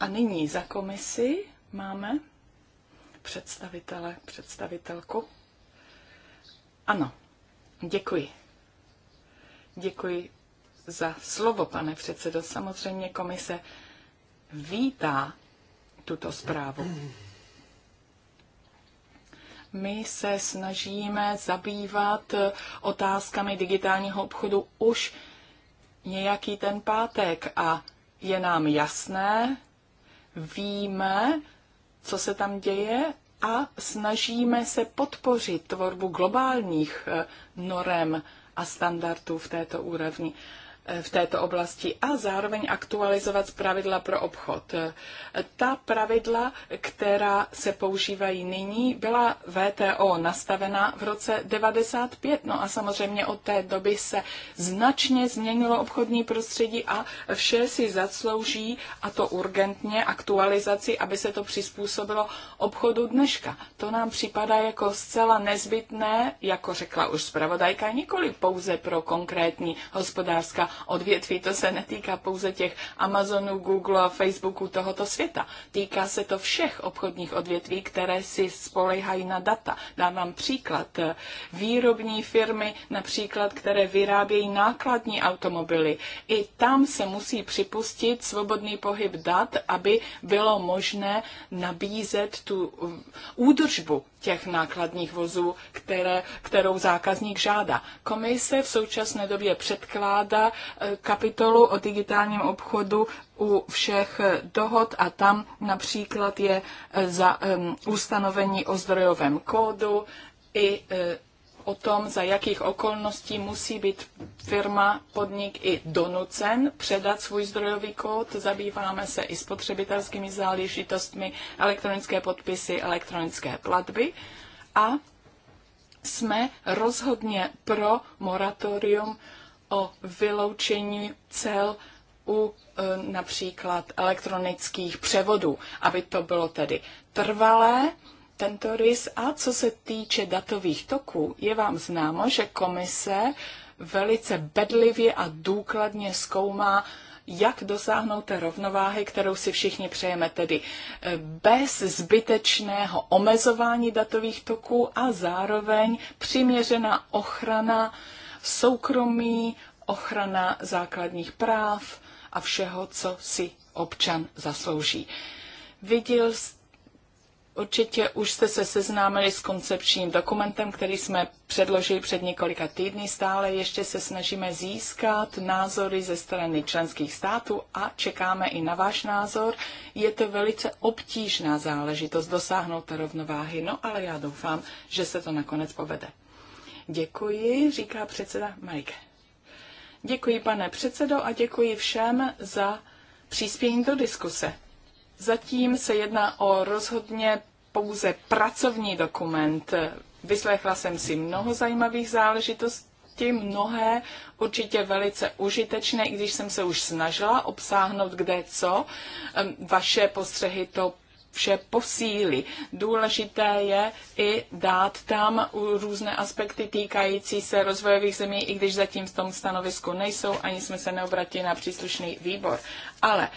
A nyní za komisi máme představitele, představitelku. Ano, děkuji. Děkuji za slovo, pane předsedo. Samozřejmě komise vítá tuto zprávu. My se snažíme zabývat otázkami digitálního obchodu už nějaký ten pátek a je nám jasné, víme, co se tam děje a snažíme se podpořit tvorbu globálních eh, norem a standardů v této úrovni v této oblasti a zároveň aktualizovat pravidla pro obchod. Ta pravidla, která se používají nyní, byla VTO nastavena v roce 95. No a samozřejmě od té doby se značně změnilo obchodní prostředí a vše si zaslouží, a to urgentně, aktualizaci, aby se to přizpůsobilo obchodu dneška. To nám připadá jako zcela nezbytné, jako řekla už zpravodajka, nikoli pouze pro konkrétní hospodářská odvětví. To se netýká pouze těch Amazonu, Google a Facebooku tohoto světa. Týká se to všech obchodních odvětví, které si spolehají na data. Dám vám příklad. Výrobní firmy, například, které vyrábějí nákladní automobily. I tam se musí připustit svobodný pohyb dat, aby bylo možné nabízet tu um, údržbu těch nákladních vozů, které, kterou zákazník žádá. Komise v současné době předkládá kapitolu o digitálním obchodu u všech dohod a tam například je e, za um, ustanovení o zdrojovém kódu i e, o tom, za jakých okolností musí být firma, podnik i donucen předat svůj zdrojový kód. Zabýváme se i spotřebitelskými záležitostmi, elektronické podpisy, elektronické platby a jsme rozhodně pro moratorium o vyloučení cel u e, například elektronických převodů, aby to bylo tedy trvalé, tento rys. A co se týče datových toků, je vám známo, že komise velice bedlivě a důkladně zkoumá, jak dosáhnout té rovnováhy, kterou si všichni přejeme, tedy e, bez zbytečného omezování datových toků a zároveň přiměřená ochrana soukromí, ochrana základních práv a všeho, co si občan zaslouží. Viděl Určitě už jste se seznámili s koncepčním dokumentem, který jsme předložili před několika týdny. Stále ještě se snažíme získat názory ze strany členských států a čekáme i na váš názor. Je to velice obtížná záležitost dosáhnout rovnováhy, no ale já doufám, že se to nakonec povede. Děkuji, říká předseda Mike. Děkuji, pane předsedo, a děkuji všem za příspění do diskuse. Zatím se jedná o rozhodně pouze pracovní dokument. Vyslechla jsem si mnoho zajímavých záležitostí, mnohé určitě velice užitečné, i když jsem se už snažila obsáhnout kde co. Ehm, vaše postřehy to vše posílí. Důležité je i dát tam různé aspekty týkající se rozvojových zemí, i když zatím v tom stanovisku nejsou, ani jsme se neobratili na příslušný výbor. Ale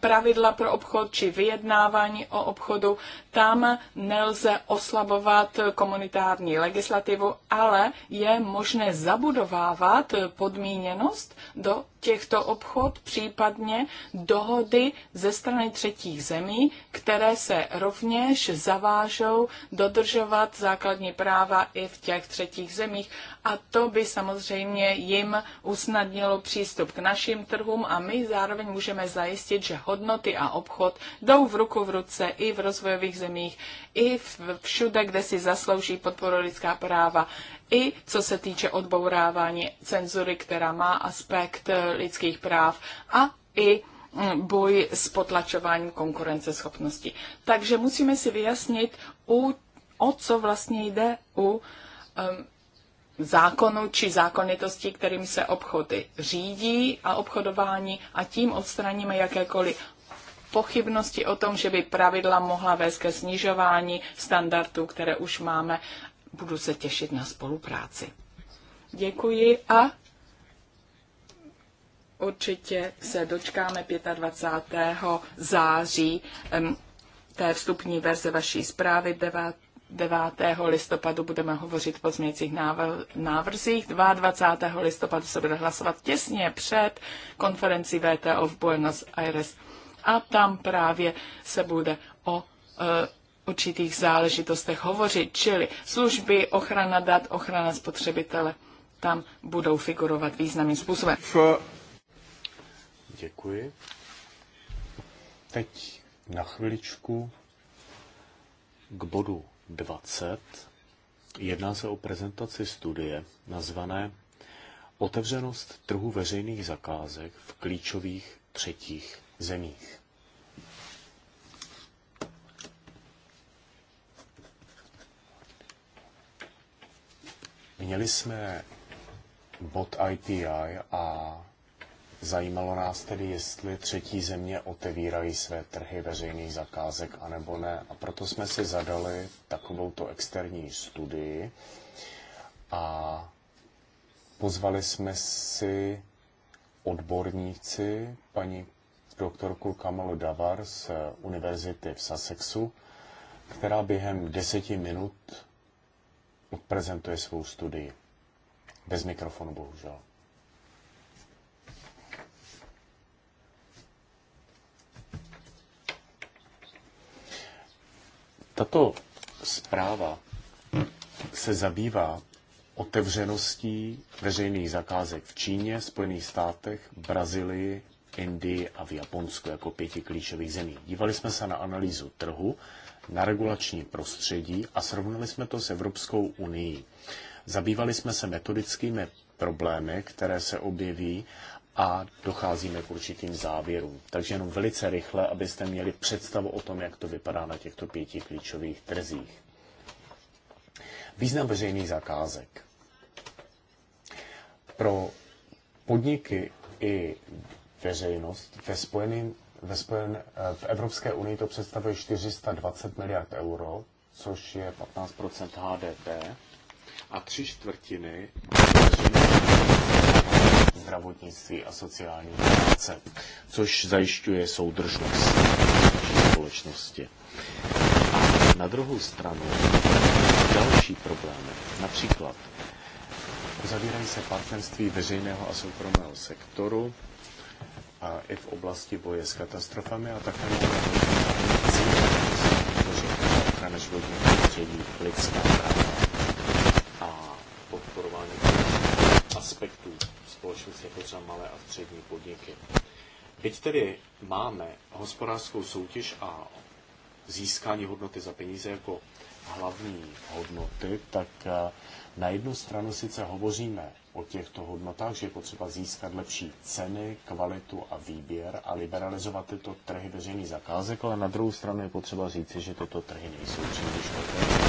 pravidla pro obchod či vyjednávání o obchodu, tam nelze oslabovat komunitární legislativu, ale je možné zabudovávat podmíněnost do těchto obchod, případně dohody ze strany třetích zemí, které se rovněž zavážou dodržovat základní práva i v těch třetích zemích a to by samozřejmě jim usnadnilo přístup k našim trhům a my zároveň můžeme zajistit, že hodnoty a obchod jdou v ruku v ruce i v rozvojových zemích, i všude, kde si zaslouží podporu lidská práva, i co se týče odbourávání cenzury, která má aspekt eh, lidských práv a i boj s potlačováním konkurenceschopnosti. Takže musíme si vyjasnit, u, o co vlastně jde u um, zákonu či zákonitostí, kterým se obchody řídí a obchodování a tím odstraníme jakékoliv pochybnosti o tom, že by pravidla mohla vést ke snižování standardů, které už máme. Budu se těšit na spolupráci. Děkuji a určitě se dočkáme 25. září té vstupní verze vaší zprávy 9. 9. listopadu budeme hovořit o změcích návrzích. 22. listopadu se bude hlasovat těsně před konferenci VTO v Buenos Aires. A tam právě se bude o e, určitých záležitostech hovořit, čili služby, ochrana dat, ochrana spotřebitele tam budou figurovat významným způsobem. Uh, Děkuji. Teď na chviličku k bodu 20. Jedná se o prezentaci studie nazvané Otevřenost trhu veřejných zakázek v klíčových třetích zemích. Měli jsme bod ITI a Zajímalo nás tedy, jestli třetí země otevírají své trhy veřejných zakázek, anebo ne. A proto jsme si zadali takovouto externí studii a pozvali jsme si odborníci, paní doktorku Kamalu Davar z Univerzity v Sussexu, která během deseti minut odprezentuje svou studii. Bez mikrofonu, bohužel. Tato zpráva se zabývá otevřeností veřejných zakázek v Číně, Spojených státech, Brazílii, Indii a v Japonsku jako pěti klíčových zemí. Dívali jsme se na analýzu trhu, na regulační prostředí a srovnali jsme to s Evropskou unii. Zabývali jsme se metodickými problémy, které se objeví a docházíme k určitým závěrům. Takže jenom velice rychle, abyste měli představu o tom, jak to vypadá na těchto pěti klíčových trzích. Význam veřejných zakázek. Pro podniky i veřejnost ve spojeným ve, spojen, eh, v Evropské unii to představuje 420 miliard euro, což je 15 HDP a tři čtvrtiny veřejných zdravotnictví a sociální práce, což zajišťuje soudržnost naší společnosti. A na druhou stranu další problémy, například uzavírají se partnerství veřejného a soukromého sektoru, a i v oblasti boje s katastrofami a také na ochrany životního prostředí, lidská práva aspektů společnosti, jako třeba malé a střední podniky. Byť tedy máme hospodářskou soutěž a získání hodnoty za peníze jako hlavní hodnoty, tak eh, na jednu stranu sice hovoříme o těchto hodnotách, že je potřeba získat lepší ceny, kvalitu a výběr a liberalizovat tyto trhy veřejných zakázek, ale na druhou stranu je potřeba říci, že tyto trhy nejsou příliš otevřené.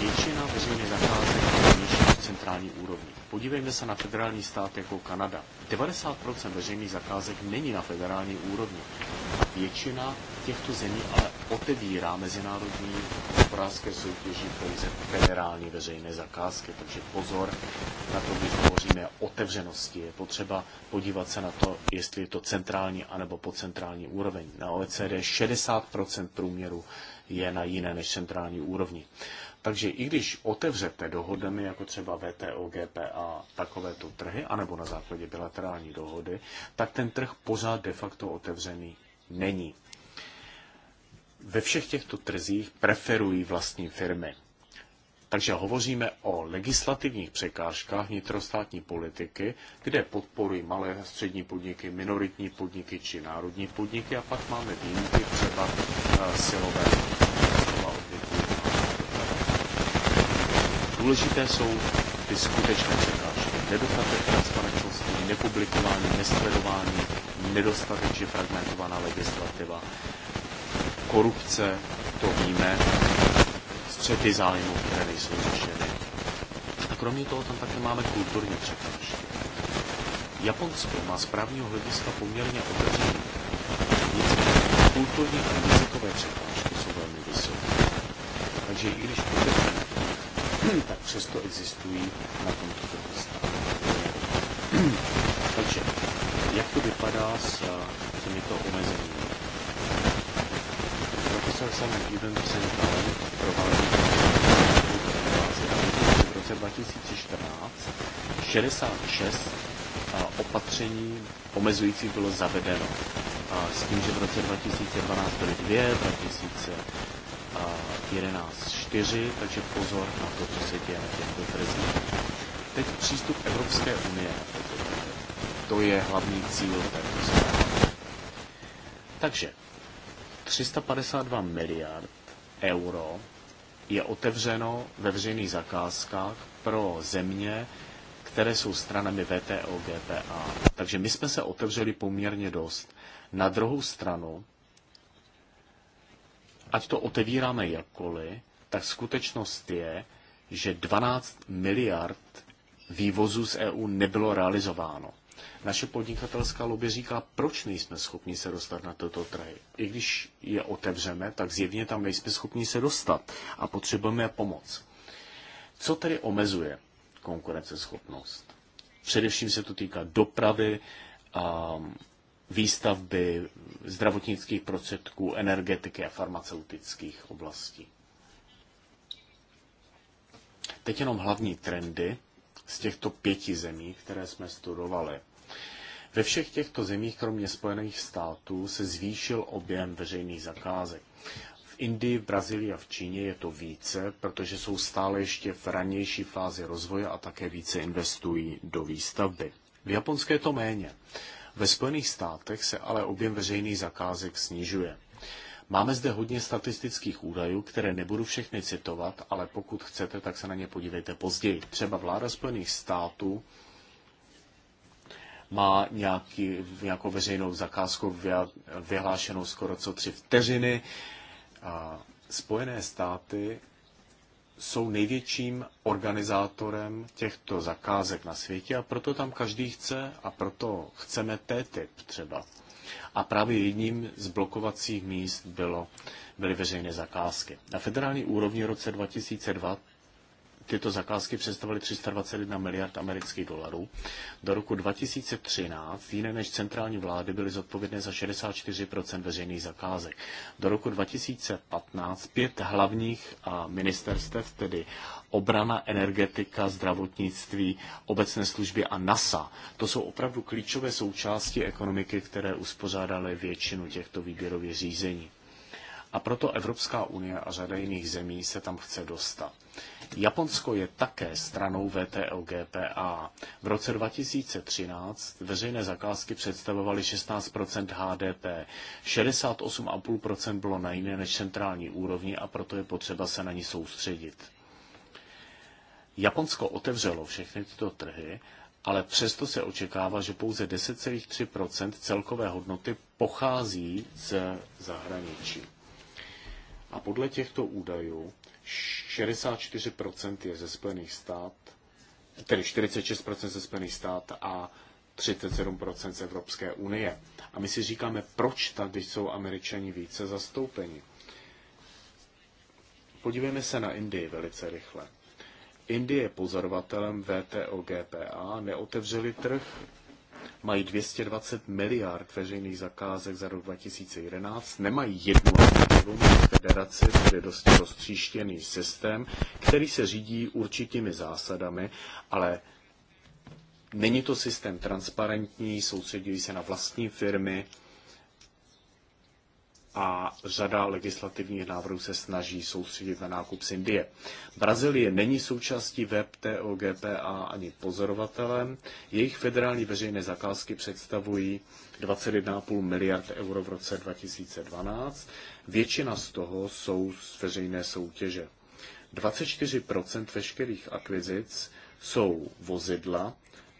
Většina veřejných zakázek centrální úrovni. Podívejme se na federální stát jako Kanada. 90% veřejných zakázek není na federální úrovni. A většina těchto zemí ale otevírá mezinárodní hospodářské soutěži pouze federální veřejné zakázky. Takže pozor na to, když hovoříme o otevřenosti. Je potřeba podívat se na to, jestli je to centrální anebo podcentrální úroveň. Na OECD 60% průměru je na jiné než centrální úrovni. Takže i když otevřete dohodami, jako třeba VTO, GPA, takovéto trhy, anebo na základě bilaterální dohody, tak ten trh pořád de facto otevřený není. Ve všech těchto trzích preferují vlastní firmy. Takže hovoříme o legislativních překážkách vnitrostátní politiky, kde podporují malé a střední podniky, minoritní podniky či národní podniky a pak máme výjimky třeba eh, silové Důležité jsou ty skutečné překážky. Nedostatek transparentnosti, nepublikování, nesledování, nedostatečně fragmentovaná legislativa, korupce, to víme, střety zájmu, které nejsou řešeny. A kromě toho tam také máme kulturní překážky. Japonsko má z právního hlediska poměrně otevřený. Nicméně kulturní a jazykové překážky jsou velmi vysoké. Takže i když tak přesto existují na tomto trhu stále. Takže, jak to vypadá s eh, těmito omezeními? Profesor Sam Given Central provádí v roce 2014 66 eh, opatření omezující bylo zavedeno. Eh, s tím, že v roce 2012 byly dvě, 2000 11.4, takže pozor na to, co se děje na těchto trzích. Teď přístup Evropské unie To je hlavní cíl této zprávy. Takže 352 miliard euro je otevřeno ve veřejných zakázkách pro země, které jsou stranami VTO, GPA. Takže my jsme se otevřeli poměrně dost. Na druhou stranu ať to otevíráme jakkoliv, tak skutečnost je, že 12 miliard vývozů z EU nebylo realizováno. Naše podnikatelská lobby říká, proč nejsme schopni se dostat na toto trhy. I když je otevřeme, tak zjevně tam nejsme schopni se dostat a potřebujeme pomoc. Co tedy omezuje konkurenceschopnost? Především se to týká dopravy, um, výstavby zdravotnických prostředků, energetiky a farmaceutických oblastí. Teď jenom hlavní trendy z těchto pěti zemí, které jsme studovali. Ve všech těchto zemích, kromě Spojených států, se zvýšil objem veřejných zakázek. V Indii, Brazílii a v Číně je to více, protože jsou stále ještě v ranější fázi rozvoje a také více investují do výstavby. V Japonské je to méně. Ve Spojených státech se ale objem veřejných zakázek snižuje. Máme zde hodně statistických údajů, které nebudu všechny citovat, ale pokud chcete, tak se na ně podívejte později. Třeba vláda Spojených států má nějaký, nějakou veřejnou zakázku vyhlášenou skoro co tři vteřiny. Spojené státy jsou největším organizátorem těchto zakázek na světě a proto tam každý chce a proto chceme TTIP třeba. A právě jedním z blokovacích míst bylo, byly veřejné zakázky. Na federální úrovni v roce 2002 tyto zakázky představily 321 miliard amerických dolarů. Do roku 2013 jiné než centrální vlády byly zodpovědné za 64 veřejných zakázek. Do roku 2015 pět hlavních ministerstev, tedy obrana, energetika, zdravotnictví, obecné služby a NASA. To jsou opravdu klíčové součásti ekonomiky, které uspořádaly většinu těchto výběrových řízení. A proto Evropská unie a řada jiných zemí se tam chce dostat. Japonsko je také stranou VTO GPA. V roce 2013 veřejné zakázky představovaly 16 HDP. 68,5 bylo na jiné než centrální úrovni a proto je potřeba se na ní soustředit. Japonsko otevřelo všechny tyto trhy, ale přesto se očekává, že pouze 10,3 celkové hodnoty pochází ze zahraničí. A podle těchto údajů 64% je ze Spojených stát, tedy 46% ze Spojených stát a 37% z Evropské unie. A my si říkáme, proč tady jsou američani více zastoupeni. Podívejme se na Indii velice rychle. Indie je pozorovatelem VTO GPA, neotevřeli trh, mají 220 miliard veřejných zakázek za rok 2011, nemají jednu rozumnou federaci, tedy dost roztříštěný systém, který se řídí určitými zásadami, ale není to systém transparentní, soustředí se na vlastní firmy, a řada legislativních návrhů se snaží soustředit na nákup z Indie. Brazílie není součástí WebTO, GPA ani pozorovatelem. Jejich federální veřejné zakázky představují 21,5 miliard euro v roce 2012. Většina z toho jsou z veřejné soutěže. 24% veškerých akvizic jsou vozidla,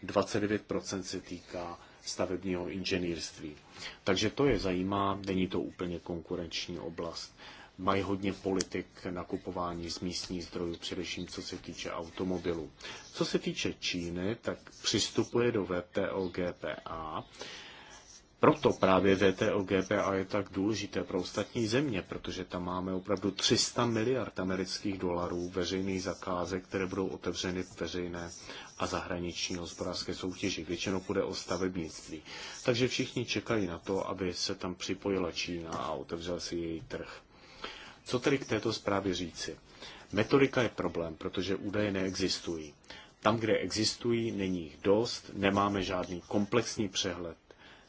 29% se týká stavebního inženýrství. Takže to je zajímá, není to úplně konkurenční oblast. Mají hodně politik nakupování z místních zdrojů, především co se týče automobilů. Co se týče Číny, tak přistupuje do VTO GPA, proto právě VTO GPA je tak důležité pro ostatní země, protože tam máme opravdu 300 miliard amerických dolarů veřejných zakázek, které budou otevřeny v veřejné a zahraniční hospodářské soutěži. Většinou půjde o stavebnictví. Takže všichni čekají na to, aby se tam připojila Čína a otevřel si její trh. Co tedy k této zprávě říci? Metodika je problém, protože údaje neexistují. Tam, kde existují, není jich dost, nemáme žádný komplexní přehled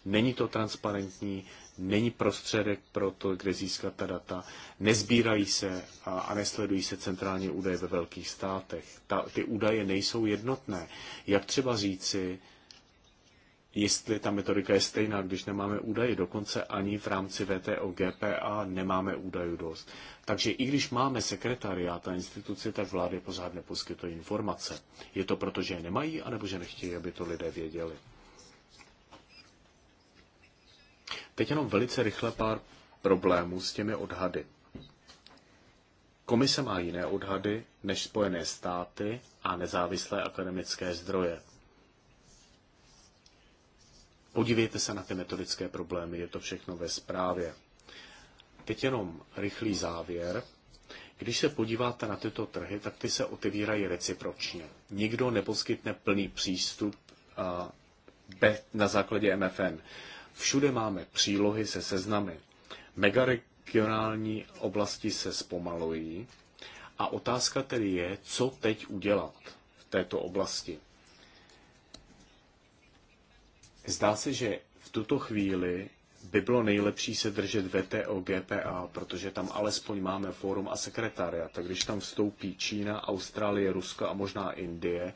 není to transparentní, není prostředek pro to, kde získat ta data, nezbírají se a, a nesledují se centrálně údaje ve velkých státech. Ta, ty údaje nejsou jednotné. Jak třeba říci, jestli ta metodika je stejná, když nemáme údaje, dokonce ani v rámci VTO GPA nemáme údajů dost. Takže i když máme sekretariát a instituci, tak vlády pořád neposkytují informace. Je to proto, že je nemají, anebo že nechtějí, aby to lidé věděli. Teď jenom velice rychle pár problémů s těmi odhady. Komise má jiné odhady než Spojené státy a nezávislé akademické zdroje. Podívejte se na ty metodické problémy, je to všechno ve zprávě. Teď jenom rychlý závěr. Když se podíváte na tyto trhy, tak ty se otevírají recipročně. Nikdo neposkytne plný přístup na základě MFN. Všude máme přílohy se seznamy. Megaregionální oblasti se zpomalují a otázka tedy je, co teď udělat v této oblasti. Zdá se, že v tuto chvíli by bylo nejlepší se držet VTO GPA, protože tam alespoň máme fórum a sekretária. Tak když tam vstoupí Čína, Austrálie, Rusko a možná Indie,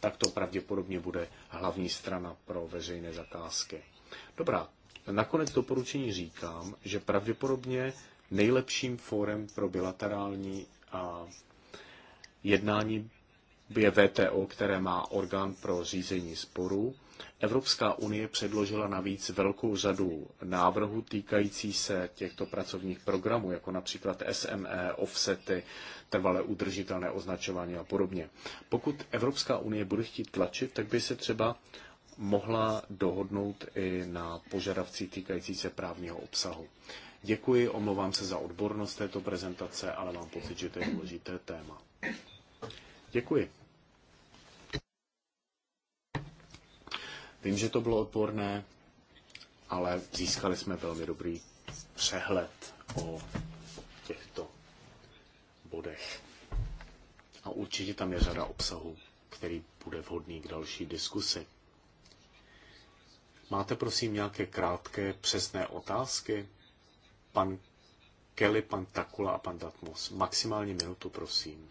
tak to pravděpodobně bude hlavní strana pro veřejné zakázky. Dobrá, nakonec doporučení říkám, že pravděpodobně nejlepším fórem pro bilaterální a jednání je VTO, které má orgán pro řízení sporů. Evropská unie předložila navíc velkou řadu návrhů týkající se těchto pracovních programů, jako například SME, offsety, trvalé udržitelné označování a podobně. Pokud Evropská unie bude chtít tlačit, tak by se třeba mohla dohodnout i na požadavcích týkající se právního obsahu. Děkuji, omlouvám se za odbornost této prezentace, ale mám pocit, že to je důležité téma. Děkuji. Vím, že to bylo odborné, ale získali jsme velmi dobrý přehled o těchto bodech. A určitě tam je řada obsahu, který bude vhodný k další diskusi. Máte prosím nějaké krátké, přesné otázky? Pan Kelly, pan Takula a pan Datmos. Maximálně minutu, prosím.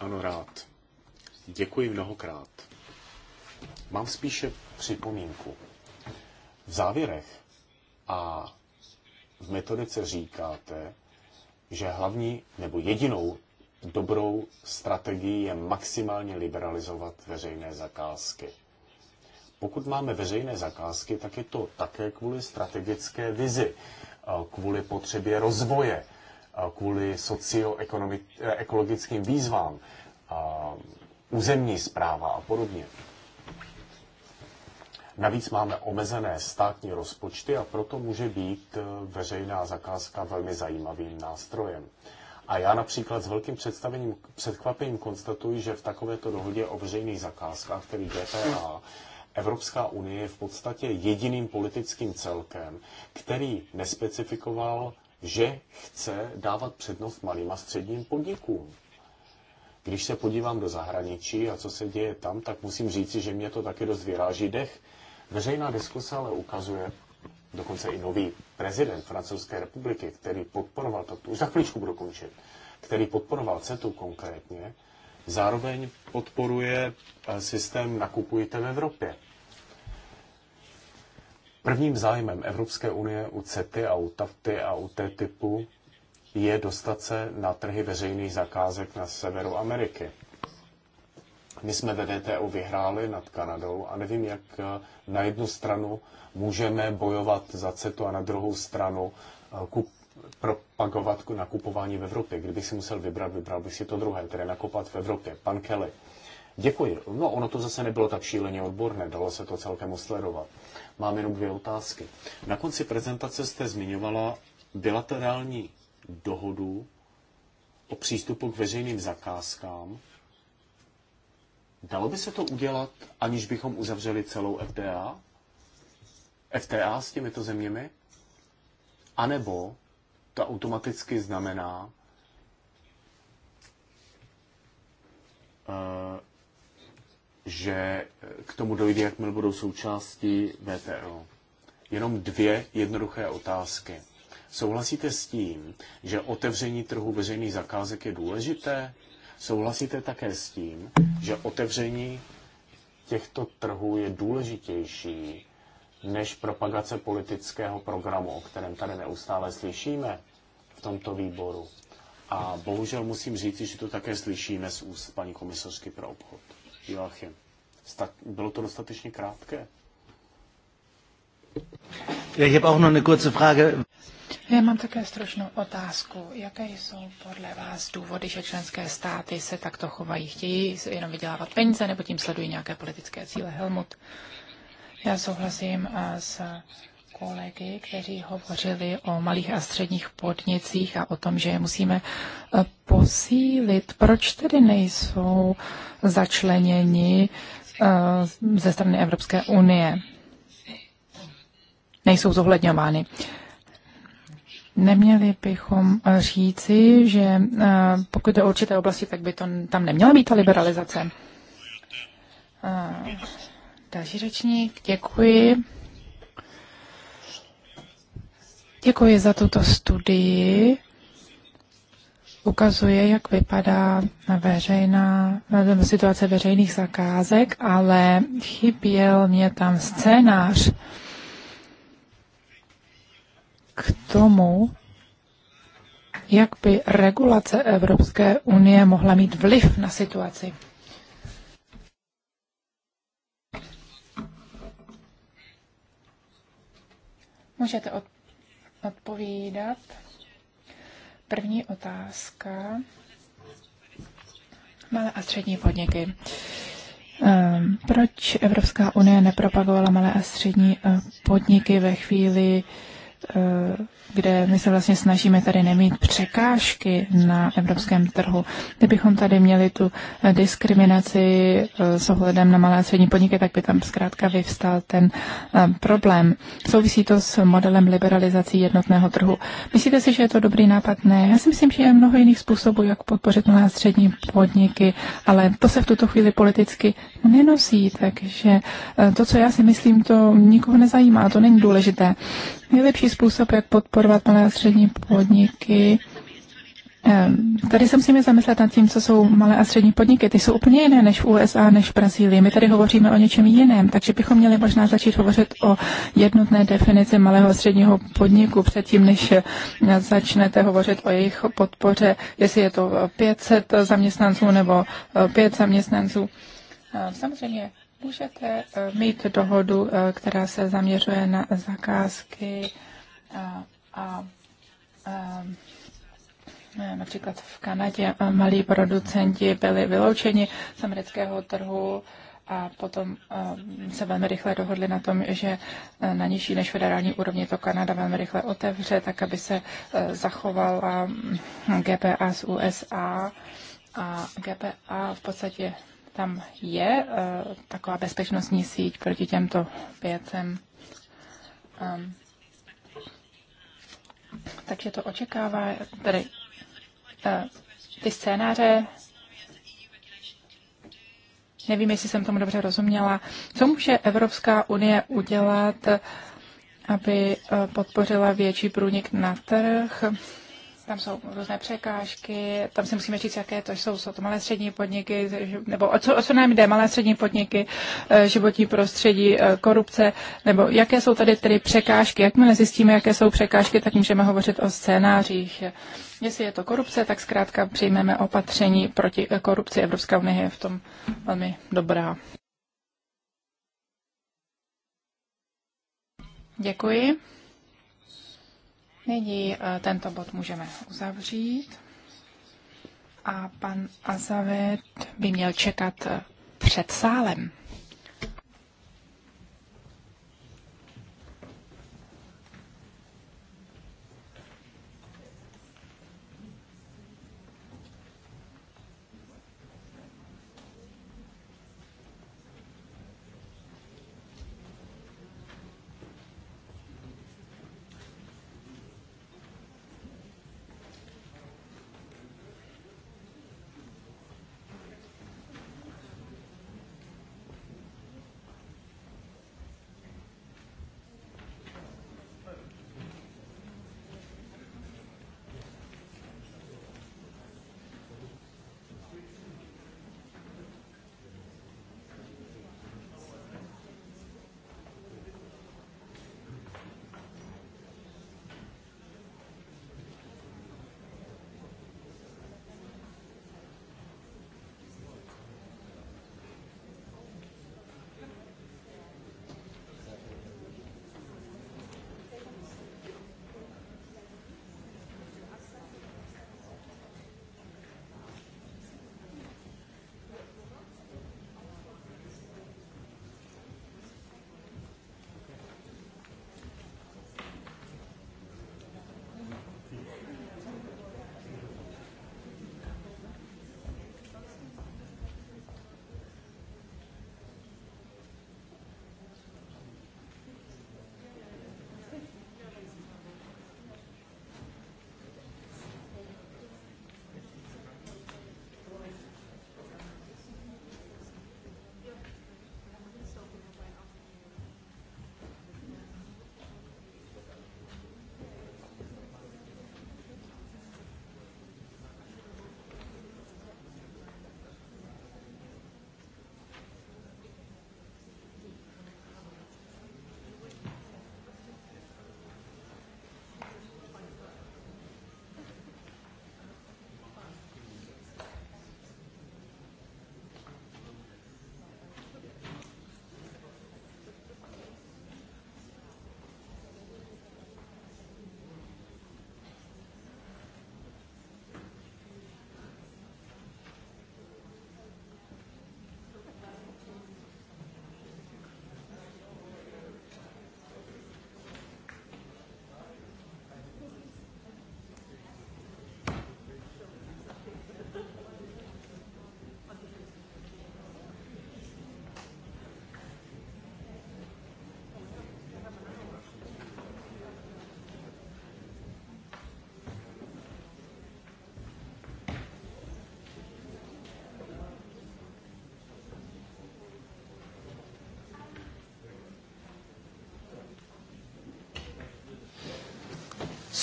Ano, rád. Děkuji mnohokrát. Mám spíše připomínku. V závěrech a v metodice říkáte, že hlavní nebo jedinou dobrou strategií je maximálně liberalizovat veřejné zakázky. Pokud máme veřejné zakázky, tak je to také kvůli strategické vizi, kvůli potřebě rozvoje, kvůli socioekologickým výzvám, územní zpráva a podobně. Navíc máme omezené státní rozpočty a proto může být e, veřejná zakázka velmi zajímavým nástrojem. A já například s velkým představením, předkvapením konstatuji, že v takovéto dohodě o veřejných zakázkách, tedy DPA, Evropská unie je v podstatě jediným politickým celkem, který nespecifikoval, že chce dávat přednost malým a středním podnikům. Když se podívám do zahraničí a co se děje tam, tak musím říci, že mě to taky dost vyráží dech. Veřejná diskuse ale ukazuje, dokonce i nový prezident Francouzské republiky, který podporoval, to už za chvíličku budu končit, který podporoval CETu konkrétně, zároveň podporuje eh, systém nakupujte v Evropě. Prvním zájmem Evropské unie u CETY a u TAFTY a u T-typu je dostat se na trhy veřejných zakázek na severu Ameriky. My jsme ve VTO vyhráli nad Kanadou a nevím, jak eh, na jednu stranu můžeme bojovat za CETu a na druhou stranu eh, kup, propagovat nakupování v Evropě. Kdybych si musel vybrat, vybral bych si to druhé, tedy nakopat v Evropě. Pan Kelly. Děkuji. No, ono to zase nebylo tak šíleně odborné, dalo se to celkem sledovat. Mám jenom dvě otázky. Na konci prezentace jste zmiňovala bilaterální dohodu o přístupu k veřejným zakázkám Dalo by se to udělat, aniž bychom uzavřeli celou FDA? FTA s těmito zeměmi? A nebo to automaticky znamená, eh, že k tomu dojde, jakmile budou součástí VTO. Jenom dvě jednoduché otázky. Souhlasíte s tím, že otevření trhu veřejných zakázek je důležité? Souhlasíte také s tím, že otevření těchto trhů je důležitější než propagace politického programu, o kterém tady neustále slyšíme v tomto výboru. A bohužel musím říct, že to také slyšíme z úst paní komisařky pro obchod. Joachim, bylo to dostatečně krátké? Já habe auch noch eine kurze Frage. Já mám také strašnou otázku. Jaké jsou podle vás důvody, že členské státy se takto chovají? Chtějí jenom vydělávat peníze nebo tím sledují nějaké politické cíle? Helmut, já souhlasím s kolegy, kteří hovořili o malých a středních podnicích a o tom, že je musíme posílit. Proč tedy nejsou začleněni ze strany Evropské unie? Nejsou zohledňovány. Neměli bychom eh, říci, že eh, pokud je o určité oblasti, tak by to tam neměla být ta liberalizace. Eh, další řečník, děkuji. Děkuji za tuto studii. Ukazuje, jak vypadá veřejná, situace veřejných zakázek, ale chyběl mě tam scénář k tomu, jak by regulace Evropské unie mohla mít vliv na situaci. Můžete odpovídat. První otázka. Malé a střední podniky. Ehm, proč Evropská unie nepropagovala malé a střední eh, podniky ve chvíli, kde my se vlastně snažíme tady nemít překážky na evropském trhu. Kdybychom tady měli tu diskriminaci eh, s ohledem na malé a střední podniky, tak by tam zkrátka vyvstal ten eh, problém. Souvisí to s modelem liberalizací jednotného trhu. Myslíte si, že je to dobrý nápad? Ne. Já si myslím, že je mnoho jiných způsobů, jak podpořit malé a střední podniky, ale to se v tuto chvíli politicky nenosí, takže eh, to, co já si myslím, to nikoho nezajímá, to není důležité nejlepší způsob, jak podporovat malé a střední podniky. Tady jsem si mi zamyslet nad tím, co jsou malé a střední podniky. Ty jsou úplně jiné než v USA, než v Brazílii. My tady hovoříme o něčem jiném, takže bychom měli možná začít hovořit o jednotné definici malého a středního podniku předtím, než začnete hovořit o jejich podpoře, jestli je to 500 zaměstnanců nebo 5 eh, zaměstnanců. Eh, samozřejmě Můžete eh, mít dohodu, eh, která se zaměřuje na zakázky eh, a, a, a například v Kanadě malí producenti byli vyloučeni z amerického trhu a potom se velmi rychle dohodli na tom, že na nižší než federální úrovni to Kanada velmi rychle otevře, tak aby se zachovala hm, GPA z USA. A GPA v podstatě tam je eh, taková bezpečnostní síť proti těmto věcem. Ehm, takže to očekává, Tady eh, ty scénáře Nevím, jestli jsem tomu dobře rozuměla. Co může Evropská unie udělat, aby eh, podpořila větší průnik na trh? tam jsou různé překážky, tam si musíme říct, jaké to jsou, jsou to malé střední podniky, nebo o co, o co nám jde, malé střední podniky, eh, životní prostředí, eh, korupce, nebo jaké jsou tady tedy překážky. Jakmile zjistíme, jaké jsou překážky, tak můžeme hovořit o scénářích. Jestli je to korupce, tak zkrátka přijmeme opatření proti eh, korupci. Evropská unie je v tom velmi dobrá. Děkuji. Nyní eh, tento bod můžeme uzavřít a pan Azavet by měl čekat eh, před sálem.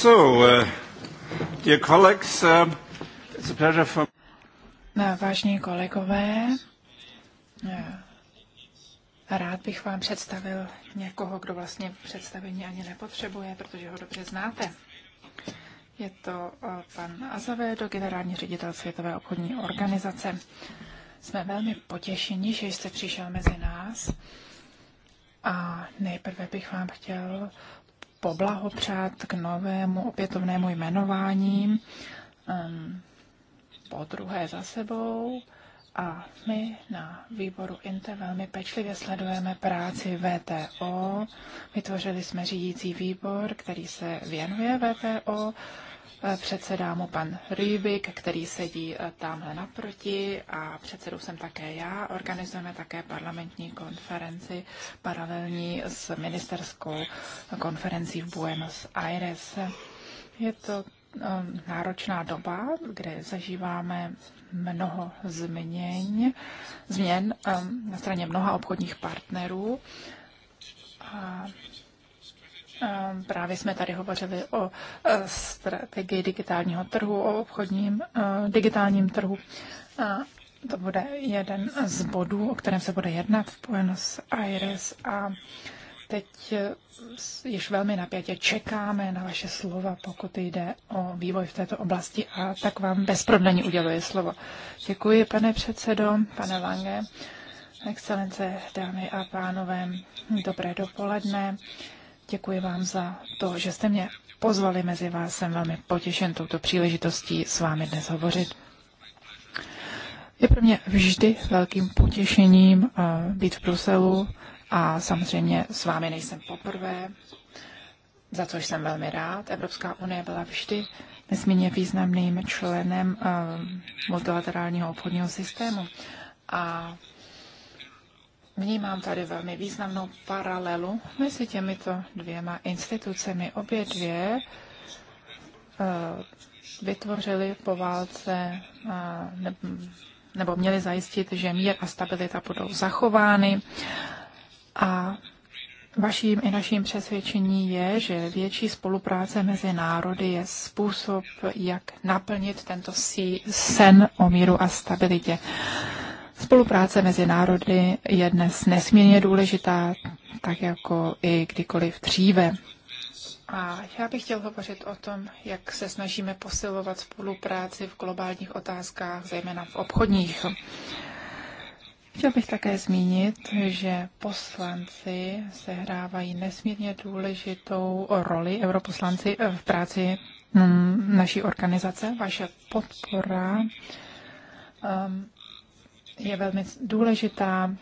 So, uh, dear colleagues, uh, it's a pleasure for... No, vážení kolegové, eh, rád bych vám představil někoho, kdo vlastně představení ani nepotřebuje, protože ho dobře znáte. Je to eh, pan Azavedo, generální ředitel Světové obchodní organizace. Jsme velmi potěšeni, že jste přišel mezi nás. A nejprve bych vám chtěl poblahopřát k novému opětovnému jmenování, um, po druhé za sebou. A my na výboru INTE velmi pečlivě sledujeme práci VTO. Vytvořili jsme řídící výbor, který se věnuje VTO Eh, předsedá mu pan Rybik, který sedí eh, tamhle naproti a předsedou jsem také já. Organizujeme také parlamentní konferenci paralelní s ministerskou konferencí v Buenos Aires. Je to eh, náročná doba, kde zažíváme mnoho změn, změn na straně mnoha obchodních partnerů. A Ehm, právě jsme tady hovořili o eh, strategii digitálního trhu, o obchodním eh, digitálním trhu. A to bude jeden z bodů, o kterém se bude jednat v s IRIS. A teď eh, již velmi napětě čekáme na vaše slova, pokud jde o vývoj v této oblasti a tak vám bez prodlení uděluji slovo. Děkuji, pane předsedo, pane Lange, excelence, dámy a pánové, dobré dopoledne. Děkuji vám za to, že jste mě pozvali mezi vás. Jsem velmi potěšen touto příležitostí s vámi dnes hovořit. Je pro mě vždy velkým potěšením eh, být v Bruselu a samozřejmě s vámi nejsem poprvé, za což jsem velmi rád. Evropská unie byla vždy nesmírně významným členem eh, multilaterálního obchodního systému. A Vnímám tady velmi významnou paralelu mezi těmito dvěma institucemi. Obě dvě eh, vytvořili po válce eh, nebo měli zajistit, že mír a stabilita budou zachovány. A vaším i naším přesvědčení je, že větší spolupráce mezi národy je způsob, jak naplnit tento sen o míru a stabilitě. Spolupráce mezi národy je dnes nesmírně důležitá, tak jako i kdykoliv dříve. A já bych chtěl hovořit o tom, jak se snažíme posilovat spolupráci v globálních otázkách, zejména v obchodních. Chtěl bych také zmínit, že poslanci sehrávají nesmírně důležitou roli, europoslanci, eh, v práci hm, naší organizace. Vaše podpora um, je velmi důležitá,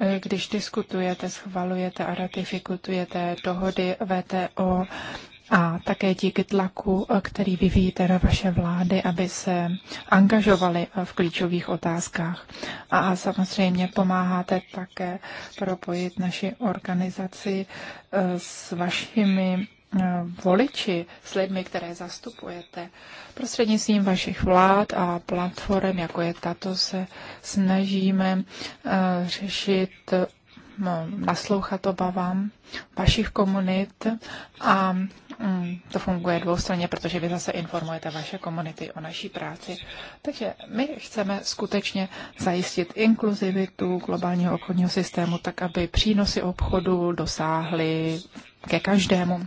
eh, když diskutujete, schvalujete a ratifikujete dohody VTO a také díky tlaku, eh, který vyvíjíte na vaše vlády, aby se angažovaly eh, v klíčových otázkách. A samozřejmě pomáháte také propojit naši organizaci s vašimi Eh, voliči, s lidmi, které zastupujete. Prostřednictvím vašich vlád a platform, jako je tato, se snažíme eh, řešit, eh, naslouchat obavám vašich komunit a mm, to funguje dvoustranně, protože vy zase informujete vaše komunity o naší práci. Takže my chceme skutečně zajistit inkluzivitu globálního obchodního systému tak, aby přínosy obchodu dosáhly ke každému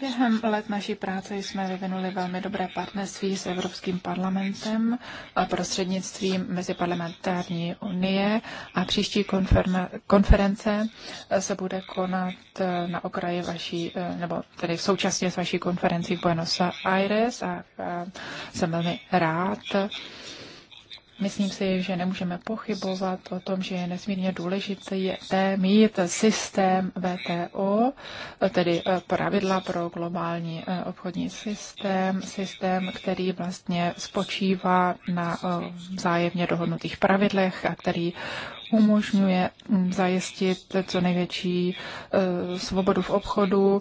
Během let naší práce jsme vyvinuli velmi dobré partnerství s Evropským parlamentem a prostřednictvím Meziparlamentární unie a příští konference eh, se bude konat eh, na okraji vaší, eh, nebo tedy současně s vaší konferencí v Buenos Aires a jsem velmi rád, Myslím si, že nemůžeme pochybovat o tom, že je nesmírně důležité mít systém VTO, tedy eh, pravidla pro globální eh, obchodní systém, systém, který vlastně spočívá na eh, vzájemně dohodnutých pravidlech a který umožňuje mm, zajistit co největší e, svobodu v obchodu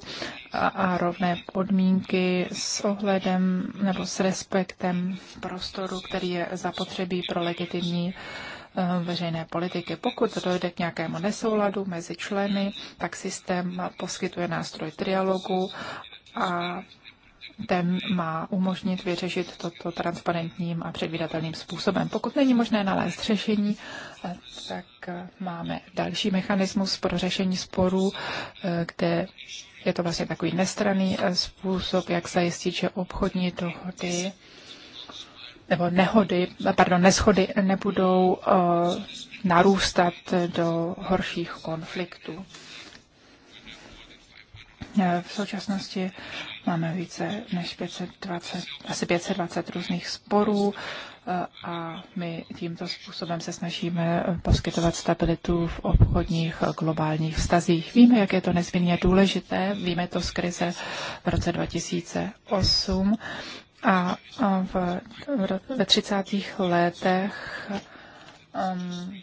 a, rovné podmínky s ohledem nebo s respektem prostoru, který je zapotřebí pro legitimní e, veřejné politiky. Pokud dojde k nějakému nesouladu mezi členy, tak systém poskytuje nástroj trialogu a ten má umožnit vyřešit toto transparentním a předvídatelným způsobem. Pokud není možné nalézt řešení, tak máme další mechanismus pro řešení sporů, kde je to vlastně takový nestraný způsob, jak zajistit, že obchodní dohody nebo nehody, pardon, neschody nebudou eh, narůstat do horších konfliktů. Eh, v současnosti Máme více než 520, asi 520 různých sporů eh, a my tímto způsobem se snažíme poskytovat stabilitu v obchodních globálních vztazích. Víme, jak je to nesmírně důležité, víme to z krize v roce 2008 a v, ve 30. letech um,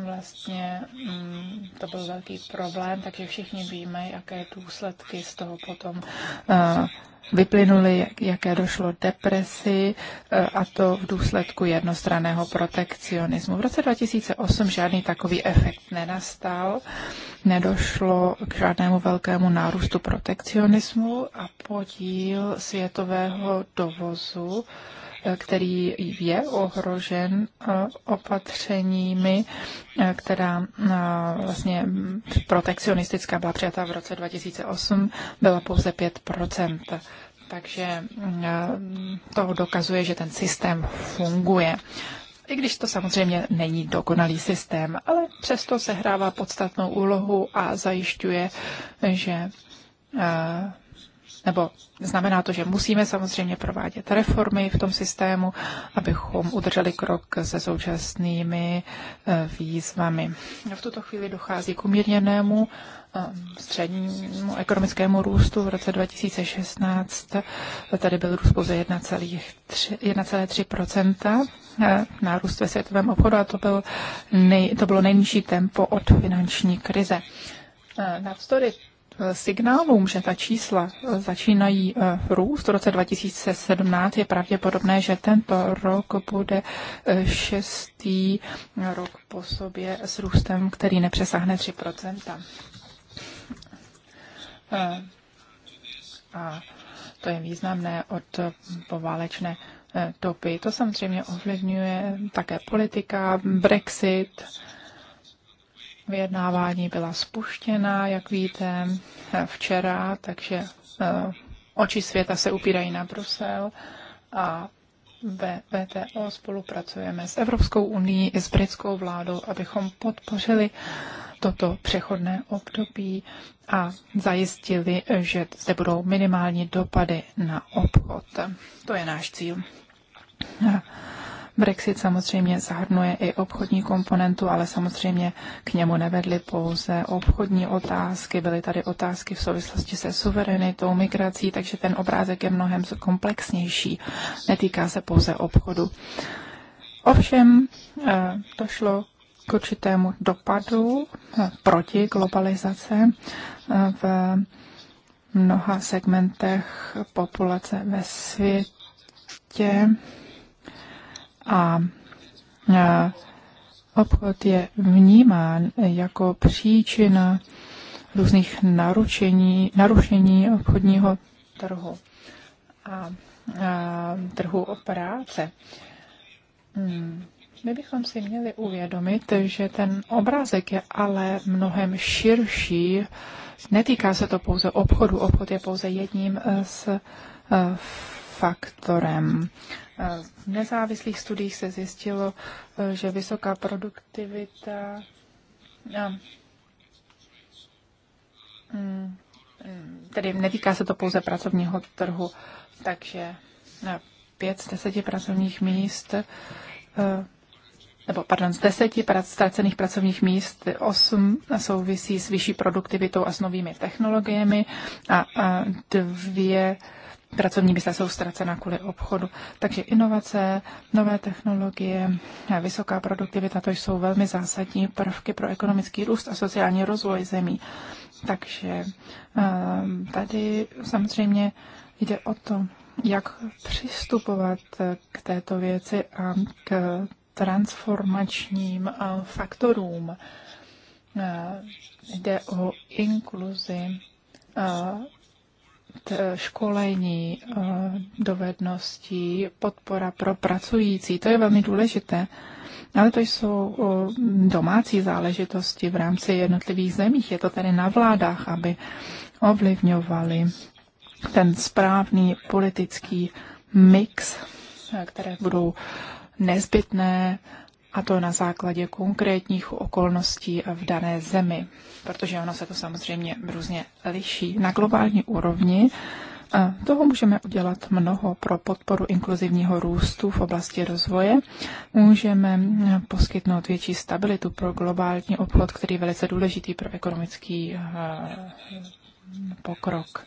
Vlastně mm, to byl velký problém, takže všichni víme, jaké důsledky z toho potom eh, vyplynuly, jaké došlo depresi eh, a to v důsledku jednostraného protekcionismu. V roce 2008 žádný takový efekt nenastal, nedošlo k žádnému velkému nárůstu protekcionismu a podíl světového dovozu který je ohrožen eh, opatřeními, eh, která eh, vlastně protekcionistická byla přijata v roce 2008, byla pouze 5 takže to dokazuje, že ten systém funguje. I když to samozřejmě není dokonalý systém, ale přesto sehrává podstatnou úlohu a zajišťuje, že nebo znamená to, že musíme samozřejmě provádět reformy v tom systému, abychom udrželi krok se současnými eh, výzvami. V tuto chvíli dochází k umírněnému eh, střednímu ekonomickému růstu v roce 2016. Eh, tady byl růst pouze 1,3 nárůst ve světovém obchodu a to, byl nej, to bylo nejnižší tempo od finanční krize. Navzdory signálům, že ta čísla eh, začínají eh, růst v roce 2017, je pravděpodobné, že tento rok bude eh, šestý rok po sobě s růstem, který nepřesáhne 3 A to je významné od poválečné doby. To samozřejmě ovlivňuje také politika, Brexit, Vyjednávání byla spuštěna, jak víte, včera, takže eh, oči světa se upírají na Brusel a ve VTO spolupracujeme s Evropskou unii i s britskou vládou, abychom podpořili toto přechodné období a zajistili, že zde budou minimální dopady na obchod. To je náš cíl. Brexit samozřejmě zahrnuje i obchodní komponentu, ale samozřejmě k němu nevedly pouze obchodní otázky, byly tady otázky v souvislosti se suverenitou, migrací, takže ten obrázek je mnohem komplexnější, netýká se pouze obchodu. Ovšem eh, šlo k určitému dopadu eh, proti globalizace eh, v mnoha segmentech populace ve světě a e, obchod je vnímán jako příčina různých narušení, narušení obchodního trhu a, a e, trhu práce. Hmm. My bychom si měli uvědomit, že ten obrázek je ale mnohem širší. Netýká se to pouze obchodu. Obchod je pouze jedním z e, faktorem. V nezávislých studiích se zjistilo, e, že vysoká produktivita mm, mm, tedy netýká se to pouze pracovního trhu, takže pět z deseti pracovních míst e, nebo pardon, z deseti ztracených pracovních míst osm souvisí s vyšší produktivitou a s novými technologiemi a, a dvě pracovní místa jsou ztracena kvůli obchodu. Takže inovace, nové technologie, vysoká produktivita, to jsou velmi zásadní prvky pro ekonomický růst a sociální rozvoj zemí. Takže ehm, tady samozřejmě jde o to, jak přistupovat k této věci a k transformačním eh, faktorům. Eh, jde o inkluzi eh, školení, eh, dovedností, podpora pro pracující, to je velmi důležité. Ale to jsou eh, domácí záležitosti v rámci jednotlivých zemích. Je to tedy na vládách, aby ovlivňovali ten správný politický mix, eh, které budou nezbytné a to na základě konkrétních okolností v dané zemi, protože ono se to samozřejmě různě liší. Na globální úrovni eh, toho můžeme udělat mnoho pro podporu inkluzivního růstu v oblasti rozvoje. Můžeme eh, poskytnout větší stabilitu pro globální obchod, který je velice důležitý pro ekonomický eh, pokrok.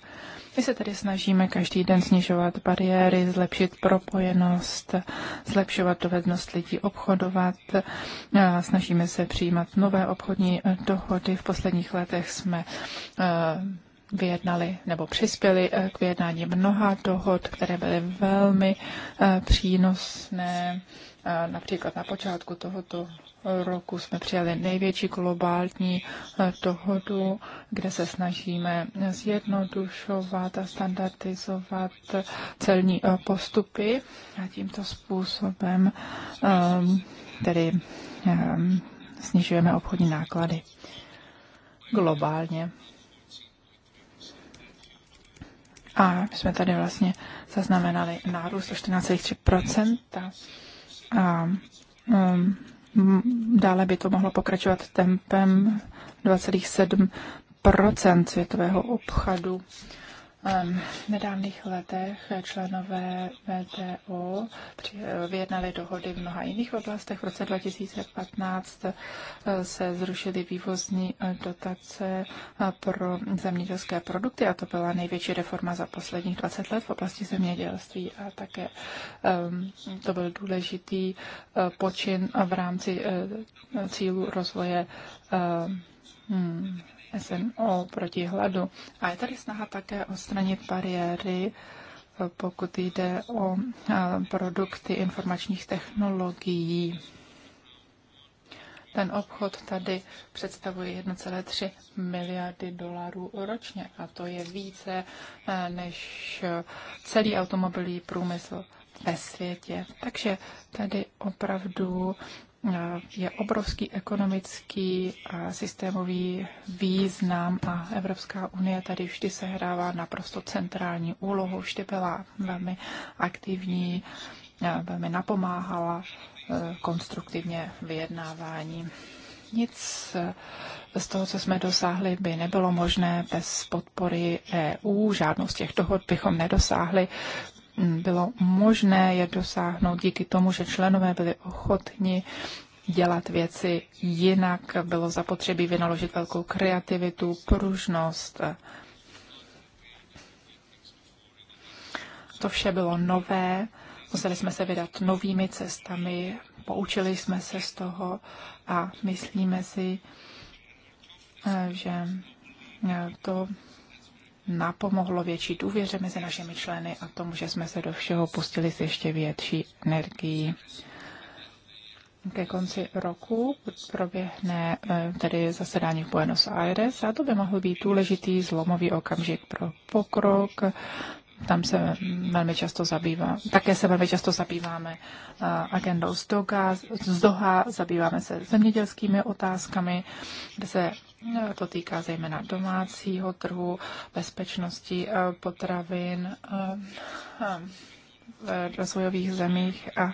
My se tady snažíme každý den snižovat bariéry, zlepšit propojenost, zlepšovat dovednost lidí obchodovat, snažíme se přijímat nové obchodní e, dohody. V posledních letech jsme e, vyjednali nebo přispěli e, k vyjednání mnoha dohod, které byly velmi přínosné. Například na počátku tohoto roku jsme přijali největší globální eh, dohodu, kde se snažíme zjednodušovat a standardizovat celní eh, postupy a tímto způsobem ehm, tedy ehm, snižujeme obchodní náklady globálně. A jsme tady vlastně zaznamenali nárůst o 14,3 a um, Mm, dále by to mohlo pokračovat tempem 2,7 světového obchodu. V nedávných letech členové VTO eh, vyjednali dohody v mnoha jiných oblastech. V roce 2015 eh, se zrušily vývozní eh, dotace pro zemědělské produkty a to byla největší reforma za posledních 20 let v oblasti zemědělství a také to byl důležitý počin v rámci cílu rozvoje Hmm, SNO proti hladu. A je tady snaha také odstranit bariéry, pokud jde o produkty informačních technologií. Ten obchod tady představuje 1,3 miliardy dolarů ročně a to je více než celý automobilový průmysl ve světě. Takže tady opravdu je obrovský ekonomický a systémový význam a Evropská unie tady vždy sehrává naprosto centrální úlohu, vždy byla velmi aktivní, eh, velmi napomáhala eh, konstruktivně vyjednávání. Nic eh, z toho, co jsme dosáhli, by nebylo možné bez podpory EU. Žádnou z těch dohod bychom nedosáhli, Mm, bylo možné je dosáhnout díky tomu, že členové byli ochotni dělat věci jinak, bylo zapotřebí vynaložit velkou kreativitu, pružnost. To vše bylo nové, museli jsme se vydat novými cestami, poučili jsme se z toho a myslíme si, eh, že eh, to napomohlo větší důvěře mezi našimi členy a tomu, že jsme se do všeho pustili s ještě větší energií. Ke konci roku proběhne eh, tedy zasedání v Buenos Aires a to by mohl být důležitý zlomový okamžik pro pokrok. Tam se velmi často zabývá, také se velmi často zabýváme eh, agendou z Doha, zabýváme se zemědělskými otázkami, kde se No, to týká zejména domácího trhu, bezpečnosti eh, potravin eh, eh, v rozvojových zemích a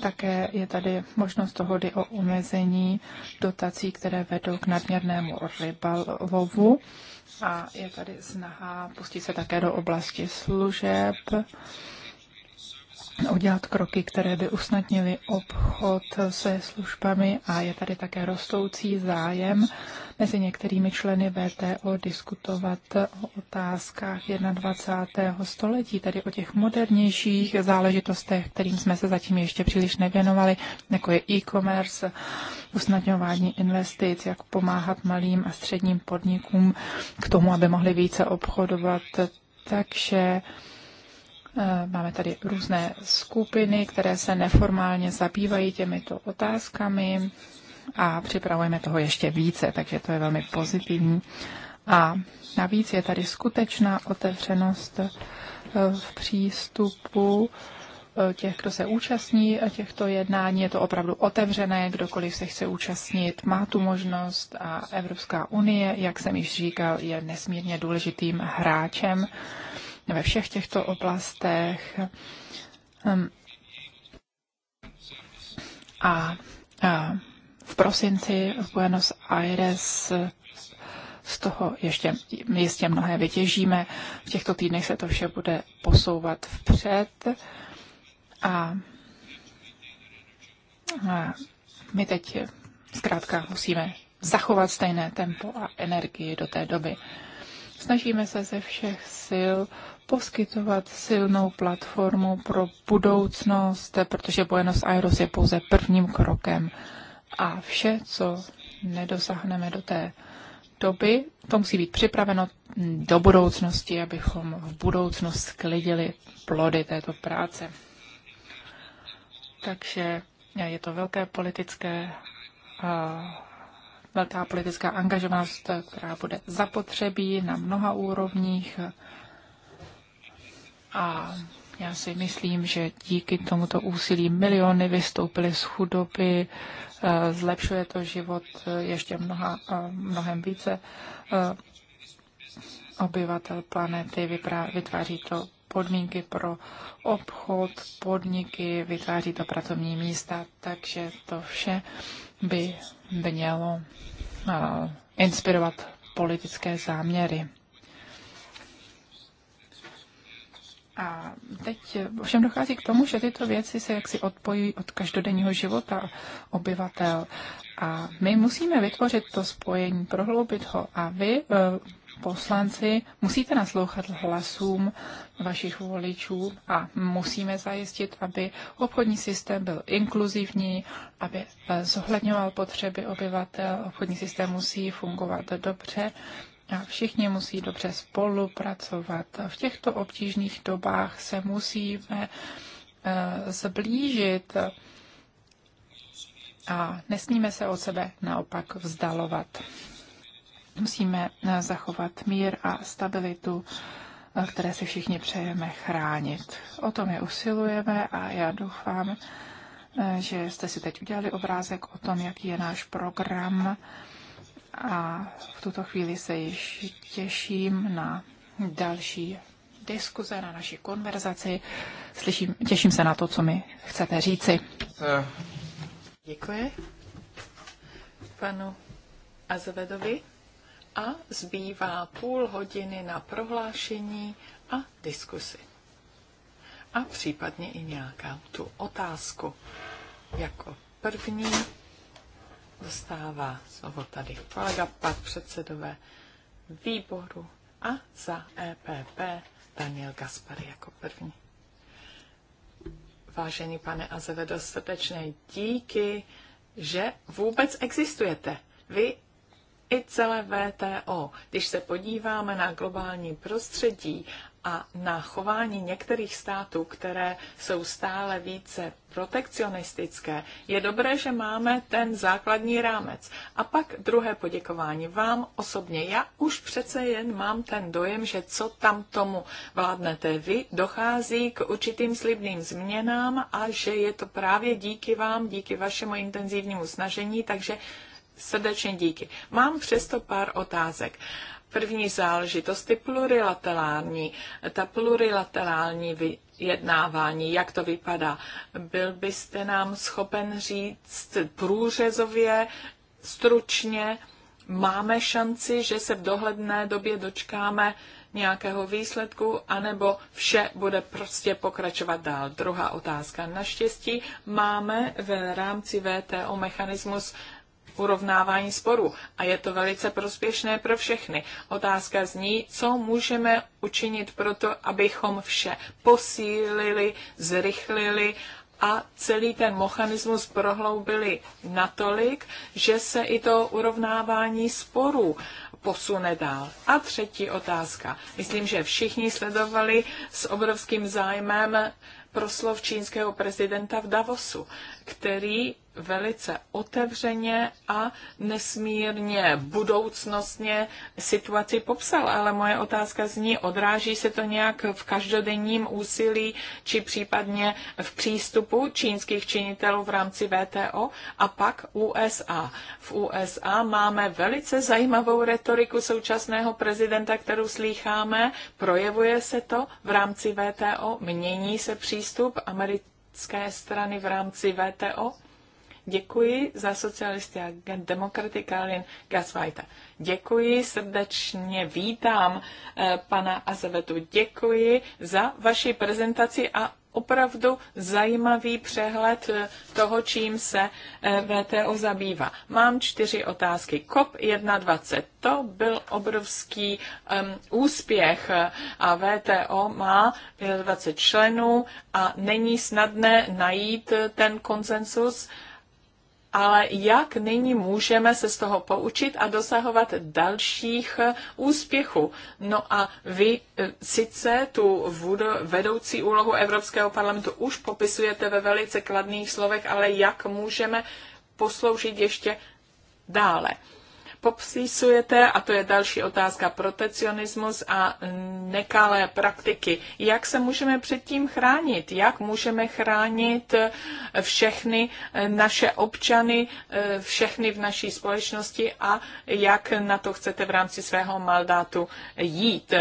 také je tady možnost dohody o omezení dotací, které vedou k nadměrnému rybalovu. A je tady snaha pustit se také do oblasti služeb udělat kroky, které by usnadnily obchod se službami a je tady také rostoucí zájem mezi některými členy VTO diskutovat o otázkách 21. století, tedy o těch modernějších záležitostech, kterým jsme se zatím ještě příliš nevěnovali, jako je e-commerce, usnadňování investic, jak pomáhat malým a středním podnikům k tomu, aby mohli více obchodovat. Takže Eh, máme tady různé skupiny, které se neformálně zabývají těmito otázkami a připravujeme toho ještě více, takže to je velmi pozitivní. A navíc je tady skutečná otevřenost eh, v přístupu eh, těch, kdo se účastní těchto jednání. Je to opravdu otevřené, kdokoliv se chce účastnit, má tu možnost a Evropská unie, jak jsem již říkal, je nesmírně důležitým hráčem ve všech těchto oblastech. Ehm, a v prosinci v Buenos Aires z toho ještě jistě mnohé vytěžíme. V těchto týdnech se to vše bude posouvat vpřed a, my teď zkrátka musíme zachovat stejné tempo a energii do té doby. Snažíme se ze všech sil poskytovat silnou platformu pro budoucnost, protože Buenos Aires je pouze prvním krokem. A vše, co nedosáhneme do té doby, to musí být připraveno do budoucnosti, abychom v budoucnost sklidili plody této práce. Takže je to velké politické, velká politická angažovanost, která bude zapotřebí na mnoha úrovních a já si myslím, že díky tomuto úsilí miliony vystoupily z chudoby, eh, zlepšuje to život eh, ještě mnoha, eh, mnohem více obyvatel planety, vytváří to podmínky pro obchod, podniky, vytváří to pracovní místa, takže to vše by mělo inspirovat politické záměry. A teď ovšem dochází k tomu, že tyto věci se jaksi odpojí od každodenního života obyvatel. A my musíme vytvořit to spojení, prohloubit ho. A vy, eh, poslanci, musíte naslouchat hlasům vašich voličů a musíme zajistit, aby obchodní systém byl inkluzivní, aby eh, zohledňoval potřeby obyvatel. Obchodní systém musí fungovat dobře a všichni musí dobře spolupracovat. V těchto obtížných dobách se musíme eh, zblížit a nesmíme se od sebe naopak vzdalovat. Musíme eh, zachovat mír a stabilitu, eh, které si všichni přejeme chránit. O tom je usilujeme a já doufám, že jste si teď udělali obrázek o tom, jaký je náš program a v tuto chvíli se již těším na další diskuze, na naši konverzaci. Slyším, těším se na to, co mi chcete říci. Děkuji panu Azvedovi a zbývá půl hodiny na prohlášení a diskusi. A případně i nějaká tu otázku. Jako první dostává slovo tady kolega, pak předsedové výboru a za EPP Daniel Gaspar jako první. Vážený pane Azevedo, srdečné díky, že vůbec existujete. Vy i celé VTO. Když se podíváme na globální prostředí a na chování některých států, které jsou stále více protekcionistické, je dobré, že máme ten základní rámec. A pak druhé poděkování vám osobně. Já už přece jen mám ten dojem, že co tam tomu vládnete vy, dochází k určitým slibným změnám a že je to právě díky vám, díky vašemu intenzivnímu snažení, takže srdečně díky. Mám přesto pár otázek. První záležitost, je plurilaterální, ta plurilaterální vyjednávání, jak to vypadá. Byl byste nám schopen říct průřezově, stručně, máme šanci, že se v dohledné době dočkáme nějakého výsledku, anebo vše bude prostě pokračovat dál. Druhá otázka. Naštěstí máme v rámci VTO mechanismus urovnávání sporů a je to velice prospěšné pro všechny. Otázka zní, co můžeme učinit pro to, abychom vše posílili, zrychlili a celý ten mechanismus prohloubili natolik, že se i to urovnávání sporů posune dál. A třetí otázka. Myslím, že všichni sledovali s obrovským zájmem proslov čínského prezidenta v Davosu, který velice otevřeně a nesmírně budoucnostně situaci popsal, ale moje otázka zní, odráží se to nějak v každodenním úsilí či případně v přístupu čínských činitelů v rámci VTO a pak USA. V USA máme velice zajímavou retoriku současného prezidenta, kterou slýcháme, projevuje se to v rámci VTO, mění se přístup americké strany v rámci VTO? Děkuji za socialisty a demokraty Karlin Gasvajta. Děkuji, srdečně vítám eh, pana Azevetu. Děkuji za vaši prezentaci a opravdu zajímavý přehled eh, toho, čím se eh, VTO zabývá. Mám čtyři otázky. COP21, to byl obrovský um, úspěch a VTO má 25 členů a není snadné najít ten konsensus. Uh, ale jak nyní můžeme se z toho poučit a dosahovat dalších eh, úspěchů. No a vy eh, sice tu vedoucí úlohu Evropského parlamentu už popisujete ve velice kladných slovech, ale jak můžeme posloužit ještě dále popsísujete, a to je další otázka, protekcionismus a nekalé praktiky. Jak se můžeme předtím chránit? Jak můžeme chránit všechny naše občany, všechny v naší společnosti a jak na to chcete v rámci svého mandátu jít?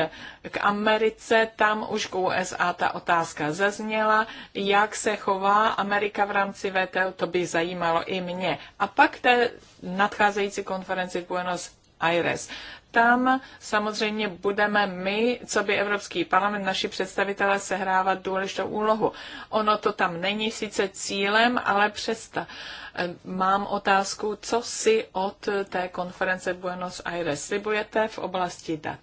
K Americe, tam už k USA ta otázka zazněla, jak se chová Amerika v rámci VTO, to by zajímalo i mě. A pak te, nadcházející konferenci v Buenos Aires. Tam samozřejmě budeme my, co by Evropský parlament, naši představitelé, sehrávat důležitou úlohu. Ono to tam není sice cílem, ale přesta. Eh, mám otázku, co si od té konference Buenos Aires slibujete v oblasti dat.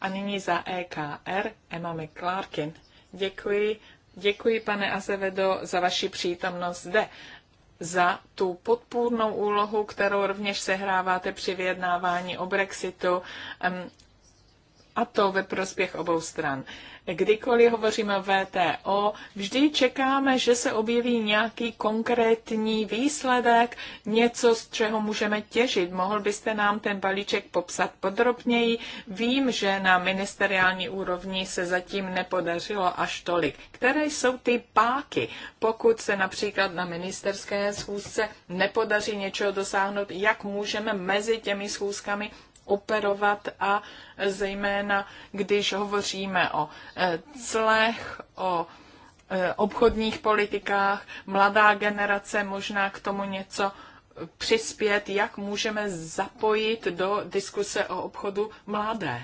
A nyní za EKR Emma McClarkin. Děkuji. Děkuji, pane Azevedo, za vaši přítomnost zde za tu podpůrnou úlohu, kterou rovněž sehráváte při vyjednávání o Brexitu a to ve prospěch obou stran. Kdykoliv hovoříme VTO, vždy čekáme, že se objeví nějaký konkrétní výsledek, něco, z čeho můžeme těžit. Mohl byste nám ten balíček popsat podrobněji? Vím, že na ministeriální úrovni se zatím nepodařilo až tolik. Které jsou ty páky, pokud se například na ministerské schůzce nepodaří něčeho dosáhnout, jak můžeme mezi těmi schůzkami operovat a zejména, když hovoříme o eh, clech, o eh, obchodních politikách, mladá generace možná k tomu něco eh, přispět, jak můžeme zapojit do diskuse o obchodu mladé.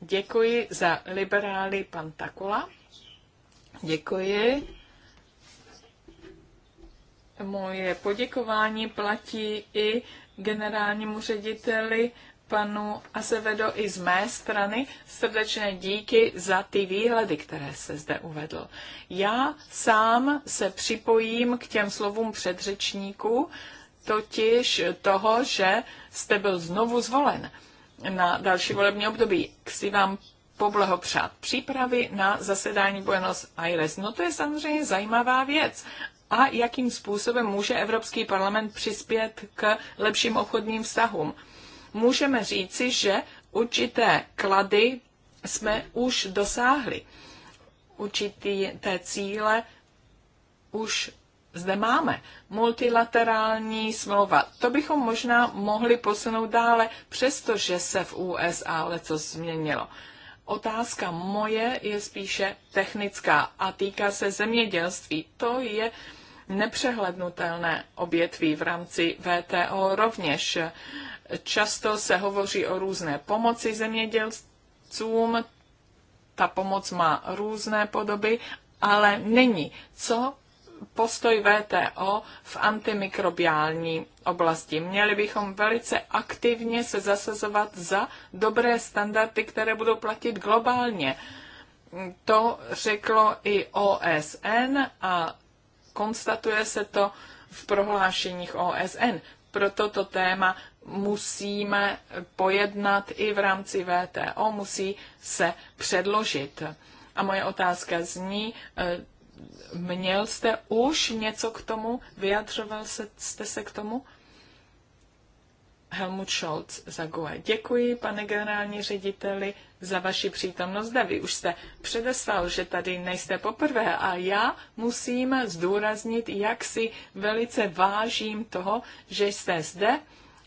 Děkuji za liberály pan Takula. Děkuji. Moje poděkování platí i generálnímu řediteli panu Asevedo i z mé strany srdečné díky za ty výhledy, které se zde uvedl. Já sám se připojím k těm slovům předřečníků, totiž toho, že jste byl znovu zvolen na další volební období. Chci vám přát přípravy na zasedání Buenos Aires. No to je samozřejmě zajímavá věc a jakým způsobem může Evropský parlament přispět k lepším obchodním vztahům. Můžeme říci, že určité klady jsme už dosáhli. Určité cíle už zde máme. Multilaterální smlouva. To bychom možná mohli posunout dále, přestože se v USA leco změnilo. Otázka moje je spíše technická a týká se zemědělství. To je uh, nepřehlednutelné obětví v rámci VTO rovněž. Často se hovoří o různé pomoci zemědělcům, ta pomoc má různé podoby, ale není. Co postoj VTO v antimikrobiální oblasti. Měli bychom velice aktivně se zasazovat za dobré standardy, které budou platit globálně. To řeklo i OSN a konstatuje se to v prohlášeních OSN. Proto to téma musíme pojednat i v rámci VTO, musí se předložit. A moje otázka zní, eh, měl jste už něco k tomu? Vyjadřoval jste se k tomu? Helmut Scholz za GUE. Děkuji, pane generální řediteli, za vaši přítomnost zde. Vy už jste předeslal, že tady nejste poprvé a já musím zdůraznit, jak si velice vážím toho, že jste zde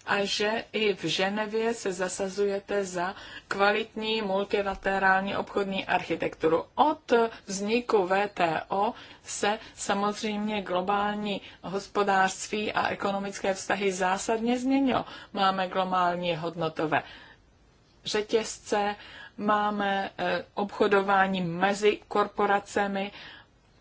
a že i v Ženevě se zasazujete za kvalitní multilaterální obchodní architekturu. Od vzniku VTO se samozřejmě globální hospodářství a ekonomické vztahy zásadně změnilo. Máme globální hodnotové řetězce, máme eh, obchodování mezi korporacemi,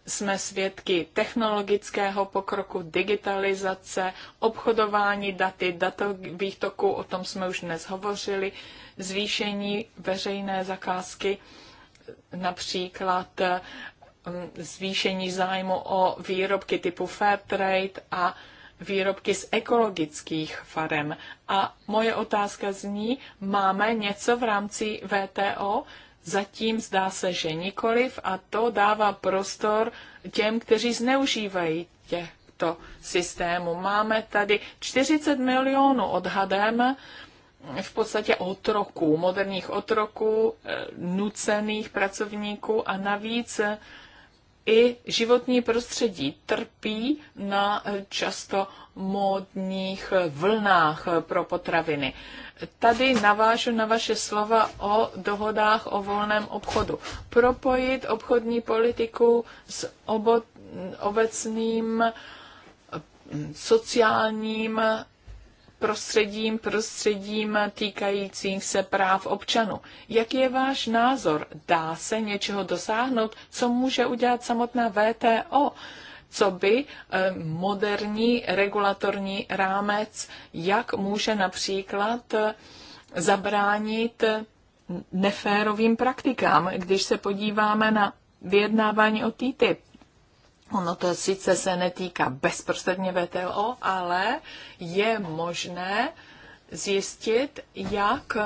jsme svědky technologického pokroku, digitalizace, obchodování daty, datových toků, o tom jsme už dnes hovořili, zvýšení veřejné zakázky, například mm, zvýšení zájmu o výrobky typu Fairtrade a výrobky z ekologických farem. A moje otázka zní, máme něco v rámci VTO, Zatím zdá se, že nikoliv a to dává prostor těm, kteří zneužívají těchto systémů. Máme tady 40 milionů odhadem v podstatě otroků, moderních otroků, eh, nucených pracovníků a navíc eh, i životní prostředí trpí na eh, často módních eh, vlnách eh, pro potraviny. Tady navážu na vaše slova o dohodách o volném obchodu. Propojit obchodní politiku s obo, obecným sociálním prostředím, prostředím týkajícím se práv občanů. Jaký je váš názor? Dá se něčeho dosáhnout? Co může udělat samotná VTO? co by eh, moderní regulatorní rámec, jak může například eh, zabránit eh, neférovým praktikám. Když se podíváme na vyjednávání o TTIP, Ono to sice se netýká bezprostředně VTO, ale je možné zjistit, jak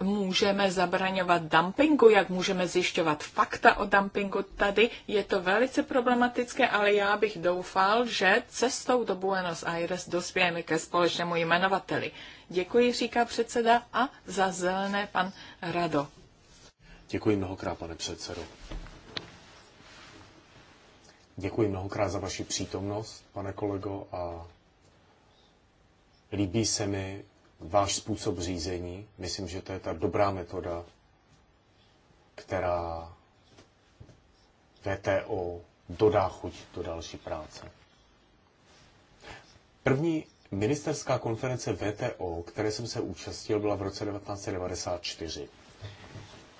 můžeme zabraňovat dumpingu, jak můžeme zjišťovat fakta o dumpingu tady. Je to velice problematické, ale já bych doufal, že cestou do Buenos Aires dospějeme ke společnému jmenovateli. Děkuji, říká předseda a za zelené pan Rado. Děkuji mnohokrát, pane předsedo. Děkuji mnohokrát za vaši přítomnost, pane kolego, a líbí se mi váš způsob řízení. Myslím, že to je ta dobrá metoda, která VTO dodá chuť do další práce. První ministerská konference VTO, které jsem se účastnil, byla v roce 1994.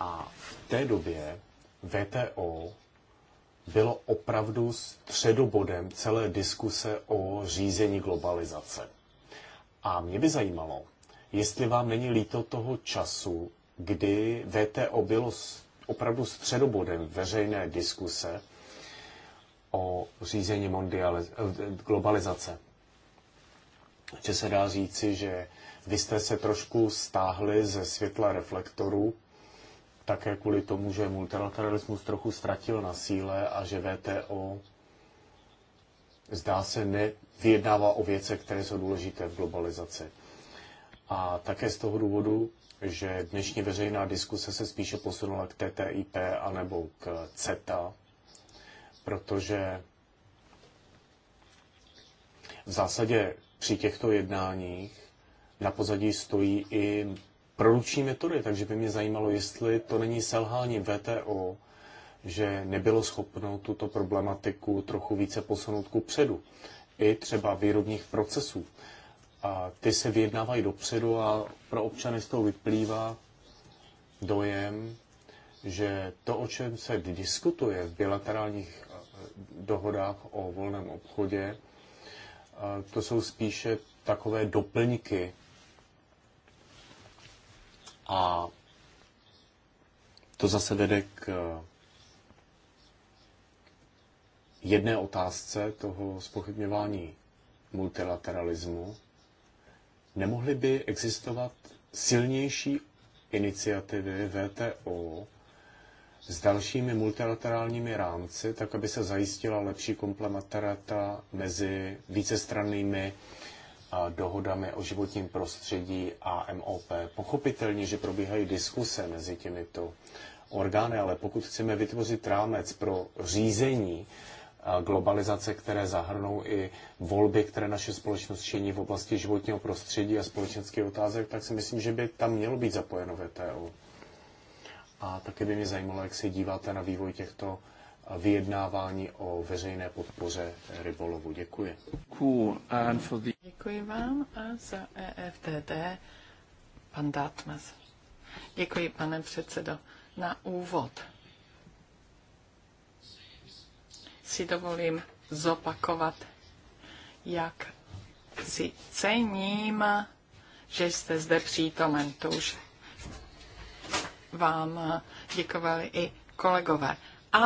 A v té době VTO bylo opravdu středobodem celé diskuse o řízení globalizace. A mě by zajímalo, jestli vám není líto toho času, kdy VTO bylo opravdu středobodem veřejné diskuse o řízení eh, globalizace. Že se dá říci, že vy jste se trošku stáhli ze světla reflektorů také kvůli tomu, že multilateralismus trochu ztratil na síle a že VTO zdá se nevyjednává o věce, které jsou důležité v globalizaci. A také z toho důvodu, že dnešní veřejná diskuse se spíše posunula k TTIP anebo k CETA, protože v zásadě při těchto jednáních na pozadí stojí i produkční metody, takže by mě zajímalo, jestli to není selhání VTO, že nebylo schopno tuto problematiku trochu více posunout ku předu. I třeba výrobních procesů. A ty se vyjednávají dopředu a pro občany z toho vyplývá dojem, že to, o čem se diskutuje v bilaterálních eh, dohodách o volném obchodě, eh, to jsou spíše takové doplňky a to zase vede k eh, jedné otázce toho spochybňování multilateralismu. Nemohly by existovat silnější iniciativy VTO s dalšími multilaterálními rámci, tak aby se zajistila lepší komplementarita mezi vícestrannými dohodami o životním prostředí a MOP. Pochopitelně, že probíhají diskuse mezi těmito orgány, ale pokud chceme vytvořit rámec pro řízení globalizace, které zahrnou i volby, které naše společnost činí v oblasti životního prostředí a společenských otázek, tak si myslím, že by tam mělo být zapojeno VTO. A také by mě zajímalo, jak se díváte na vývoj těchto vyjednávání o veřejné podpoře rybolovu. Děkuji. Děkuji vám a za EFTD pan Dátmas. Děkuji, pane předsedo. Na úvod si dovolím zopakovat, jak si cením, že jste zde přítomen. To už vám děkovali i kolegové. A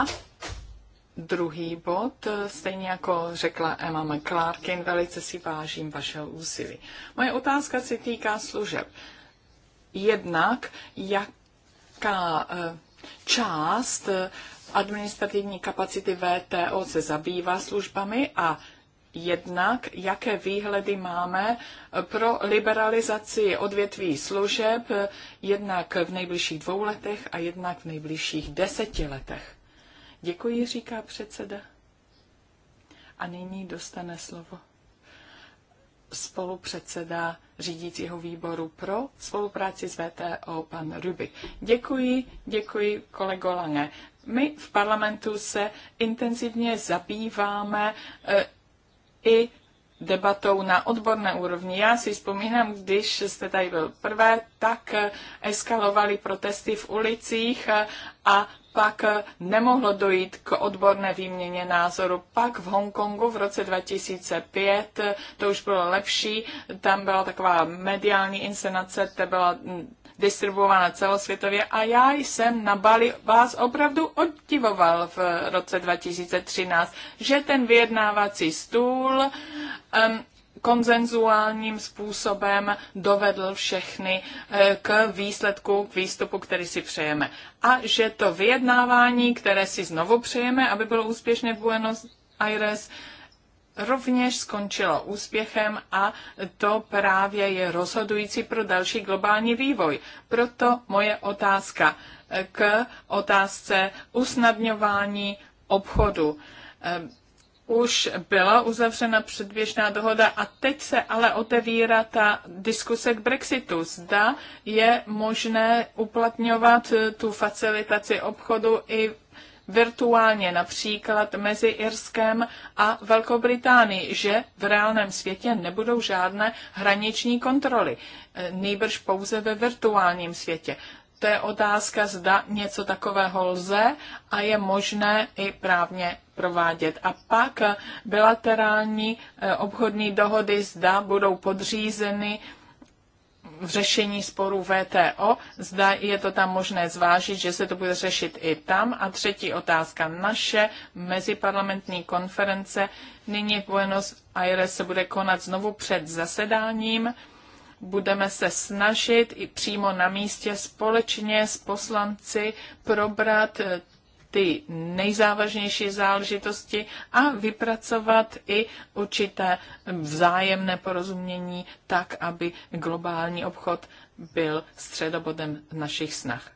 druhý bod, stejně jako řekla Emma McClarkin, velice si vážím vašeho úsilí. Moje otázka se týká služeb. Jednak, jaká eh, část eh, administrativní kapacity VTO se zabývá službami a jednak, jaké výhledy máme eh, pro liberalizaci odvětví služeb, jednak v nejbližších dvou letech a jednak v nejbližších deseti letech. Děkuji, říká předseda. A nyní dostane slovo spolupředseda řídícího výboru pro spolupráci s VTO, pan Ruby. Děkuji, děkuji kolego Lange. My v parlamentu se intenzivně zabýváme e, i debatou na odborné úrovni. Já si vzpomínám, když jste tady byl prvé, tak eskalovaly protesty v ulicích a pak nemohlo dojít k odborné výměně názoru. Pak v Hongkongu v roce 2005, to už bylo lepší, tam byla taková mediální inscenace, to byla mm, distribuována celosvětově a já jsem na Bali vás opravdu oddivoval v roce 2013, že ten vyjednávací stůl um, konzenzuálním způsobem dovedl všechny eh, k výsledku, k výstupu, který si přejeme. A že to vyjednávání, které si znovu přejeme, aby bylo úspěšné v Buenos Aires, rovněž skončilo úspěchem a to právě je rozhodující pro další globální vývoj. Proto moje otázka k otázce usnadňování obchodu eh, už byla uzavřena předběžná dohoda a teď se ale otevírá ta diskuse k Brexitu. Zda je možné uplatňovat tu facilitaci obchodu i virtuálně například mezi Irskem a Velkou Británií, že v reálném světě nebudou žádné hraniční kontroly, eh, nejbrž pouze ve virtuálním světě. To je otázka, zda něco takového lze a je možné i právně provádět. A pak bilaterální eh, obchodní dohody, zda budou podřízeny v řešení sporů VTO. Zda je to tam možné zvážit, že se to bude řešit i tam. A třetí otázka. Naše meziparlamentní konference nyní v Buenos Aires se bude konat znovu před zasedáním. Budeme se snažit i přímo na místě společně s poslanci probrat ty nejzávažnější záležitosti a vypracovat i určité vzájemné porozumění tak, aby globální obchod byl středobodem našich snah.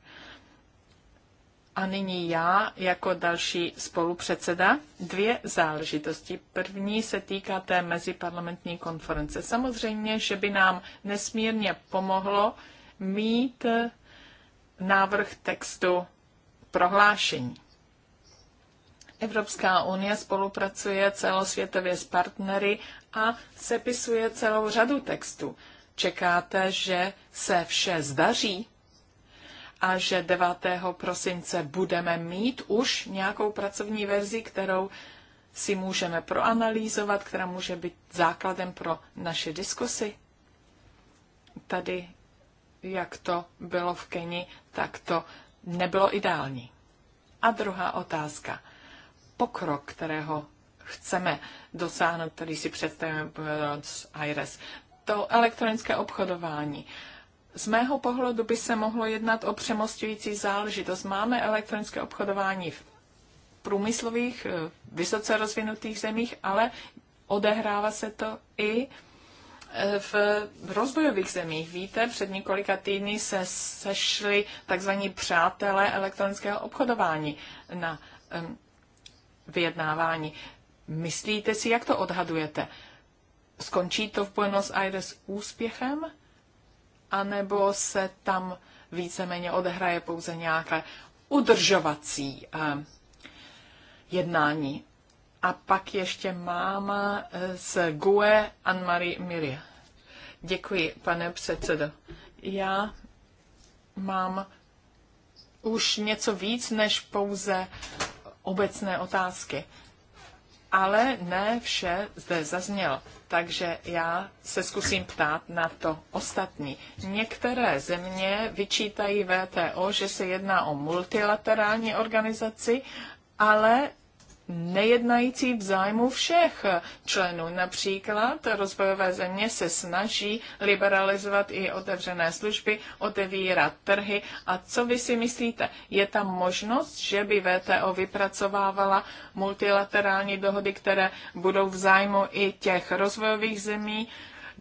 A nyní já jako další spolupředseda dvě záležitosti. První se týká té meziparlamentní konference. Samozřejmě, že by nám nesmírně pomohlo mít návrh textu prohlášení. Evropská unie spolupracuje celosvětově s partnery a sepisuje celou řadu textů. Čekáte, že se vše zdaří a že 9. prosince budeme mít už nějakou pracovní verzi, kterou si můžeme proanalýzovat, která může být základem pro naše diskusy. Tady, jak to bylo v Keni, tak to nebylo ideální. A druhá otázka pokrok, kterého chceme dosáhnout, který si představujeme z Aires. To elektronické obchodování. Z mého pohledu by se mohlo jednat o přemostující záležitost. Máme elektronické obchodování v průmyslových, eh, vysoce rozvinutých zemích, ale odehrává se to i eh, v rozvojových zemích. Víte, před několika týdny se sešli takzvaní přátelé elektronického obchodování na vyjednávání. Myslíte si, jak to odhadujete? Skončí to v Buenos Aires úspěchem? A nebo se tam víceméně odehraje pouze nějaké udržovací eh, jednání? A pak ještě máma eh, z GUE Anne-Marie Mirie. Děkuji, pane předsedo. Já mám už něco víc než pouze obecné otázky. Ale ne vše zde zaznělo, takže já se zkusím ptát na to ostatní. Některé země vyčítají VTO, že se jedná o multilaterální organizaci, ale nejednající v zájmu všech členů. Například rozvojové země se snaží liberalizovat i otevřené služby, otevírat trhy. A co vy si myslíte? Je tam možnost, že by VTO vypracovávala multilaterální dohody, které budou v zájmu i těch rozvojových zemí,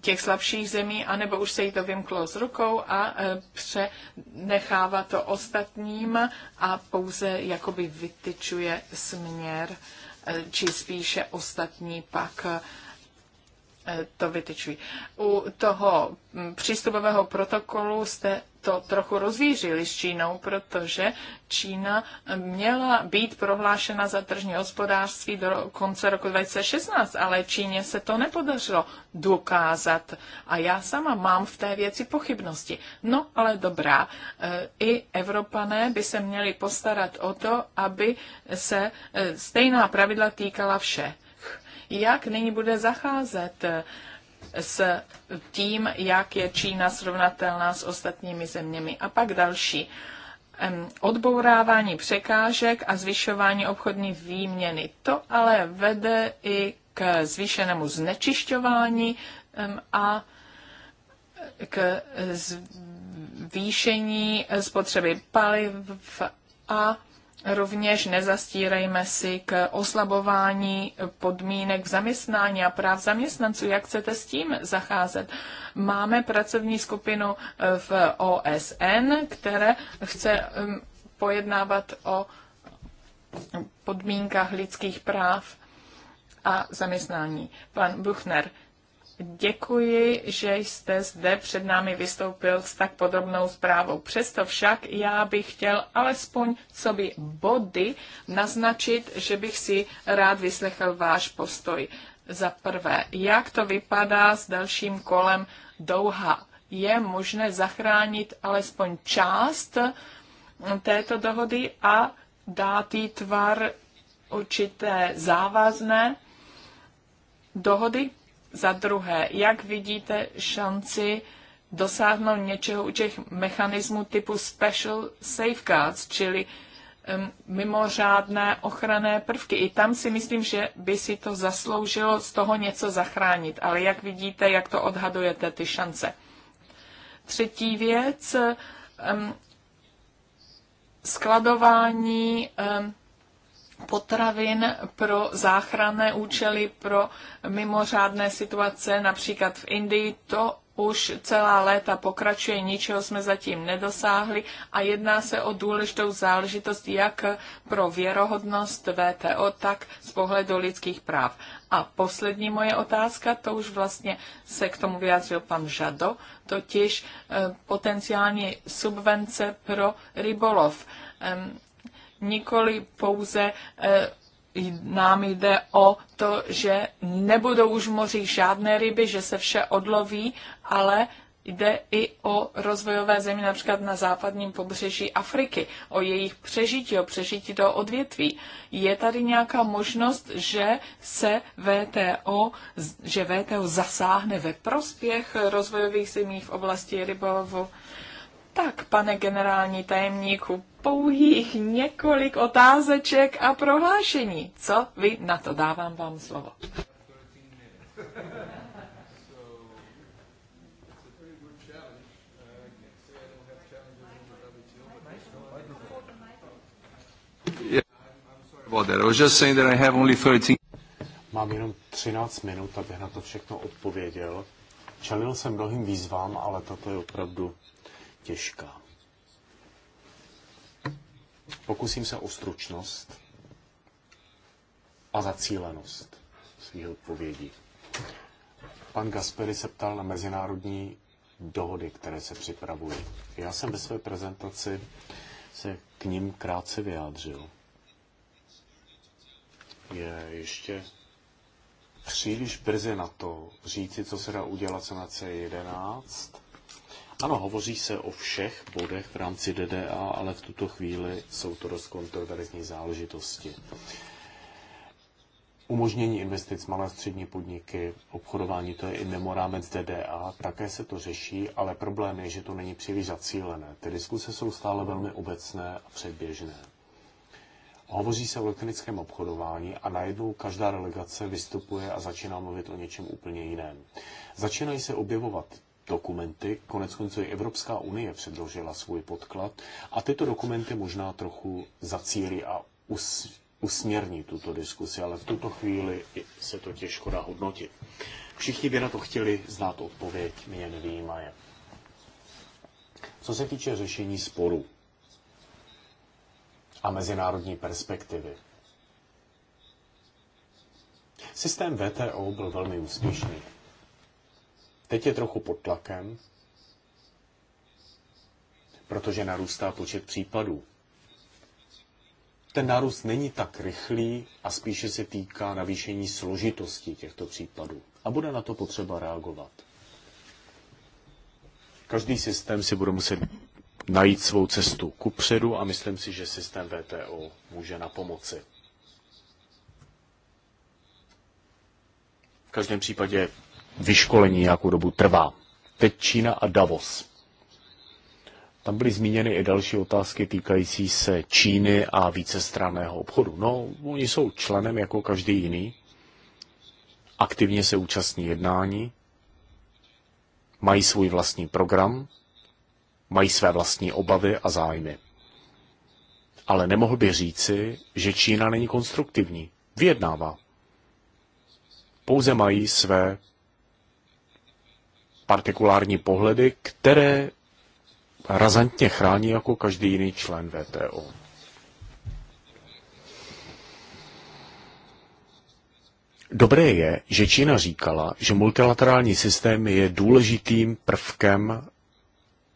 těch slabších zemí, anebo už se jí to vymklo z rukou a e, přenechává to ostatním a pouze jakoby vytyčuje směr, e, či spíše ostatní pak e, Eh, to vytyčují. U toho mm, přístupového protokolu jste to trochu rozvířili s Čínou, protože Čína měla být prohlášena za tržní hospodářství do konce roku 2016, ale Číně se to nepodařilo dokázat. A já sama mám v té věci pochybnosti. No, ale dobrá. Eh, I Evropané by se měli postarat o to, aby se eh, stejná pravidla týkala všech jak nyní bude zacházet s tím, jak je Čína srovnatelná s ostatními zeměmi. A pak další odbourávání překážek a zvyšování obchodní výměny. To ale vede i k zvýšenému znečišťování a k zvýšení spotřeby paliv a Rovněž nezastírejme si k oslabování podmínek v zaměstnání a práv zaměstnanců. Jak chcete s tím zacházet? Máme pracovní skupinu eh, v OSN, které chce hm, pojednávat o podmínkách lidských práv a zaměstnání. Pan Buchner, Děkuji, že jste zde před námi vystoupil s tak podrobnou zprávou. Přesto však já bych chtěl alespoň sobě body naznačit, že bych si rád vyslechl váš postoj. Za prvé, jak to vypadá s dalším kolem Douha? Je možné zachránit alespoň část této dohody a dát jí tvar určité závazné dohody? Za druhé, jak vidíte šanci dosáhnout něčeho u těch mechanismů typu special safeguards, čili um, mimořádné ochranné prvky. I tam si myslím, že by si to zasloužilo z toho něco zachránit. Ale jak vidíte, jak to odhadujete, ty šance. Třetí věc, um, skladování um, potravin pro záchranné účely, pro mimořádné situace, například v Indii. To už celá léta pokračuje, ničeho jsme zatím nedosáhli a jedná se o důležitou záležitost jak pro věrohodnost VTO, tak z pohledu lidských práv. A poslední moje otázka, to už vlastně se k tomu vyjádřil pan Žado, totiž eh, potenciální subvence pro rybolov nikoli pouze eh, nám jde o to, že nebudou už v mořích žádné ryby, že se vše odloví, ale jde i o rozvojové země, například na západním pobřeží Afriky, o jejich přežití, o přežití toho odvětví. Je tady nějaká možnost, že se VTO, že VTO zasáhne ve prospěch rozvojových zemí v oblasti rybolovu? Tak, pane generální tajemníku, pouhých několik otázeček a prohlášení. Co vy na to? Dávám vám slovo. Mám jenom 13 minut, abych na to všechno odpověděl. Čelil jsem mnohým výzvám, ale toto je opravdu těžká. Pokusím se o stručnost a zacílenost svých odpovědí. Pan Gaspery se ptal na mezinárodní dohody, které se připravují. Já jsem ve své prezentaci se k ním krátce vyjádřil. Je ještě příliš brzy na to říci, co se dá udělat se na C11 ano, hovoří se o všech bodech v rámci DDA, ale v tuto chvíli jsou to dost kontroverzní záležitosti. Umožnění investic malé střední podniky, obchodování, to je i mimo rámec DDA, také se to řeší, ale problém je, že to není příliš zacílené. Ty diskuse jsou stále velmi obecné a předběžné. Hovoří se o elektronickém obchodování a najednou každá delegace vystupuje a začíná mluvit o něčem úplně jiném. Začínají se objevovat dokumenty. Konec konců i Evropská unie předložila svůj podklad a tyto dokumenty možná trochu zacílí a us, usměrní tuto diskusi, ale v tuto chvíli se to těžko dá hodnotit. Všichni by na to chtěli znát odpověď, mě je nevýjímaje. Co se týče řešení sporů a mezinárodní perspektivy, Systém VTO byl velmi úspěšný. Teď je trochu pod tlakem, protože narůstá počet případů. Ten nárůst není tak rychlý a spíše se týká navýšení složitosti těchto případů. A bude na to potřeba reagovat. Každý systém si bude muset najít svou cestu ku předu a myslím si, že systém VTO může na pomoci. V každém případě vyškolení nějakou dobu trvá. Teď Čína a Davos. Tam byly zmíněny i další otázky týkající se Číny a vícestranného obchodu. No, oni jsou členem jako každý jiný. Aktivně se účastní jednání, mají svůj vlastní program, mají své vlastní obavy a zájmy. Ale nemohl by říci, že Čína není konstruktivní. Vyjednává. Pouze mají své partikulární pohledy, které razantně chrání jako každý jiný člen VTO. Dobré je, že Čína říkala, že multilaterální systém je důležitým prvkem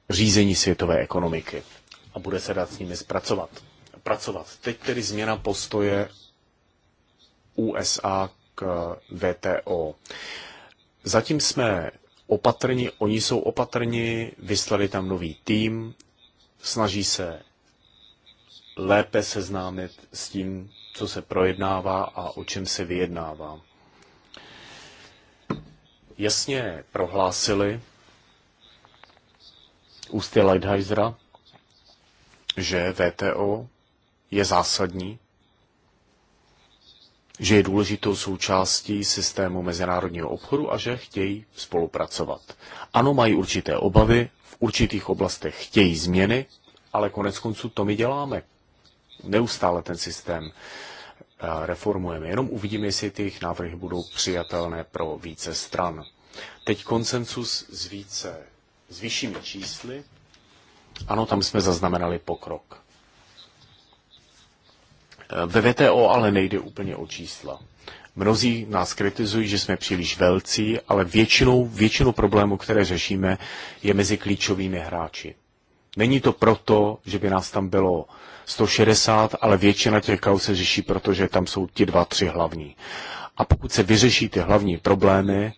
řízení světové ekonomiky a bude se dát s nimi zpracovat. Pracovat. Teď tedy změna postoje USA k VTO. Zatím jsme opatrní, oni jsou opatrní, vyslali tam nový tým, snaží se lépe seznámit s tím, co se projednává a o čem se vyjednává. Jasně prohlásili ústy Lighthizera, že VTO je zásadní že je důležitou součástí systému mezinárodního obchodu a že chtějí spolupracovat. Ano, mají určité obavy, v určitých oblastech chtějí změny, ale konec konců to my děláme. Neustále ten systém eh, reformujeme. Jenom uvidíme, jestli ty jejich návrhy budou přijatelné pro více stran. Teď koncensus s více, s vyššími čísly. Ano, tam jsme zaznamenali pokrok. Ve VTO ale nejde úplně o čísla. Mnozí nás kritizují, že jsme příliš velcí, ale většinou, většinu problémů, které řešíme, je mezi klíčovými hráči. Není to proto, že by nás tam bylo 160, ale většina těch kauz se řeší, protože tam jsou ti dva, tři hlavní. A pokud se vyřeší ty hlavní problémy,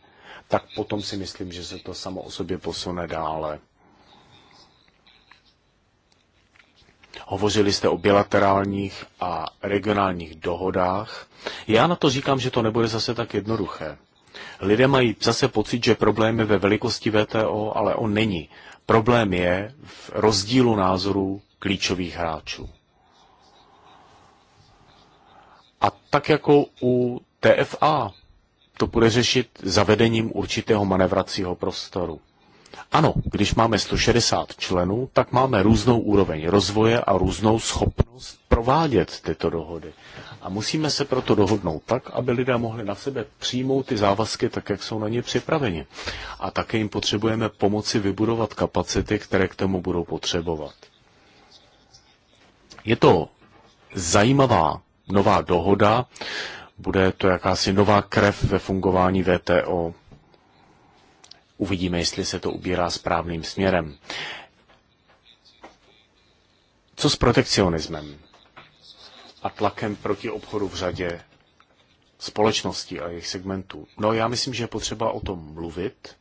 tak potom si myslím, že se to samo o sobě posune dále. Hovořili jste o bilaterálních a regionálních dohodách. Já na to říkám, že to nebude zase tak jednoduché. Lidé mají zase pocit, že problém je ve velikosti VTO, ale on není. Problém je v rozdílu názorů klíčových hráčů. A tak jako u TFA, to bude řešit zavedením určitého manevracího prostoru. Ano, když máme 160 členů, tak máme různou úroveň rozvoje a různou schopnost provádět tyto dohody. A musíme se proto dohodnout tak, aby lidé mohli na sebe přijmout ty závazky tak, jak jsou na ně připraveni. A také jim potřebujeme pomoci vybudovat kapacity, které k tomu budou potřebovat. Je to zajímavá nová dohoda, bude to jakási nová krev ve fungování VTO Uvidíme, jestli se to ubírá správným směrem. Co s protekcionismem a tlakem proti obchodu v řadě společností a jejich segmentů? No, já myslím, že je potřeba o tom mluvit.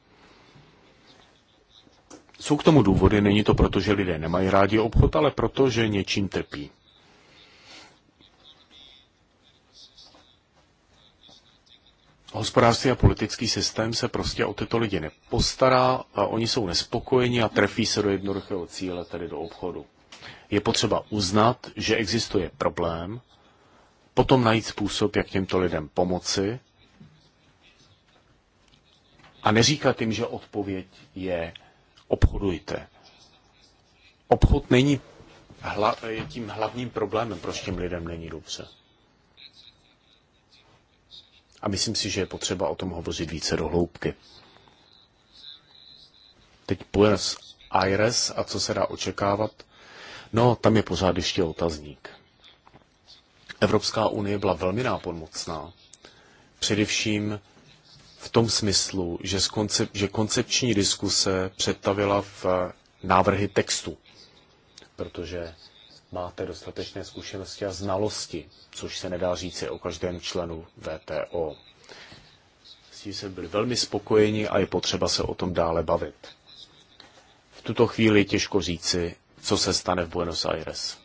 Jsou k tomu důvody, není to proto, že lidé nemají rádi obchod, ale proto, že něčím trpí. hospodářský a politický systém se prostě o tyto lidi nepostará, a oni jsou nespokojeni a trefí se do jednoduchého cíle, tedy do obchodu. Je potřeba uznat, že existuje problém, potom najít způsob, jak těmto lidem pomoci a neříkat jim, že odpověď je obchodujte. Obchod není hla, je tím hlavním problémem, proč těm lidem není dobře. A myslím si, že je potřeba o tom hovořit více do hloubky. Teď Buenos Aires a co se dá očekávat? No, tam je pořád ještě otazník. Evropská unie byla velmi nápomocná. Především v tom smyslu, že, koncep- že koncepční diskuse přetavila v eh, návrhy textu, protože máte dostatečné zkušenosti a znalosti, což se nedá říci o každém členu VTO. S tím jsem byli velmi spokojeni a je potřeba se o tom dále bavit. V tuto chvíli je těžko říci, co se stane v Buenos Aires.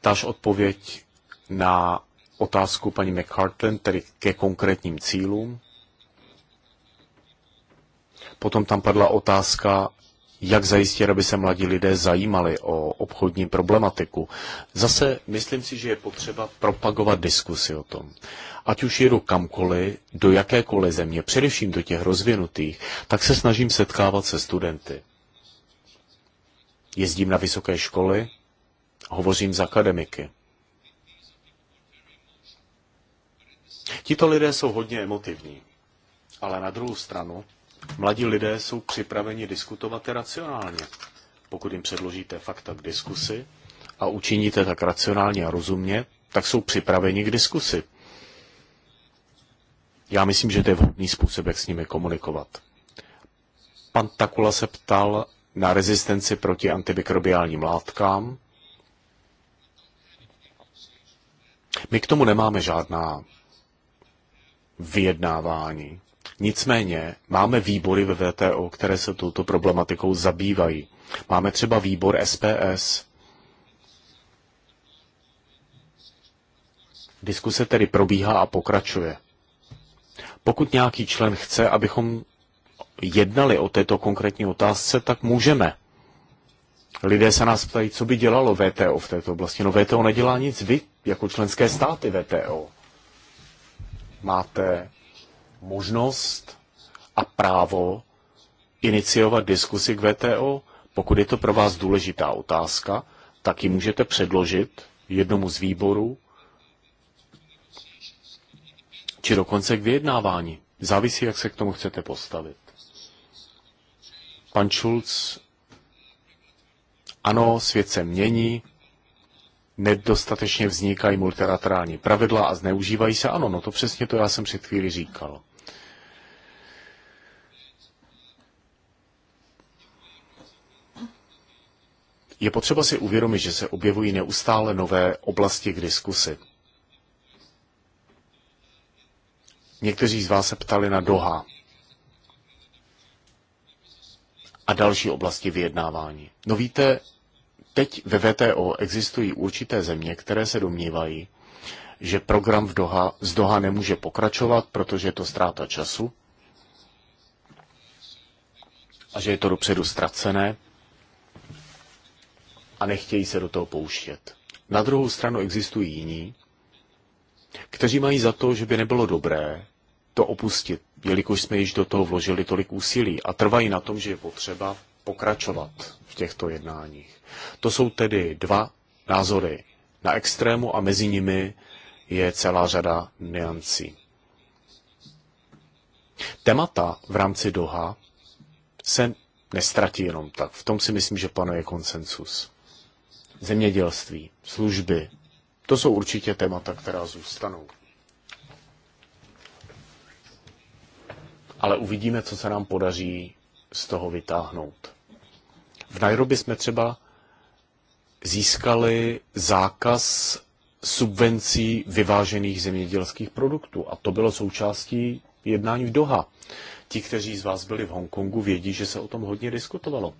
Taž odpověď na otázku paní McCartland, tedy ke konkrétním cílům. Potom tam padla otázka, jak zajistit, aby se mladí lidé zajímali o obchodní problematiku. Zase myslím si, že je potřeba propagovat diskusy o tom. Ať už jedu kamkoliv, do jakékoliv země, především do těch rozvinutých, tak se snažím setkávat se studenty. Jezdím na vysoké školy, hovořím s akademiky. Tito lidé jsou hodně emotivní, ale na druhou stranu Mladí lidé jsou připraveni diskutovat racionálně, pokud jim předložíte fakta k diskusi a učiníte tak racionálně a rozumně, tak jsou připraveni k diskusi. Já myslím, že to je vhodný způsob, jak s nimi komunikovat. Pan Takula se ptal na rezistenci proti antimikrobiálním látkám. My k tomu nemáme žádná vyjednávání. Nicméně máme výbory ve VTO, které se touto problematikou zabývají. Máme třeba výbor SPS. Diskuse tedy probíhá a pokračuje. Pokud nějaký člen chce, abychom jednali o této konkrétní otázce, tak můžeme. Lidé se nás ptají, co by dělalo VTO v této oblasti. No VTO nedělá nic, vy jako členské státy VTO máte možnost a právo iniciovat diskusi k VTO. Pokud je to pro vás důležitá otázka, tak ji můžete předložit jednomu z výborů či dokonce k vyjednávání. Závisí, jak se k tomu chcete postavit. Pan Schulz, ano, svět se mění, nedostatečně vznikají multilaterální pravidla a zneužívají se. Ano, no to přesně to já jsem před chvíli říkal. Je potřeba si uvědomit, že se objevují neustále nové oblasti k diskusi. Někteří z vás se ptali na Doha a další oblasti vyjednávání. No víte, teď ve VTO existují určité země, které se domnívají, že program v Doha, z Doha nemůže pokračovat, protože je to ztráta času a že je to dopředu ztracené a nechtějí se do toho pouštět. Na druhou stranu existují jiní, kteří mají za to, že by nebylo dobré to opustit, jelikož jsme již do toho vložili tolik úsilí a trvají na tom, že je potřeba pokračovat v těchto jednáních. To jsou tedy dva názory na extrému a mezi nimi je celá řada niancí. Temata v rámci Doha se nestratí jenom tak. V tom si myslím, že panuje konsensus zemědělství, služby. To jsou určitě témata, která zůstanou. Ale uvidíme, co se nám podaří z toho vytáhnout. V Nairobi jsme třeba získali zákaz subvencí vyvážených zemědělských produktů. A to bylo součástí jednání v Doha. Ti, kteří z vás byli v Hongkongu, vědí, že se o tom hodně diskutovalo.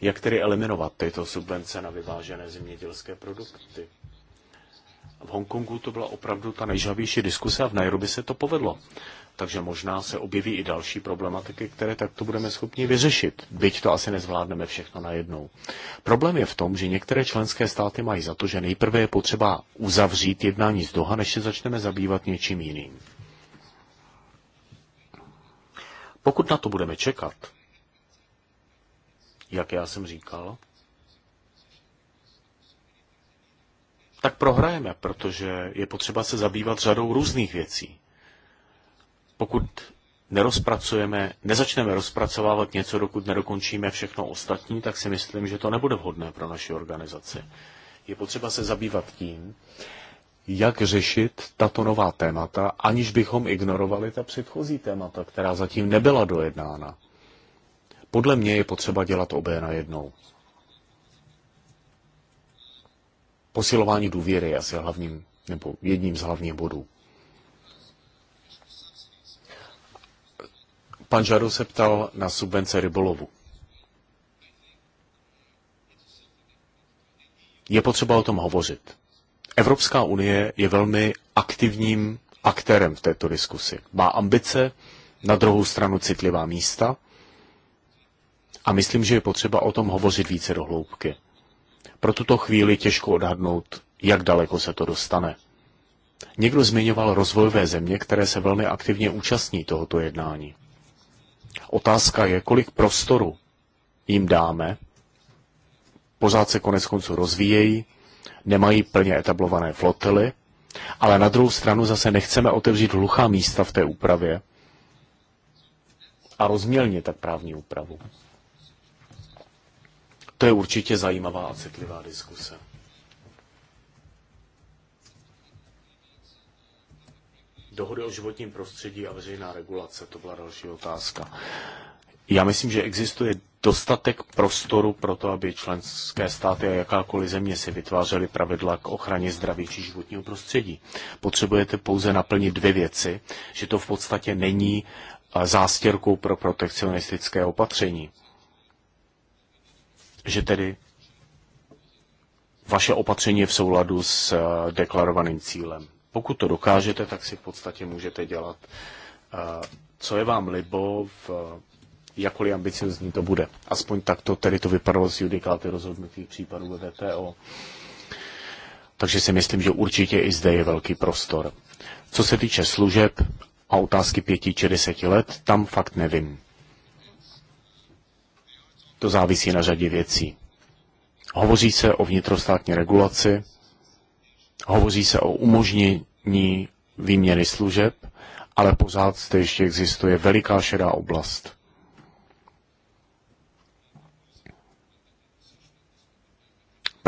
Jak tedy eliminovat tyto subvence na vyvážené zemědělské produkty? V Hongkongu to byla opravdu ta nejžavější diskuse a v Nairobi se to povedlo. Takže možná se objeví i další problematiky, které takto budeme schopni vyřešit, byť to asi nezvládneme všechno najednou. Problém je v tom, že některé členské státy mají za to, že nejprve je potřeba uzavřít jednání z Doha, než se začneme zabývat něčím jiným. Pokud na to budeme čekat, jak já jsem říkal, tak prohrajeme, protože je potřeba se zabývat řadou různých věcí. Pokud nerozpracujeme, nezačneme rozpracovávat něco, dokud nedokončíme všechno ostatní, tak si myslím, že to nebude vhodné pro naši organizaci. Je potřeba se zabývat tím, jak řešit tato nová témata, aniž bychom ignorovali ta předchozí témata, která zatím nebyla dojednána. Podle mě je potřeba dělat obě na jednou. Posilování důvěry je asi hlavním, nebo jedním z hlavních bodů. Pan Žadu se ptal na subvence rybolovu. Je potřeba o tom hovořit. Evropská unie je velmi aktivním aktérem v této diskusi. Má ambice, na druhou stranu citlivá místa a myslím, že je potřeba o tom hovořit více do hloubky. Pro tuto chvíli těžko odhadnout, jak daleko se to dostane. Někdo zmiňoval rozvojové země, které se velmi aktivně účastní tohoto jednání. Otázka je, kolik prostoru jim dáme. Pořád se konec konců rozvíjejí, nemají plně etablované flotily, ale na druhou stranu zase nechceme otevřít hluchá místa v té úpravě a rozmělně tak právní úpravu. To je určitě zajímavá a citlivá diskuse. Dohody o životním prostředí a veřejná regulace, to byla další otázka. Já myslím, že existuje dostatek prostoru pro to, aby členské státy a jakákoliv země si vytvářely pravidla k ochraně zdraví či životního prostředí. Potřebujete pouze naplnit dvě věci, že to v podstatě není zástěrkou pro protekcionistické opatření. Že tedy vaše opatření je v souladu s deklarovaným cílem. Pokud to dokážete, tak si v podstatě můžete dělat, co je vám libo v jakkoliv ambiciozní to bude. Aspoň to tedy to vypadalo z judikáty rozhodnutých případů ve VTO. Takže si myslím, že určitě i zde je velký prostor. Co se týče služeb a otázky pěti či deseti let, tam fakt nevím. To závisí na řadě věcí. Hovoří se o vnitrostátní regulaci, hovoří se o umožnění výměny služeb, ale pořád zde ještě existuje veliká šedá oblast.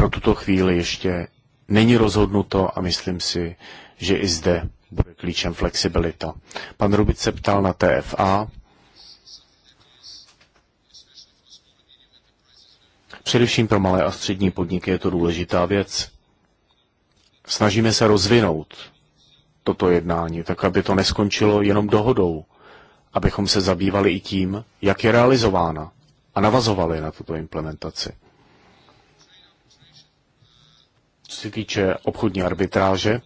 pro tuto chvíli ještě není rozhodnuto a myslím si, že i zde bude klíčem flexibilita. Pan Rubic se ptal na TFA. Především pro malé a střední podniky je to důležitá věc. Snažíme se rozvinout toto jednání, tak aby to neskončilo jenom dohodou, abychom se zabývali i tím, jak je realizována a navazovali na tuto implementaci. co se týče obchodní arbitráže,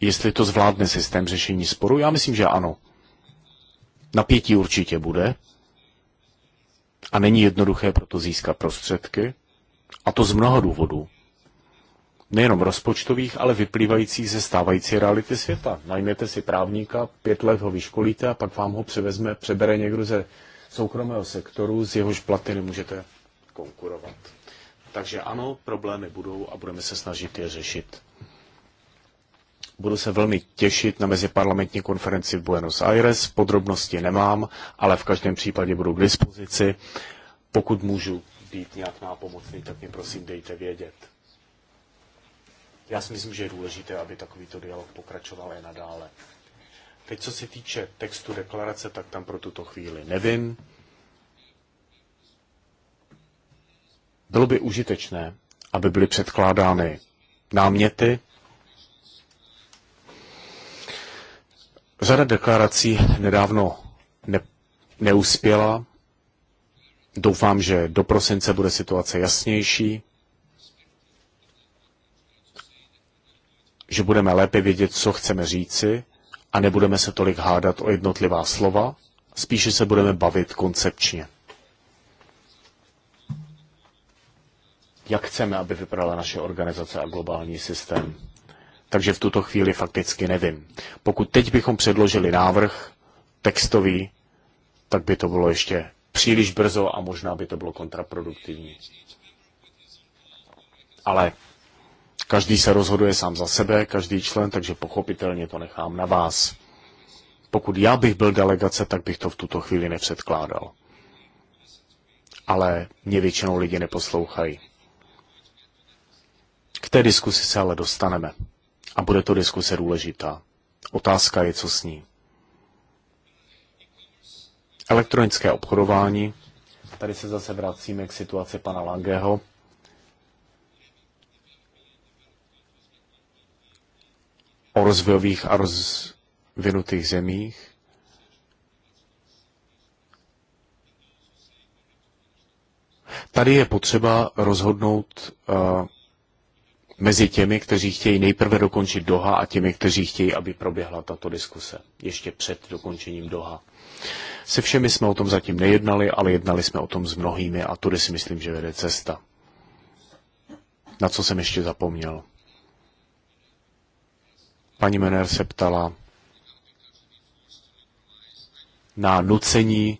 jestli to zvládne systém řešení sporu, já myslím, že ano. Napětí určitě bude a není jednoduché proto získat prostředky, a to z mnoha důvodů. Nejenom rozpočtových, ale vyplývající ze stávající reality světa. Najměte si právníka, pět let ho vyškolíte a pak vám ho převezme, přebere někdo ze soukromého sektoru, z jehož platy nemůžete konkurovat. Takže ano, problémy budou a budeme se snažit je řešit. Budu se velmi těšit na meziparlamentní konferenci v Buenos Aires. Podrobnosti nemám, ale v každém případě budu k dispozici. Pokud můžu být nějak nápomocný, tak mi prosím dejte vědět. Já si myslím, že je důležité, aby takovýto dialog pokračoval i nadále. Teď, co se týče textu deklarace, tak tam pro tuto chvíli nevím. Bylo by užitečné, aby byly předkládány náměty. Řada deklarací nedávno ne, neuspěla. Doufám, že do prosince bude situace jasnější, že budeme lépe vědět, co chceme říci a nebudeme se tolik hádat o jednotlivá slova, spíše se budeme bavit koncepčně. jak chceme, aby vypadala naše organizace a globální systém. Takže v tuto chvíli fakticky nevím. Pokud teď bychom předložili návrh textový, tak by to bylo ještě příliš brzo a možná by to bylo kontraproduktivní. Ale každý se rozhoduje sám za sebe, každý člen, takže pochopitelně to nechám na vás. Pokud já bych byl delegace, tak bych to v tuto chvíli nepředkládal. Ale mě většinou lidi neposlouchají. K té diskusi se ale dostaneme. A bude to diskuse důležitá. Otázka je, co s ní. Elektronické obchodování. Tady se zase vracíme k situaci pana Langeho. O rozvojových a rozvinutých zemích. Tady je potřeba rozhodnout, eh, mezi těmi, kteří chtějí nejprve dokončit Doha a těmi, kteří chtějí, aby proběhla tato diskuse ještě před dokončením Doha. Se všemi jsme o tom zatím nejednali, ale jednali jsme o tom s mnohými a tudy si myslím, že vede cesta. Na co jsem ještě zapomněl? Paní Mener se ptala na nucení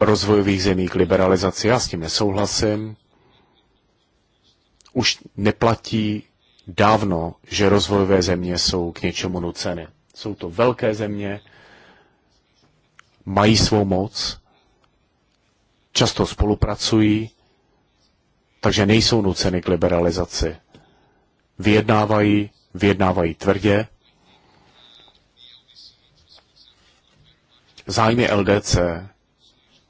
rozvojových zemí k liberalizaci. Já s tím nesouhlasím už neplatí dávno, že rozvojové země jsou k něčemu nuceny. Jsou to velké země, mají svou moc, často spolupracují, takže nejsou nuceny k liberalizaci. Vyjednávají, vyjednávají tvrdě. Zájmy LDC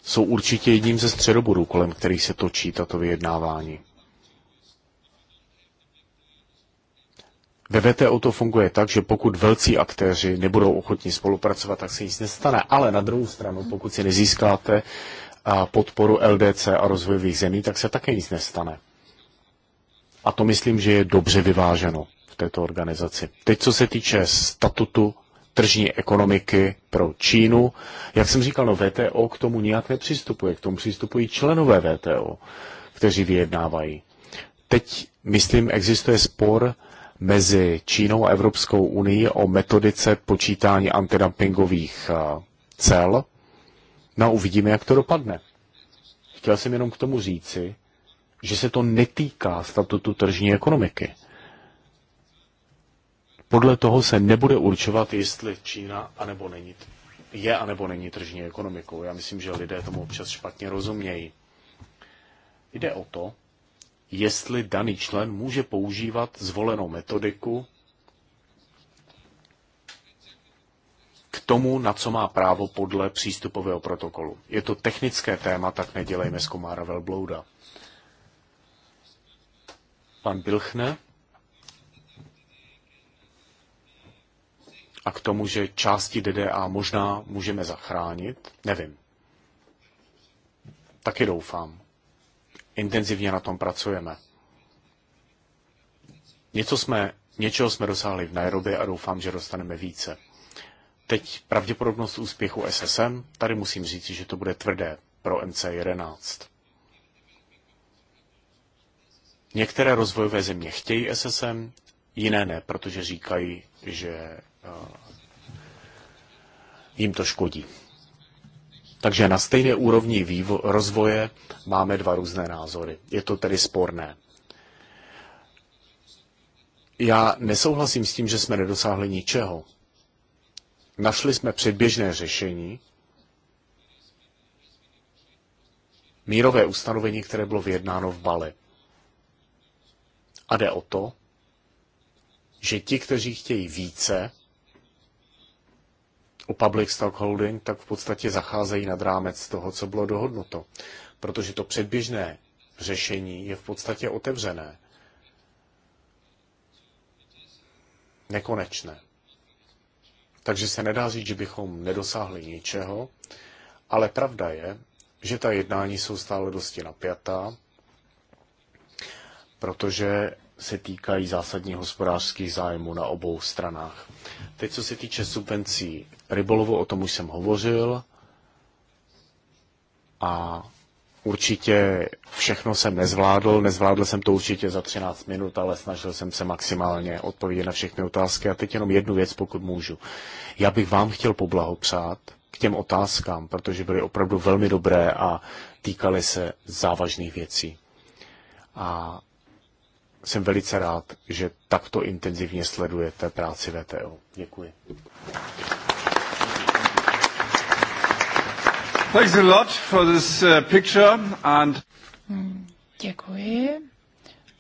jsou určitě jedním ze středobodů, kolem kterých se točí tato vyjednávání. Ve VTO to funguje tak, že pokud velcí aktéři nebudou ochotní spolupracovat, tak se nic nestane. Ale na druhou stranu, pokud si nezískáte podporu LDC a rozvojových zemí, tak se také nic nestane. A to myslím, že je dobře vyváženo v této organizaci. Teď, co se týče statutu tržní ekonomiky pro Čínu, jak jsem říkal, no VTO k tomu nijak nepřistupuje, k tomu přistupují členové VTO, kteří vyjednávají. Teď, myslím, existuje spor mezi Čínou a Evropskou unii o metodice počítání antidumpingových eh, cel. No uvidíme, jak to dopadne. Chtěl jsem jenom k tomu říci, že se to netýká statutu tržní ekonomiky. Podle toho se nebude určovat, jestli Čína anebo není, je a nebo není tržní ekonomikou. Já myslím, že lidé tomu občas špatně rozumějí. Jde o to, jestli daný člen může používat zvolenou metodiku k tomu, na co má právo podle přístupového protokolu. Je to technické téma, tak nedělejme z komára velblouda. Pan Bilchne. A k tomu, že části DDA možná můžeme zachránit, nevím. Taky doufám intenzivně na tom pracujeme. Něco jsme, něčeho jsme dosáhli v Nairobi a doufám, že dostaneme více. Teď pravděpodobnost úspěchu SSM, tady musím říct, že to bude tvrdé pro MC11. Některé rozvojové země chtějí SSM, jiné ne, protože říkají, že eh, jim to škodí. Takže na stejné úrovni vývo- rozvoje máme dva různé názory. Je to tedy sporné. Já nesouhlasím s tím, že jsme nedosáhli ničeho. Našli jsme předběžné řešení, mírové ustanovení, které bylo vyjednáno v Bali. A jde o to, že ti, kteří chtějí více, u public stock holding, tak v podstatě zacházejí nad rámec toho, co bylo dohodnuto. Protože to předběžné řešení je v podstatě otevřené. Nekonečné. Takže se nedá říct, že bychom nedosáhli ničeho, ale pravda je, že ta jednání jsou stále dosti napjatá, protože se týkají zásadních hospodářských zájmů na obou stranách. Teď, co se týče subvencí rybolovu, o tom už jsem hovořil. A určitě všechno jsem nezvládl. Nezvládl jsem to určitě za 13 minut, ale snažil jsem se maximálně odpovědět na všechny otázky. A teď jenom jednu věc, pokud můžu. Já bych vám chtěl poblahopřát k těm otázkám, protože byly opravdu velmi dobré a týkaly se závažných věcí. A jsem velice rád, že takto intenzivně sledujete práci VTO. Děkuji. Thanks a lot for this uh, picture and... Hmm, děkuji.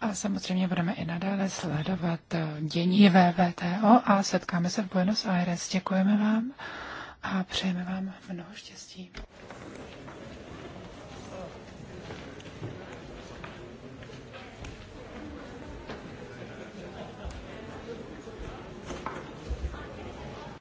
A samozřejmě budeme i nadále sledovat uh, dění VVTO a setkáme se v Buenos Aires. Děkujeme vám a přejeme vám mnoho štěstí.